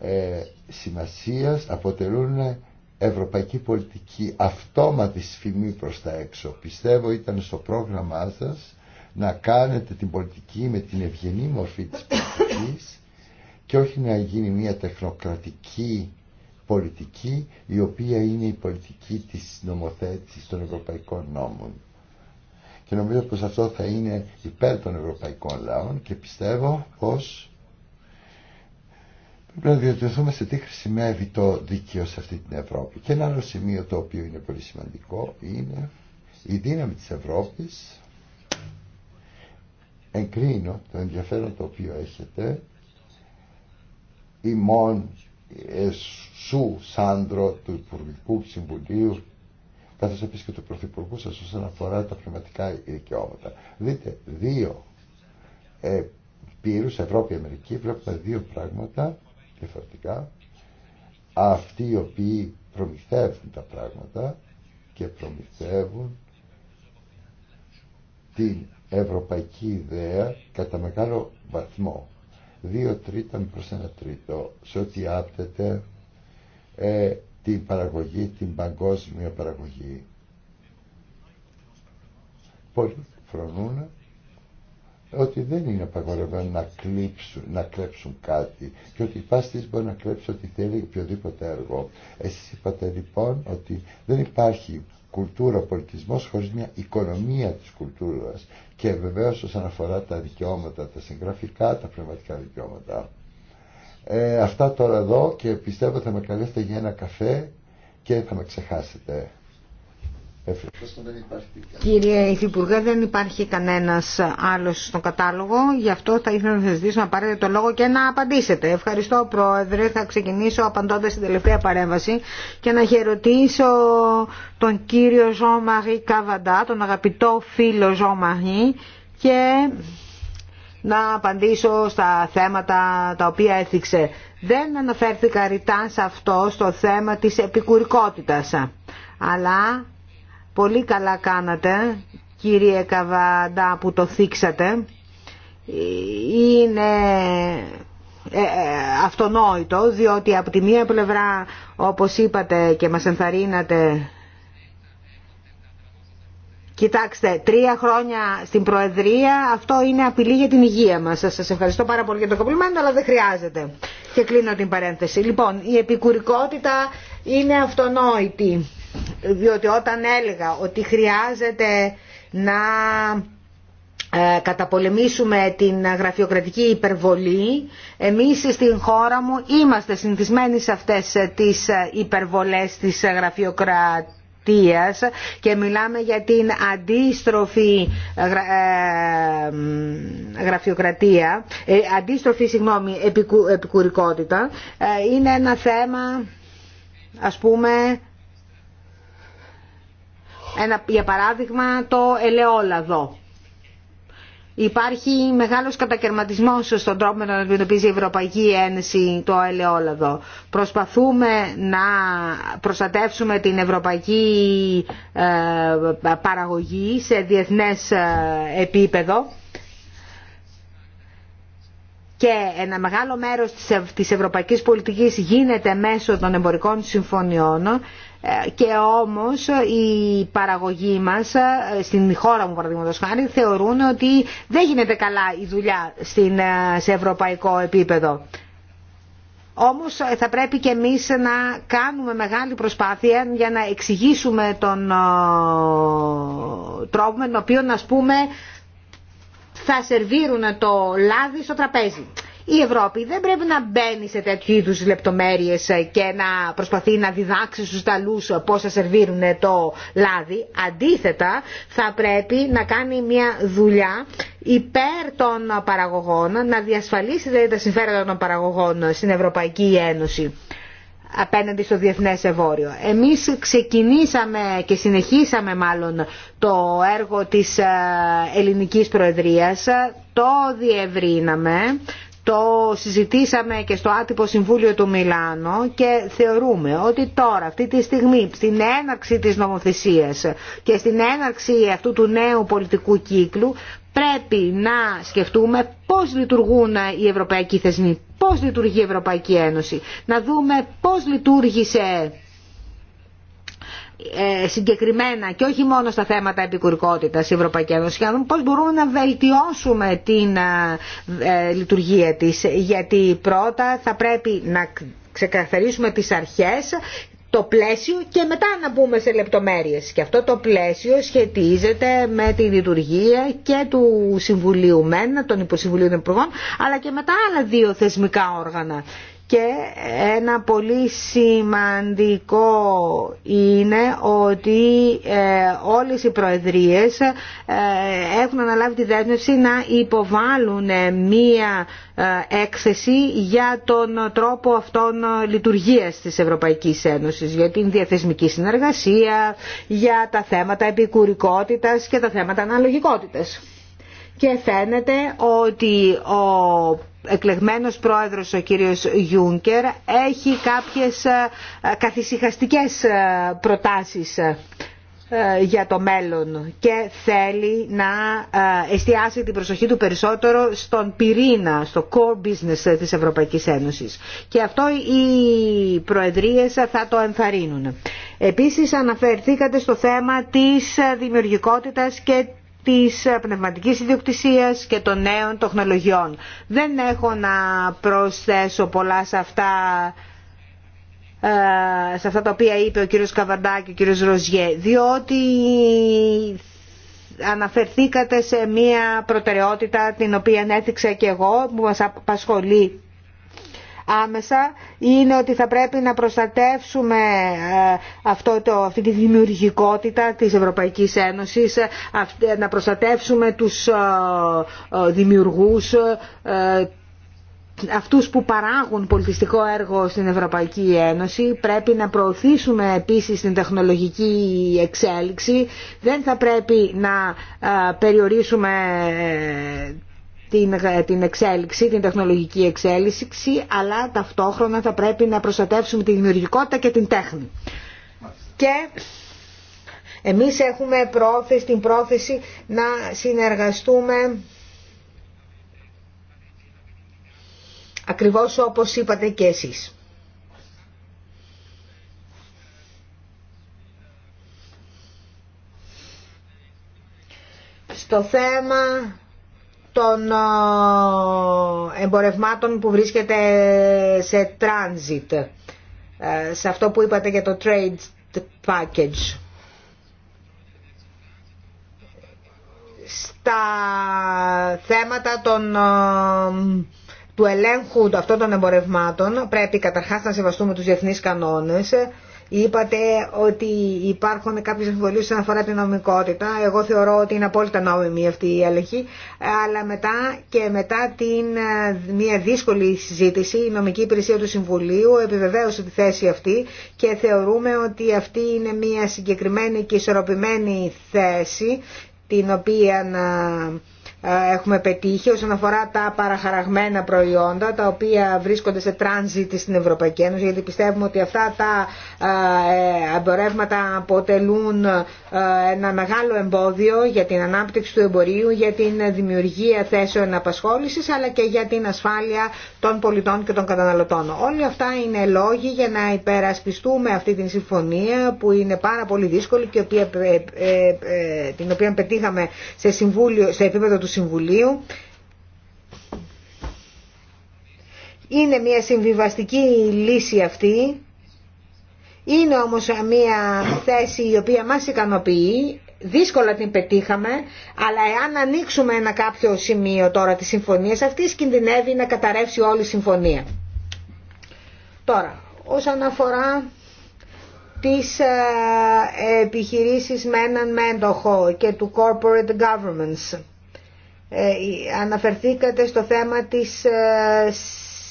[SPEAKER 3] ε, σημασίας αποτελούν ευρωπαϊκή πολιτική αυτόματη φημή προς τα έξω. Πιστεύω ήταν στο πρόγραμμά σας να κάνετε την πολιτική με την ευγενή μορφή της πολιτικής και όχι να γίνει μια τεχνοκρατική πολιτική η οποία είναι η πολιτική της νομοθέτησης των ευρωπαϊκών νόμων και νομίζω πως αυτό θα είναι υπέρ των ευρωπαϊκών λαών και πιστεύω πως πρέπει να διατηρηθούμε τι χρησιμεύει το δίκαιο σε αυτή την Ευρώπη. Και ένα άλλο σημείο το οποίο είναι πολύ σημαντικό είναι η δύναμη της Ευρώπης εγκρίνω το ενδιαφέρον το οποίο έχετε ημών ε, σου σάντρο του Υπουργικού Συμβουλίου καθώς επίσης και του Πρωθυπουργού σας όσον αφορά τα πνευματικά δικαιώματα. Δείτε, δύο ε, πύρους, Ευρώπη, Αμερική, βλέπουμε δύο πράγματα διαφορετικά. Αυτοί οι οποίοι προμηθεύουν τα πράγματα και προμηθεύουν την ευρωπαϊκή ιδέα κατά μεγάλο βαθμό. Δύο τρίτα προ ένα τρίτο σε ό,τι άπτεται ε, την παραγωγή, την παγκόσμια παραγωγή. Πολλοί φρονούν ότι δεν είναι απαγορευμένο να, να κλέψουν κάτι και ότι η πάση μπορεί να κλέψει ό,τι θέλει οποιοδήποτε έργο. Εσείς είπατε λοιπόν ότι δεν υπάρχει κουλτούρα, πολιτισμός χωρίς μια οικονομία της κουλτούρας και βεβαίως όσον αφορά τα δικαιώματα, τα συγγραφικά, τα πνευματικά δικαιώματα. Ε, αυτά τώρα εδώ και πιστεύω θα με καλέσετε για ένα καφέ και θα με ξεχάσετε.
[SPEAKER 2] Κύριε Υφυπουργέ, δεν υπάρχει κανένας άλλος στον κατάλογο, γι' αυτό θα ήθελα να σα ζητήσω να πάρετε το λόγο και να απαντήσετε. Ευχαριστώ Πρόεδρε, θα ξεκινήσω απαντώντας την τελευταία παρέμβαση και να χαιρετήσω τον κύριο Ζωμαρή Καβαντά, τον αγαπητό φίλο Ζωμαρή και να απαντήσω στα θέματα τα οποία έθιξε. Δεν αναφέρθηκα ρητά σε αυτό στο θέμα της επικουρικότητας. Αλλά πολύ καλά κάνατε, κύριε Καβαντά, που το θίξατε. Είναι ε, ε, αυτονόητο, διότι από τη μία πλευρά, όπως είπατε και μας ενθαρρύνατε Κοιτάξτε, τρία χρόνια στην Προεδρία, αυτό είναι απειλή για την υγεία μας. Σας ευχαριστώ πάρα πολύ για το κομπλιμέντο, αλλά δεν χρειάζεται. Και κλείνω την παρένθεση. Λοιπόν, η επικουρικότητα είναι αυτονόητη, διότι όταν έλεγα ότι χρειάζεται να ε, καταπολεμήσουμε την γραφειοκρατική υπερβολή. Εμείς στην χώρα μου είμαστε συνηθισμένοι σε αυτές τις ε, υπερβολές της γραφειοκρατίας Δημοκρατίας και μιλάμε για την αντίστροφη ε, ε, γραφειοκρατία, ε, αντίστροφη συγγνώμη, επικου, επικουρικότητα, είναι ένα θέμα ας πούμε ένα, για παράδειγμα το ελαιόλαδο Υπάρχει μεγάλος κατακαιρματισμός στον τρόπο με τον αντιμετωπίζει η Ευρωπαϊκή Ένωση το ελαιόλαδο. Προσπαθούμε να προστατεύσουμε την ευρωπαϊκή ε, παραγωγή σε διεθνές ε, επίπεδο και ένα μεγάλο μέρος της ευρωπαϊκής πολιτικής γίνεται μέσω των εμπορικών συμφωνιών και όμως οι παραγωγοί μας ε, στην χώρα μου παραδείγματος χάρη θεωρούν ότι δεν γίνεται καλά η δουλειά στην, ε, σε ευρωπαϊκό επίπεδο. Όμως ε, θα πρέπει και εμείς να κάνουμε μεγάλη προσπάθεια για να εξηγήσουμε τον τρόπο με τον οποίο να πούμε θα σερβίρουν το λάδι στο τραπέζι η Ευρώπη δεν πρέπει να μπαίνει σε τέτοιου είδου λεπτομέρειες και να προσπαθεί να διδάξει στους ταλούς πώ θα σερβίρουν το λάδι. Αντίθετα, θα πρέπει να κάνει μια δουλειά υπέρ των παραγωγών, να διασφαλίσει δηλαδή, τα συμφέροντα των παραγωγών στην Ευρωπαϊκή Ένωση απέναντι στο διεθνές ευώριο. Εμείς ξεκινήσαμε και συνεχίσαμε μάλλον το έργο της ε, ελληνικής προεδρίας, το διευρύναμε το συζητήσαμε και στο άτυπο συμβούλιο του Μιλάνο και θεωρούμε ότι τώρα αυτή τη στιγμή στην έναρξη της νομοθεσίας και στην έναρξη αυτού του νέου πολιτικού κύκλου πρέπει να σκεφτούμε πώς λειτουργούν οι ευρωπαϊκοί θεσμοί, πώς λειτουργεί η Ευρωπαϊκή Ένωση, να δούμε πώς λειτουργήσε ε, συγκεκριμένα και όχι μόνο στα θέματα επικουρικότητας η Ευρωπαϊκή Ένωση για να δούμε πώς μπορούμε να βελτιώσουμε την ε, ε, λειτουργία της γιατί πρώτα θα πρέπει να ξεκαθαρίσουμε τις αρχές το πλαίσιο και μετά να μπούμε σε λεπτομέρειες. Και αυτό το πλαίσιο σχετίζεται με τη λειτουργία και του Συμβουλίου ΜΕΝ, των Υποσυμβουλίων Υπουργών, αλλά και με τα άλλα δύο θεσμικά όργανα και ένα πολύ σημαντικό είναι ότι ε, όλες οι προεδρίες ε, έχουν αναλάβει τη δέσμευση να υποβάλουν μία ε, έκθεση για τον τρόπο αυτών λειτουργίας της Ευρωπαϊκής Ένωσης, για την διαθεσμική συνεργασία, για τα θέματα επικουρικότητας και τα θέματα αναλογικότητας και φαίνεται ότι ο εκλεγμένος πρόεδρος ο κύριος Γιούνκερ έχει κάποιες ε, καθησυχαστικές ε, προτάσεις ε, για το μέλλον και θέλει να εστιάσει την προσοχή του περισσότερο στον πυρήνα, στο core business της Ευρωπαϊκής Ένωσης. Και αυτό οι προεδρίες θα το ενθαρρύνουν. Επίσης αναφερθήκατε στο θέμα της δημιουργικότητας και της πνευματικής ιδιοκτησίας και των νέων τεχνολογιών. Δεν έχω να προσθέσω πολλά σε αυτά, ε, σε αυτά τα οποία είπε ο κύριος Καβαντά και ο κύριος Ροζιέ, διότι αναφερθήκατε σε μια προτεραιότητα την οποία έθιξα και εγώ που μας απασχολεί άμεσα είναι ότι θα πρέπει να προστατεύσουμε ε, αυτό το, αυτή τη δημιουργικότητα της Ευρωπαϊκής Ένωσης, ε, ε, να προστατεύσουμε τους δημιουργούς, αυτούς που παράγουν πολιτιστικό έργο στην Ευρωπαϊκή Ένωση. Πρέπει να προωθήσουμε επίσης την τεχνολογική εξέλιξη. Δεν θα πρέπει να περιορίσουμε την, την εξέλιξη, την τεχνολογική εξέλιξη, αλλά ταυτόχρονα θα πρέπει να προστατεύσουμε τη δημιουργικότητα και την τέχνη. Και εμείς έχουμε πρόθεση, την πρόθεση να συνεργαστούμε ακριβώς όπως είπατε και εσείς. Στο θέμα των εμπορευμάτων που βρίσκεται σε transit ε, σε αυτό που είπατε για το trade package στα θέματα των, του ελέγχου αυτών των εμπορευμάτων πρέπει καταρχάς να σεβαστούμε τους διεθνείς κανόνες Είπατε ότι υπάρχουν κάποιες αμφιβολίες όσον αφορά την νομικότητα. Εγώ θεωρώ ότι είναι απόλυτα νόμιμη αυτή η έλεγχη. Αλλά μετά και μετά την ε, μια δύσκολη συζήτηση, η νομική υπηρεσία του Συμβουλίου επιβεβαίωσε τη θέση αυτή και θεωρούμε ότι αυτή είναι μια συγκεκριμένη και ισορροπημένη θέση την οποία να έχουμε πετύχει όσον αφορά τα παραχαραγμένα προϊόντα τα οποία βρίσκονται σε τράνζιτ στην Ευρωπαϊκή Ένωση γιατί πιστεύουμε ότι αυτά τα ε, ε, εμπορεύματα αποτελούν ε, ένα μεγάλο εμπόδιο για την ανάπτυξη του εμπορίου, για την δημιουργία θέσεων απασχόλησης αλλά και για την ασφάλεια των πολιτών και των καταναλωτών. Όλοι αυτά είναι λόγοι για να υπερασπιστούμε αυτή την συμφωνία που είναι πάρα πολύ δύσκολη και την οποία πετύχαμε σε, επίπεδο του Συμβουλίου. Είναι μια συμβιβαστική λύση αυτή. Είναι όμως μια θέση η οποία μας ικανοποιεί. Δύσκολα την πετύχαμε, αλλά εάν ανοίξουμε ένα κάποιο σημείο τώρα της συμφωνίας αυτής, κινδυνεύει να καταρρεύσει όλη η συμφωνία. Τώρα, όσον αφορά τις ε, επιχειρήσεις με έναν μέντοχο και του corporate governments. Ε, αναφερθήκατε στο θέμα της ε,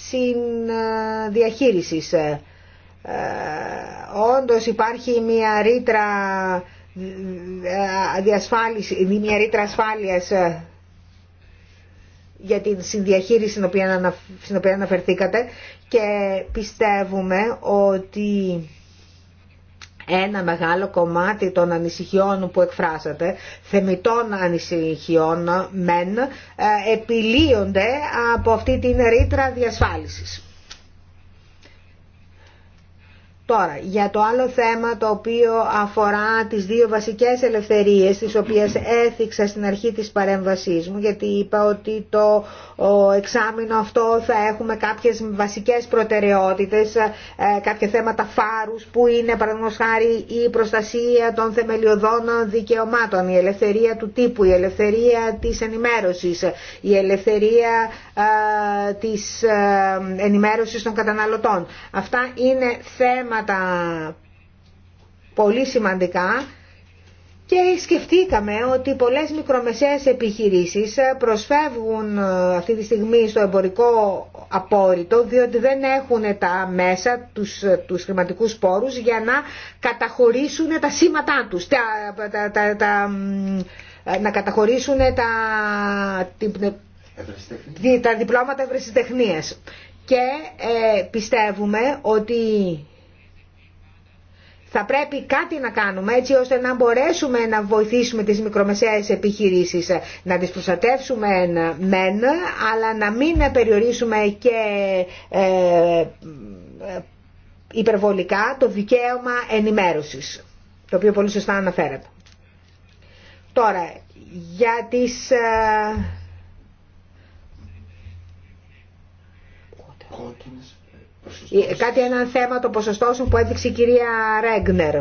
[SPEAKER 2] συνδιαχείρισης. Ε, όντως υπάρχει μια ρήτρα διασφάλιση, μια ρήτρα ασφάλειας για την συνδιαχείριση στην οποία αναφερθήκατε και πιστεύουμε ότι ένα μεγάλο κομμάτι των ανησυχιών που εκφράσατε, θεμητών ανησυχιών μεν, ε, επιλύονται από αυτή την ρήτρα διασφάλισης. Τώρα, για το άλλο θέμα το οποίο αφορά τις δύο βασικές ελευθερίες τις οποίες έθιξα στην αρχή της παρέμβασής μου γιατί είπα ότι το εξάμεινο αυτό θα έχουμε κάποιες βασικές προτεραιότητες ε, κάποια θέματα φάρους που είναι παραδείγματος η προστασία των θεμελιωδών δικαιωμάτων η ελευθερία του τύπου, η ελευθερία της ενημέρωσης η ελευθερία ε, της ε, ενημέρωσης των καταναλωτών. Αυτά είναι θέματα πολύ σημαντικά και σκεφτήκαμε ότι πολλές μικρομεσαίες επιχειρήσεις προσφεύγουν ε, αυτή τη στιγμή στο εμπορικό απόρριτο διότι δεν έχουν τα μέσα, τους, τους χρηματικούς πόρους για να καταχωρήσουν τα σήματά τους, τα, να καταχωρήσουν τα, τα διπλώματα ευρεσιτεχνίας. Και ε, πιστεύουμε ότι θα πρέπει κάτι να κάνουμε έτσι ώστε να μπορέσουμε να βοηθήσουμε τις μικρομεσαίες επιχειρήσεις, ε, να τις προστατεύσουμε μεν, αλλά να μην περιορίσουμε και ε, υπερβολικά το δικαίωμα ενημέρωσης, το οποίο πολύ σωστά αναφέρατε. Τώρα, για τις... Ε, Ε, ε, κάτι ένα θέμα το ποσοστό σου που έδειξε η κυρία Ρέγνερ.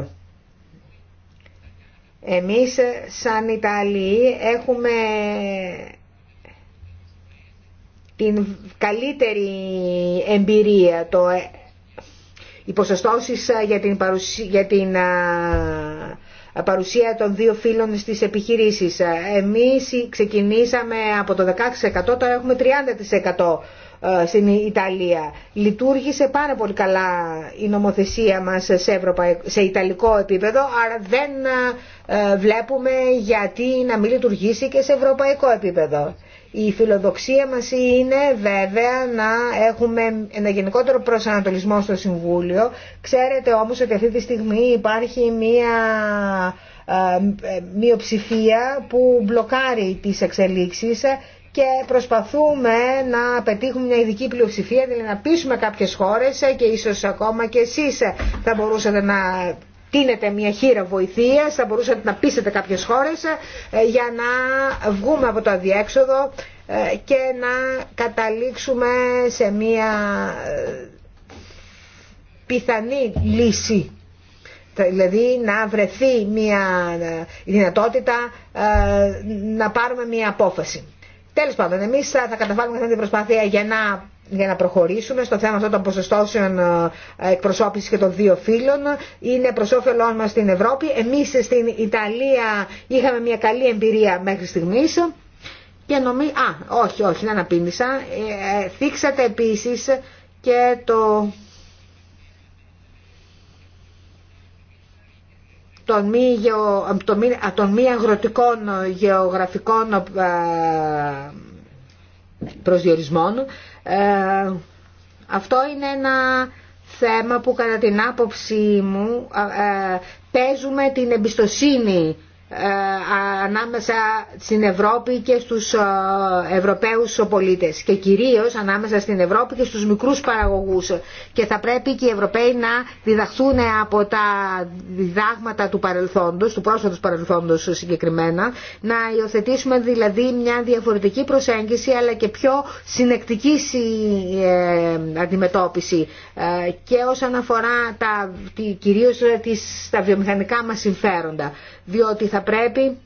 [SPEAKER 2] Εμείς ε, σαν Ιταλοί έχουμε την καλύτερη εμπειρία. Το, οι ποσοστώσεις για την, παρουσία, για την παρουσία των δύο φίλων στις επιχειρήσεις. Εμείς ξεκινήσαμε από το 16%, τώρα έχουμε 30% ε, στην Ιταλία. Λειτουργήσε πάρα πολύ καλά η νομοθεσία μας σε, Ευρώπα, σε ιταλικό επίπεδο, αλλά δεν ε, ε, βλέπουμε γιατί να μην λειτουργήσει και σε ευρωπαϊκό επίπεδο. Η φιλοδοξία μας είναι βέβαια να έχουμε ένα γενικότερο προσανατολισμό στο Συμβούλιο. Ξέρετε όμως ότι αυτή τη στιγμή υπάρχει μία μειοψηφία που μπλοκάρει τις εξελίξεις και προσπαθούμε να πετύχουμε μια ειδική πλειοψηφία, δηλαδή να πείσουμε κάποιες χώρες και ίσως ακόμα και εσείς θα μπορούσατε να τίνετε μια χείρα βοηθείας, θα μπορούσατε να πείσετε κάποιες χώρες ε, για να βγούμε από το αδιέξοδο ε, και να καταλήξουμε σε μια ε, πιθανή λύση δηλαδή να βρεθεί μια δυνατότητα να πάρουμε μια απόφαση. Τέλο πάντων, εμείς θα καταβάλουμε αυτή την προσπάθεια για να για να προχωρήσουμε στο θέμα αυτό των ποσοστώσεων ε, εκπροσώπησης και των δύο φύλων. Είναι προ όφελό μα στην Ευρώπη. Εμεί στην Ιταλία είχαμε μια καλή εμπειρία μέχρι στιγμή. Και νομίζω. Α, όχι, όχι, να αναπίνησα. Ε, ε, θίξατε επίση και το των μη, γεω, των μη, αγροτικών ε, γεωγραφικών ε, προσδιορισμών. Ε, αυτό είναι ένα θέμα που κατά την άποψή μου παίζουμε την εμπιστοσύνη ε, ανάμεσα στην Ευρώπη και στους ε, Ευρωπαίους πολίτες και κυρίως ανάμεσα στην Ευρώπη και στους μικρούς παραγωγούς και θα πρέπει και οι Ευρωπαίοι να διδαχθούν από τα διδάγματα του παρελθόντος, του πρόσφατου παρελθόντος συγκεκριμένα να υιοθετήσουμε δηλαδή μια διαφορετική προσέγγιση αλλά και πιο συνεκτική ε, αντιμετώπιση και όσον αφορά τα, κυρίως τα βιομηχανικά μας συμφέροντα διότι θα πρέπει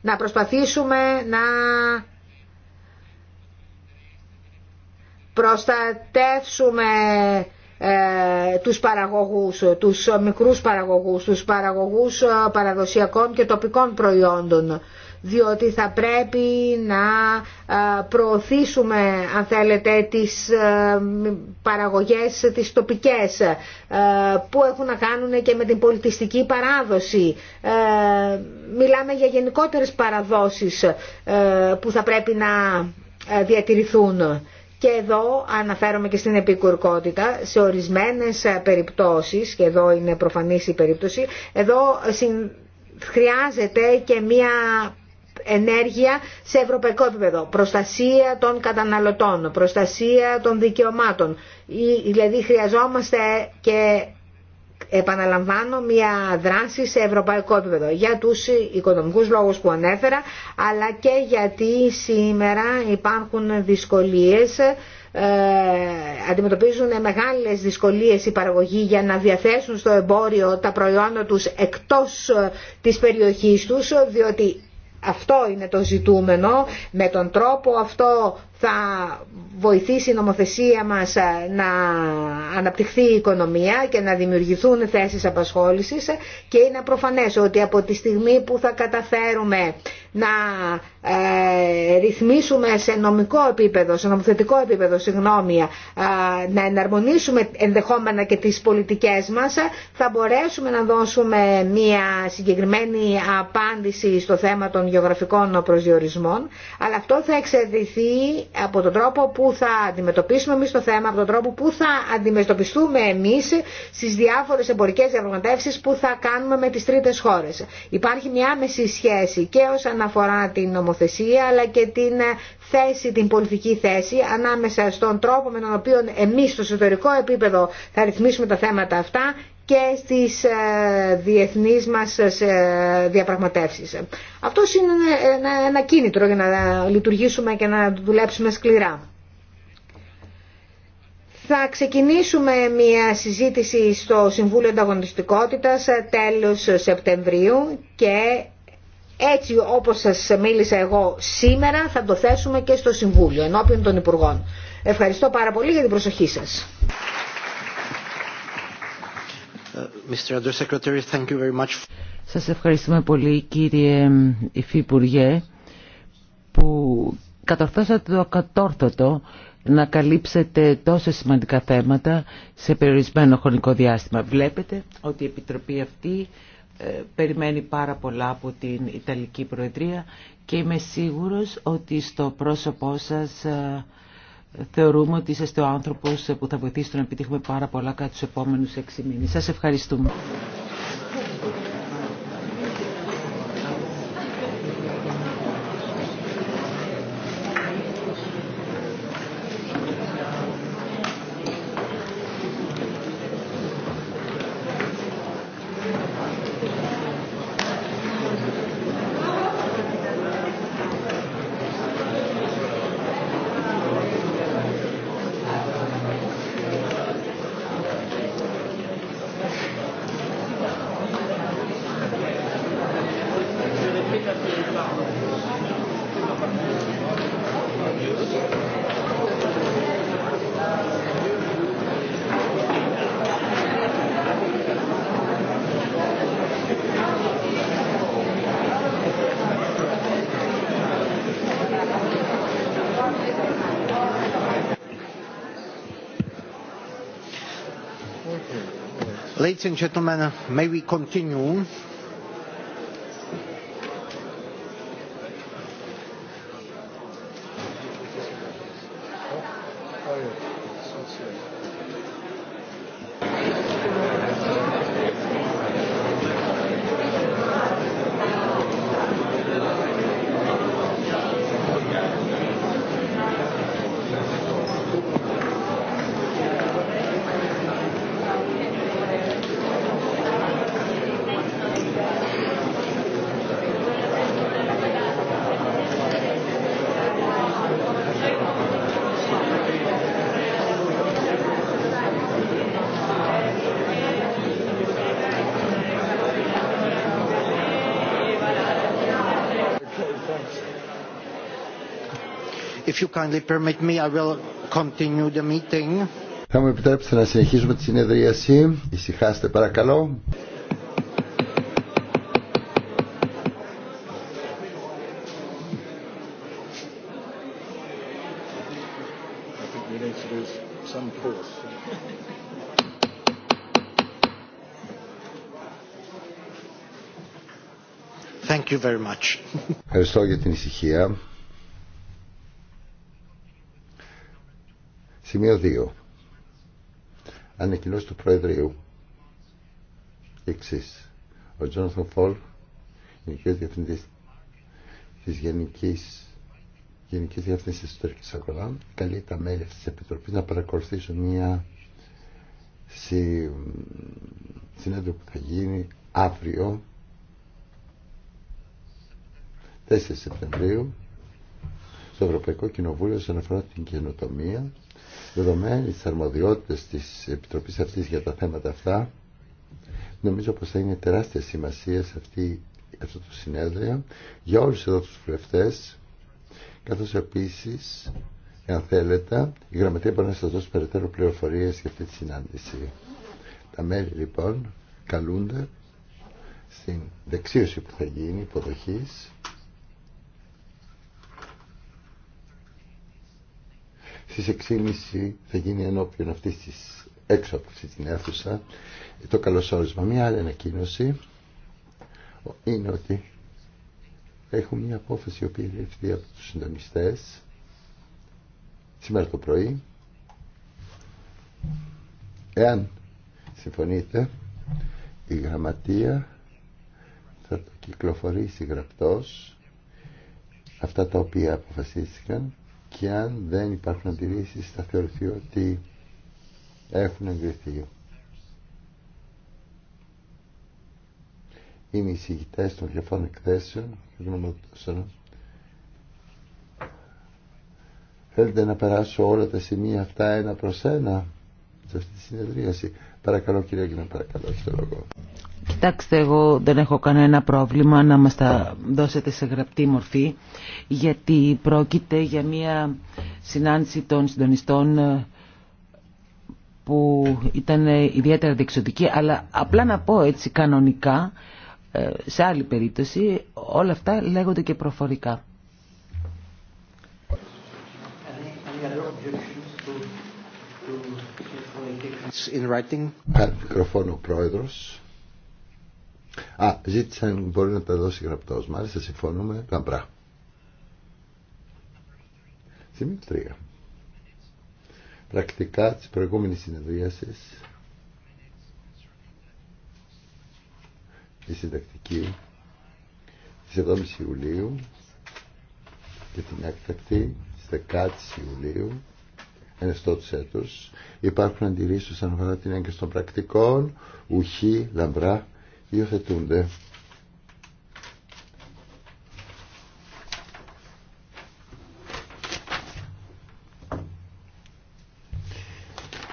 [SPEAKER 2] να προσπαθήσουμε να προστατεύσουμε ε, τους παραγωγούς, τους μικρούς παραγωγούς, τους παραγωγούς ε, παραδοσιακών και τοπικών προϊόντων διότι θα πρέπει να ε, προωθήσουμε αν θέλετε τις ε, παραγωγές τις τοπικές ε, που έχουν να κάνουν και με την πολιτιστική παράδοση μιλάμε για γενικότερες παραδόσεις που θα πρέπει να διατηρηθούν και εδώ αναφέρομαι και στην επικουρκότητα, σε ορισμένες περιπτώσεις, και εδώ είναι προφανής η περίπτωση, εδώ χρειάζεται και μία ενέργεια σε ευρωπαϊκό επίπεδο. Προστασία των καταναλωτών, προστασία των δικαιωμάτων. Δηλαδή χρειαζόμαστε και επαναλαμβάνω μια δράση σε ευρωπαϊκό επίπεδο για τους οικονομικούς λόγους που ανέφερα αλλά και γιατί σήμερα υπάρχουν δυσκολίες ε, αντιμετωπίζουν μεγάλες δυσκολίες οι παραγωγοί για να διαθέσουν στο εμπόριο τα προϊόντα τους εκτός ε, της περιοχής τους διότι αυτό είναι το ζητούμενο. Με τον τρόπο αυτό θα βοηθήσει η νομοθεσία μας ε, να αναπτυχθεί η οικονομία και να δημιουργηθούν θέσεις απασχόλησης και είναι προφανές ότι από τη στιγμή που θα καταφέρουμε να ε, ρυθμίσουμε σε νομικό επίπεδο, σε νομοθετικό επίπεδο, συγγνώμη, ε, να εναρμονίσουμε ενδεχόμενα και τις πολιτικές μας, θα μπορέσουμε να δώσουμε μια συγκεκριμένη απάντηση στο θέμα των γεωγραφικών προσδιορισμών, αλλά αυτό θα εξαιρεθεί από τον τρόπο που θα αντιμετωπίσουμε εμείς το θέμα, από τον τρόπο που θα αντιμετωπιστούμε εμείς στις διάφορες εμπορικές διαπραγματεύσεις που θα κάνουμε με τις τρίτες χώρες. Υπάρχει μια άμεση σχέση και όσον αφορά την νομοθεσία αλλά και την θέση, την πολιτική θέση ανάμεσα στον τρόπο με τον οποίο εμείς στο εσωτερικό επίπεδο θα ρυθμίσουμε τα θέματα αυτά και στις ε, διεθνείς μας ε, διαπραγματεύσεις. Αυτό είναι ένα κίνητρο για να λειτουργήσουμε και να δουλέψουμε σκληρά. Θα ξεκινήσουμε μια συζήτηση στο Συμβούλιο Ανταγωνιστικότητας ε, τέλος Σεπτεμβρίου και έτσι όπως σας μίλησα εγώ σήμερα θα το θέσουμε και στο Συμβούλιο ενώπιον των Υπουργών. Ευχαριστώ πάρα πολύ για την προσοχή σας.
[SPEAKER 1] Mr.
[SPEAKER 4] Σας ευχαριστούμε πολύ κύριε Υφυπουργέ που κατορθώσατε το ακατόρθωτο να καλύψετε τόσο σημαντικά θέματα σε περιορισμένο χρονικό διάστημα. Βλέπετε ότι η Επιτροπή αυτή ε, περιμένει πάρα πολλά από την Ιταλική Προεδρία και είμαι σίγουρος ότι στο πρόσωπό σας ε, θεωρούμε ότι είστε ο άνθρωπος που θα βοηθήσει να επιτύχουμε πάρα πολλά κατά τους επόμενους έξι μήνες. Σας ευχαριστούμε.
[SPEAKER 1] Ladies and gentlemen, may we continue? If you kindly permit me, I will continue the meeting.
[SPEAKER 3] Θα μου επιτρέψετε να συνεχίσουμε τη συνεδρίαση. Ησυχάστε παρακαλώ. Thank you very much. Ευχαριστώ για την ησυχία. Σημείο 2. Ανακοινώσει του Προεδρείου. Εξή. Ο Τζόναθον Φολ, Γενικό Διευθυντή τη Γενική Γενική Διεύθυνση Ιστορική Αγορά, καλεί τα μέλη τη Επιτροπή να παρακολουθήσουν μια συ... συνέντευξη που θα γίνει αύριο 4 Σεπτεμβρίου στο Ευρωπαϊκό Κοινοβούλιο σε αναφορά την καινοτομία Δεδομένη τη αρμοδιότητα τη Επιτροπή αυτή για τα θέματα αυτά, νομίζω πω θα είναι τεράστια σημασία σε αυτή, αυτό το συνέδριο για όλου εδώ του βουλευτέ, καθώ επίση, αν θέλετε, η Γραμματεία μπορεί να σα δώσει περαιτέρω πληροφορίε για αυτή τη συνάντηση. Τα μέλη λοιπόν καλούνται στην δεξίωση που θα γίνει υποδοχής στις 6.30 θα γίνει ενώπιον αυτής της έξω από αυτή την αίθουσα το καλωσόρισμα. Μια άλλη ανακοίνωση είναι ότι έχουμε μια απόφαση η οποία διευθυνθεί από τους συντονιστές σήμερα το πρωί εάν συμφωνείτε η γραμματεία θα το κυκλοφορήσει γραπτός αυτά τα οποία αποφασίστηκαν και αν δεν υπάρχουν αντιρρήσεις θα θεωρηθεί ότι έχουν εγκριθεί. Είμαι εισηγητές των διαφόρων εκθέσεων και Θέλετε να περάσω όλα τα σημεία αυτά ένα προς ένα σε αυτή τη συνεδρίαση. Παρακαλώ κυρία Γιάννη, παρακαλώ, έχετε λόγο.
[SPEAKER 4] Κοιτάξτε, εγώ δεν έχω κανένα πρόβλημα να μας τα δώσετε σε γραπτή μορφή, γιατί πρόκειται για μια συνάντηση των συντονιστών ε, που ήταν ε, ιδιαίτερα διεξοδική, αλλά απλά να πω έτσι κανονικά, ε, σε άλλη περίπτωση, όλα αυτά λέγονται και προφορικά.
[SPEAKER 1] It's in writing.
[SPEAKER 3] Α, μικροφόνο πρόεδρο. Α, ζήτησαν, μπορεί να τα δώσει γραπτό, Μάλιστα, συμφωνούμε, λαμπρά. Σημείο 3. Πρακτικά τη προηγούμενη συνεδρίαση. η συντακτική τη 7 η Ιουλίου και την έκτακτη τη 10 η Ιουλίου ενεστώτησέ του. Υπάρχουν αντιρρήσει όσον αφορά την έγκριση των πρακτικών, ουχή, λαμπρά, υιοθετούνται.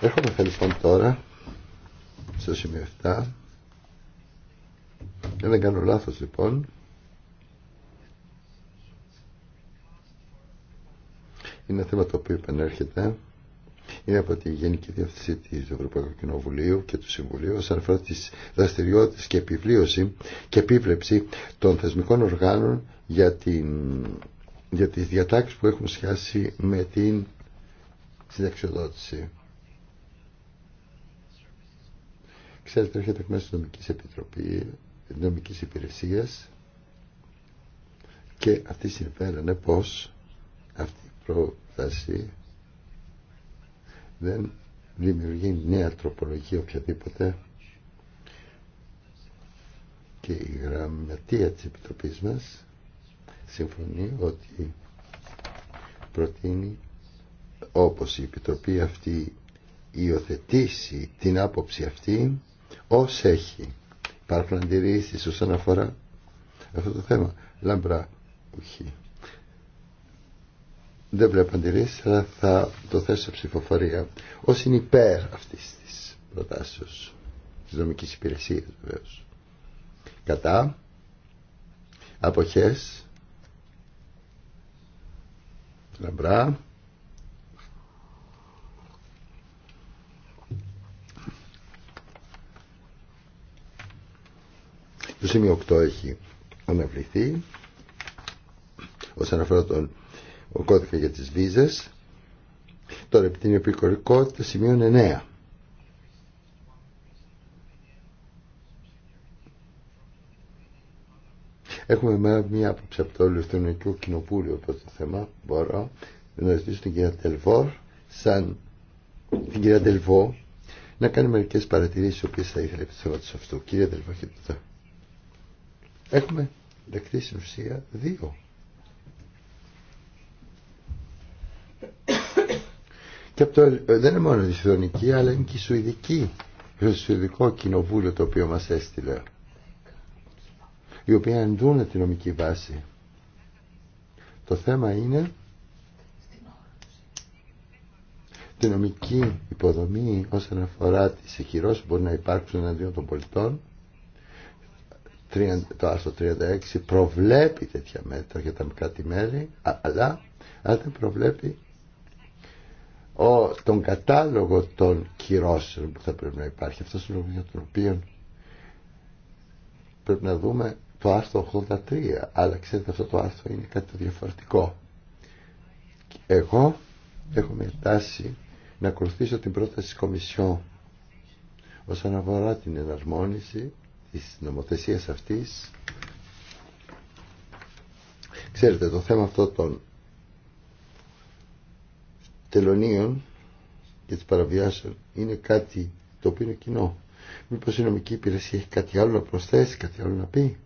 [SPEAKER 3] Έρχομαι λοιπόν τώρα στο σημείο 7. Δεν, δεν κάνω λάθο λοιπόν. Είναι θέμα το οποίο επανέρχεται είναι από τη Γενική Διεύθυνση τη Ευρωπαϊκού Κοινοβουλίου και του Συμβουλίου όσον αφορά τι δραστηριότητε και επιβλίωση και επίβλεψη των θεσμικών οργάνων για, την, για τις διατάξεις που έχουν σχέση με την συνταξιοδότηση. Ξέρετε, έρχεται εκ μέρου τη νομική επιτροπή, νομική υπηρεσία και αυτοί συμφέρανε πω αυτή η πρόταση δεν δημιουργεί νέα τροπολογία οποιαδήποτε και η γραμματεία της Επιτροπής μας συμφωνεί ότι προτείνει όπως η Επιτροπή αυτή υιοθετήσει την άποψη αυτή ως έχει υπάρχουν αντιρρήσεις όσον αφορά αυτό το θέμα λαμπρά ουχή δεν βλέπω αντιρρήσει, αλλά θα το θέσω σε ψηφοφορία. Όσοι είναι υπέρ αυτή τη προτάσεω τη νομική υπηρεσία, βεβαίω. Κατά. Αποχέ. Λαμπρά. Το σημείο 8 έχει αναβληθεί όσον αφορά τον ο κώδικα για τις βίζες τώρα επί την επικορικότητα σημείων 9 Έχουμε μία άποψη από το Λευθερονικό Κοινοπούλιο από το θέμα. Μπορώ να ζητήσω την κυρία Τελβόρ, σαν την κυρία Τελβό, να κάνει μερικέ παρατηρήσει, οι οποίε θα ήθελα επί του αυτού. Κυρία Τελβό, έχετε Έχουμε δεκτή συνουσία δύο Και ε, δεν είναι μόνο η Σουηδική, αλλά είναι και η Σουηδική, το Σουηδικό Κοινοβούλιο το οποίο μας έστειλε, οι οποίοι αντούν τη νομική βάση. Το θέμα είναι τη νομική υποδομή όσον αφορά τι εχειρώσεις που μπορεί να υπάρξουν εναντίον των πολιτών. Το άρθρο 36 προβλέπει τέτοια μέτρα για τα τη μελη αλλά αν δεν προβλέπει ο, τον κατάλογο των κυρώσεων που θα πρέπει να υπάρχει. Αυτός είναι ο λόγος για τον οποίο πρέπει να δούμε το άρθρο 83. Αλλά ξέρετε αυτό το άρθρο είναι κάτι διαφορετικό. Εγώ έχω μια τάση να ακολουθήσω την πρόταση της Κομισιόν όσον αφορά την εναρμόνιση της νομοθεσίας αυτής. Ξέρετε το θέμα αυτό των τελωνίων και της παραβιάσεων είναι κάτι το οποίο είναι κοινό. Μήπως η νομική υπηρεσία έχει κάτι άλλο να προσθέσει, κάτι άλλο να πει.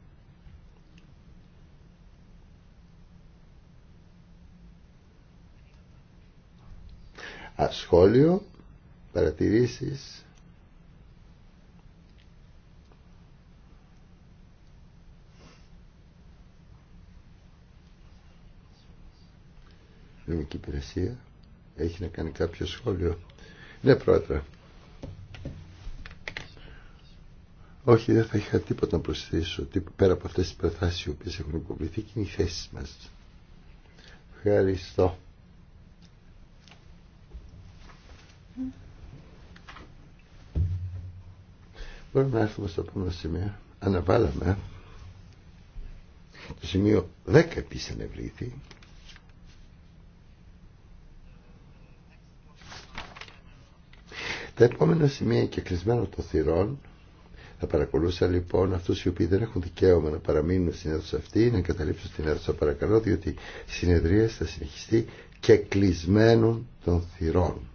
[SPEAKER 3] Ασχόλιο, σχόλιο, παρατηρήσεις. Νομική υπηρεσία έχει να κάνει κάποιο σχόλιο. Ναι, πρόεδρε. Όχι, δεν θα είχα τίποτα να προσθέσω πέρα από αυτές τις προτάσεις οι οποίες έχουν υποβληθεί και είναι οι θέσεις μας. Ευχαριστώ. Μπορούμε να έρθουμε στο επόμενο σημείο. Αναβάλαμε. Το σημείο 10 επίσης ανεβλήθη. Τα επόμενα σημεία και κλεισμένο των θυρών θα παρακολούσα λοιπόν αυτού οι οποίοι δεν έχουν δικαίωμα να παραμείνουν στην αίθουσα αυτή να εγκαταλείψουν στην αίθουσα παρακαλώ διότι η συνεδρία θα συνεχιστεί και κλεισμένων των θυρών.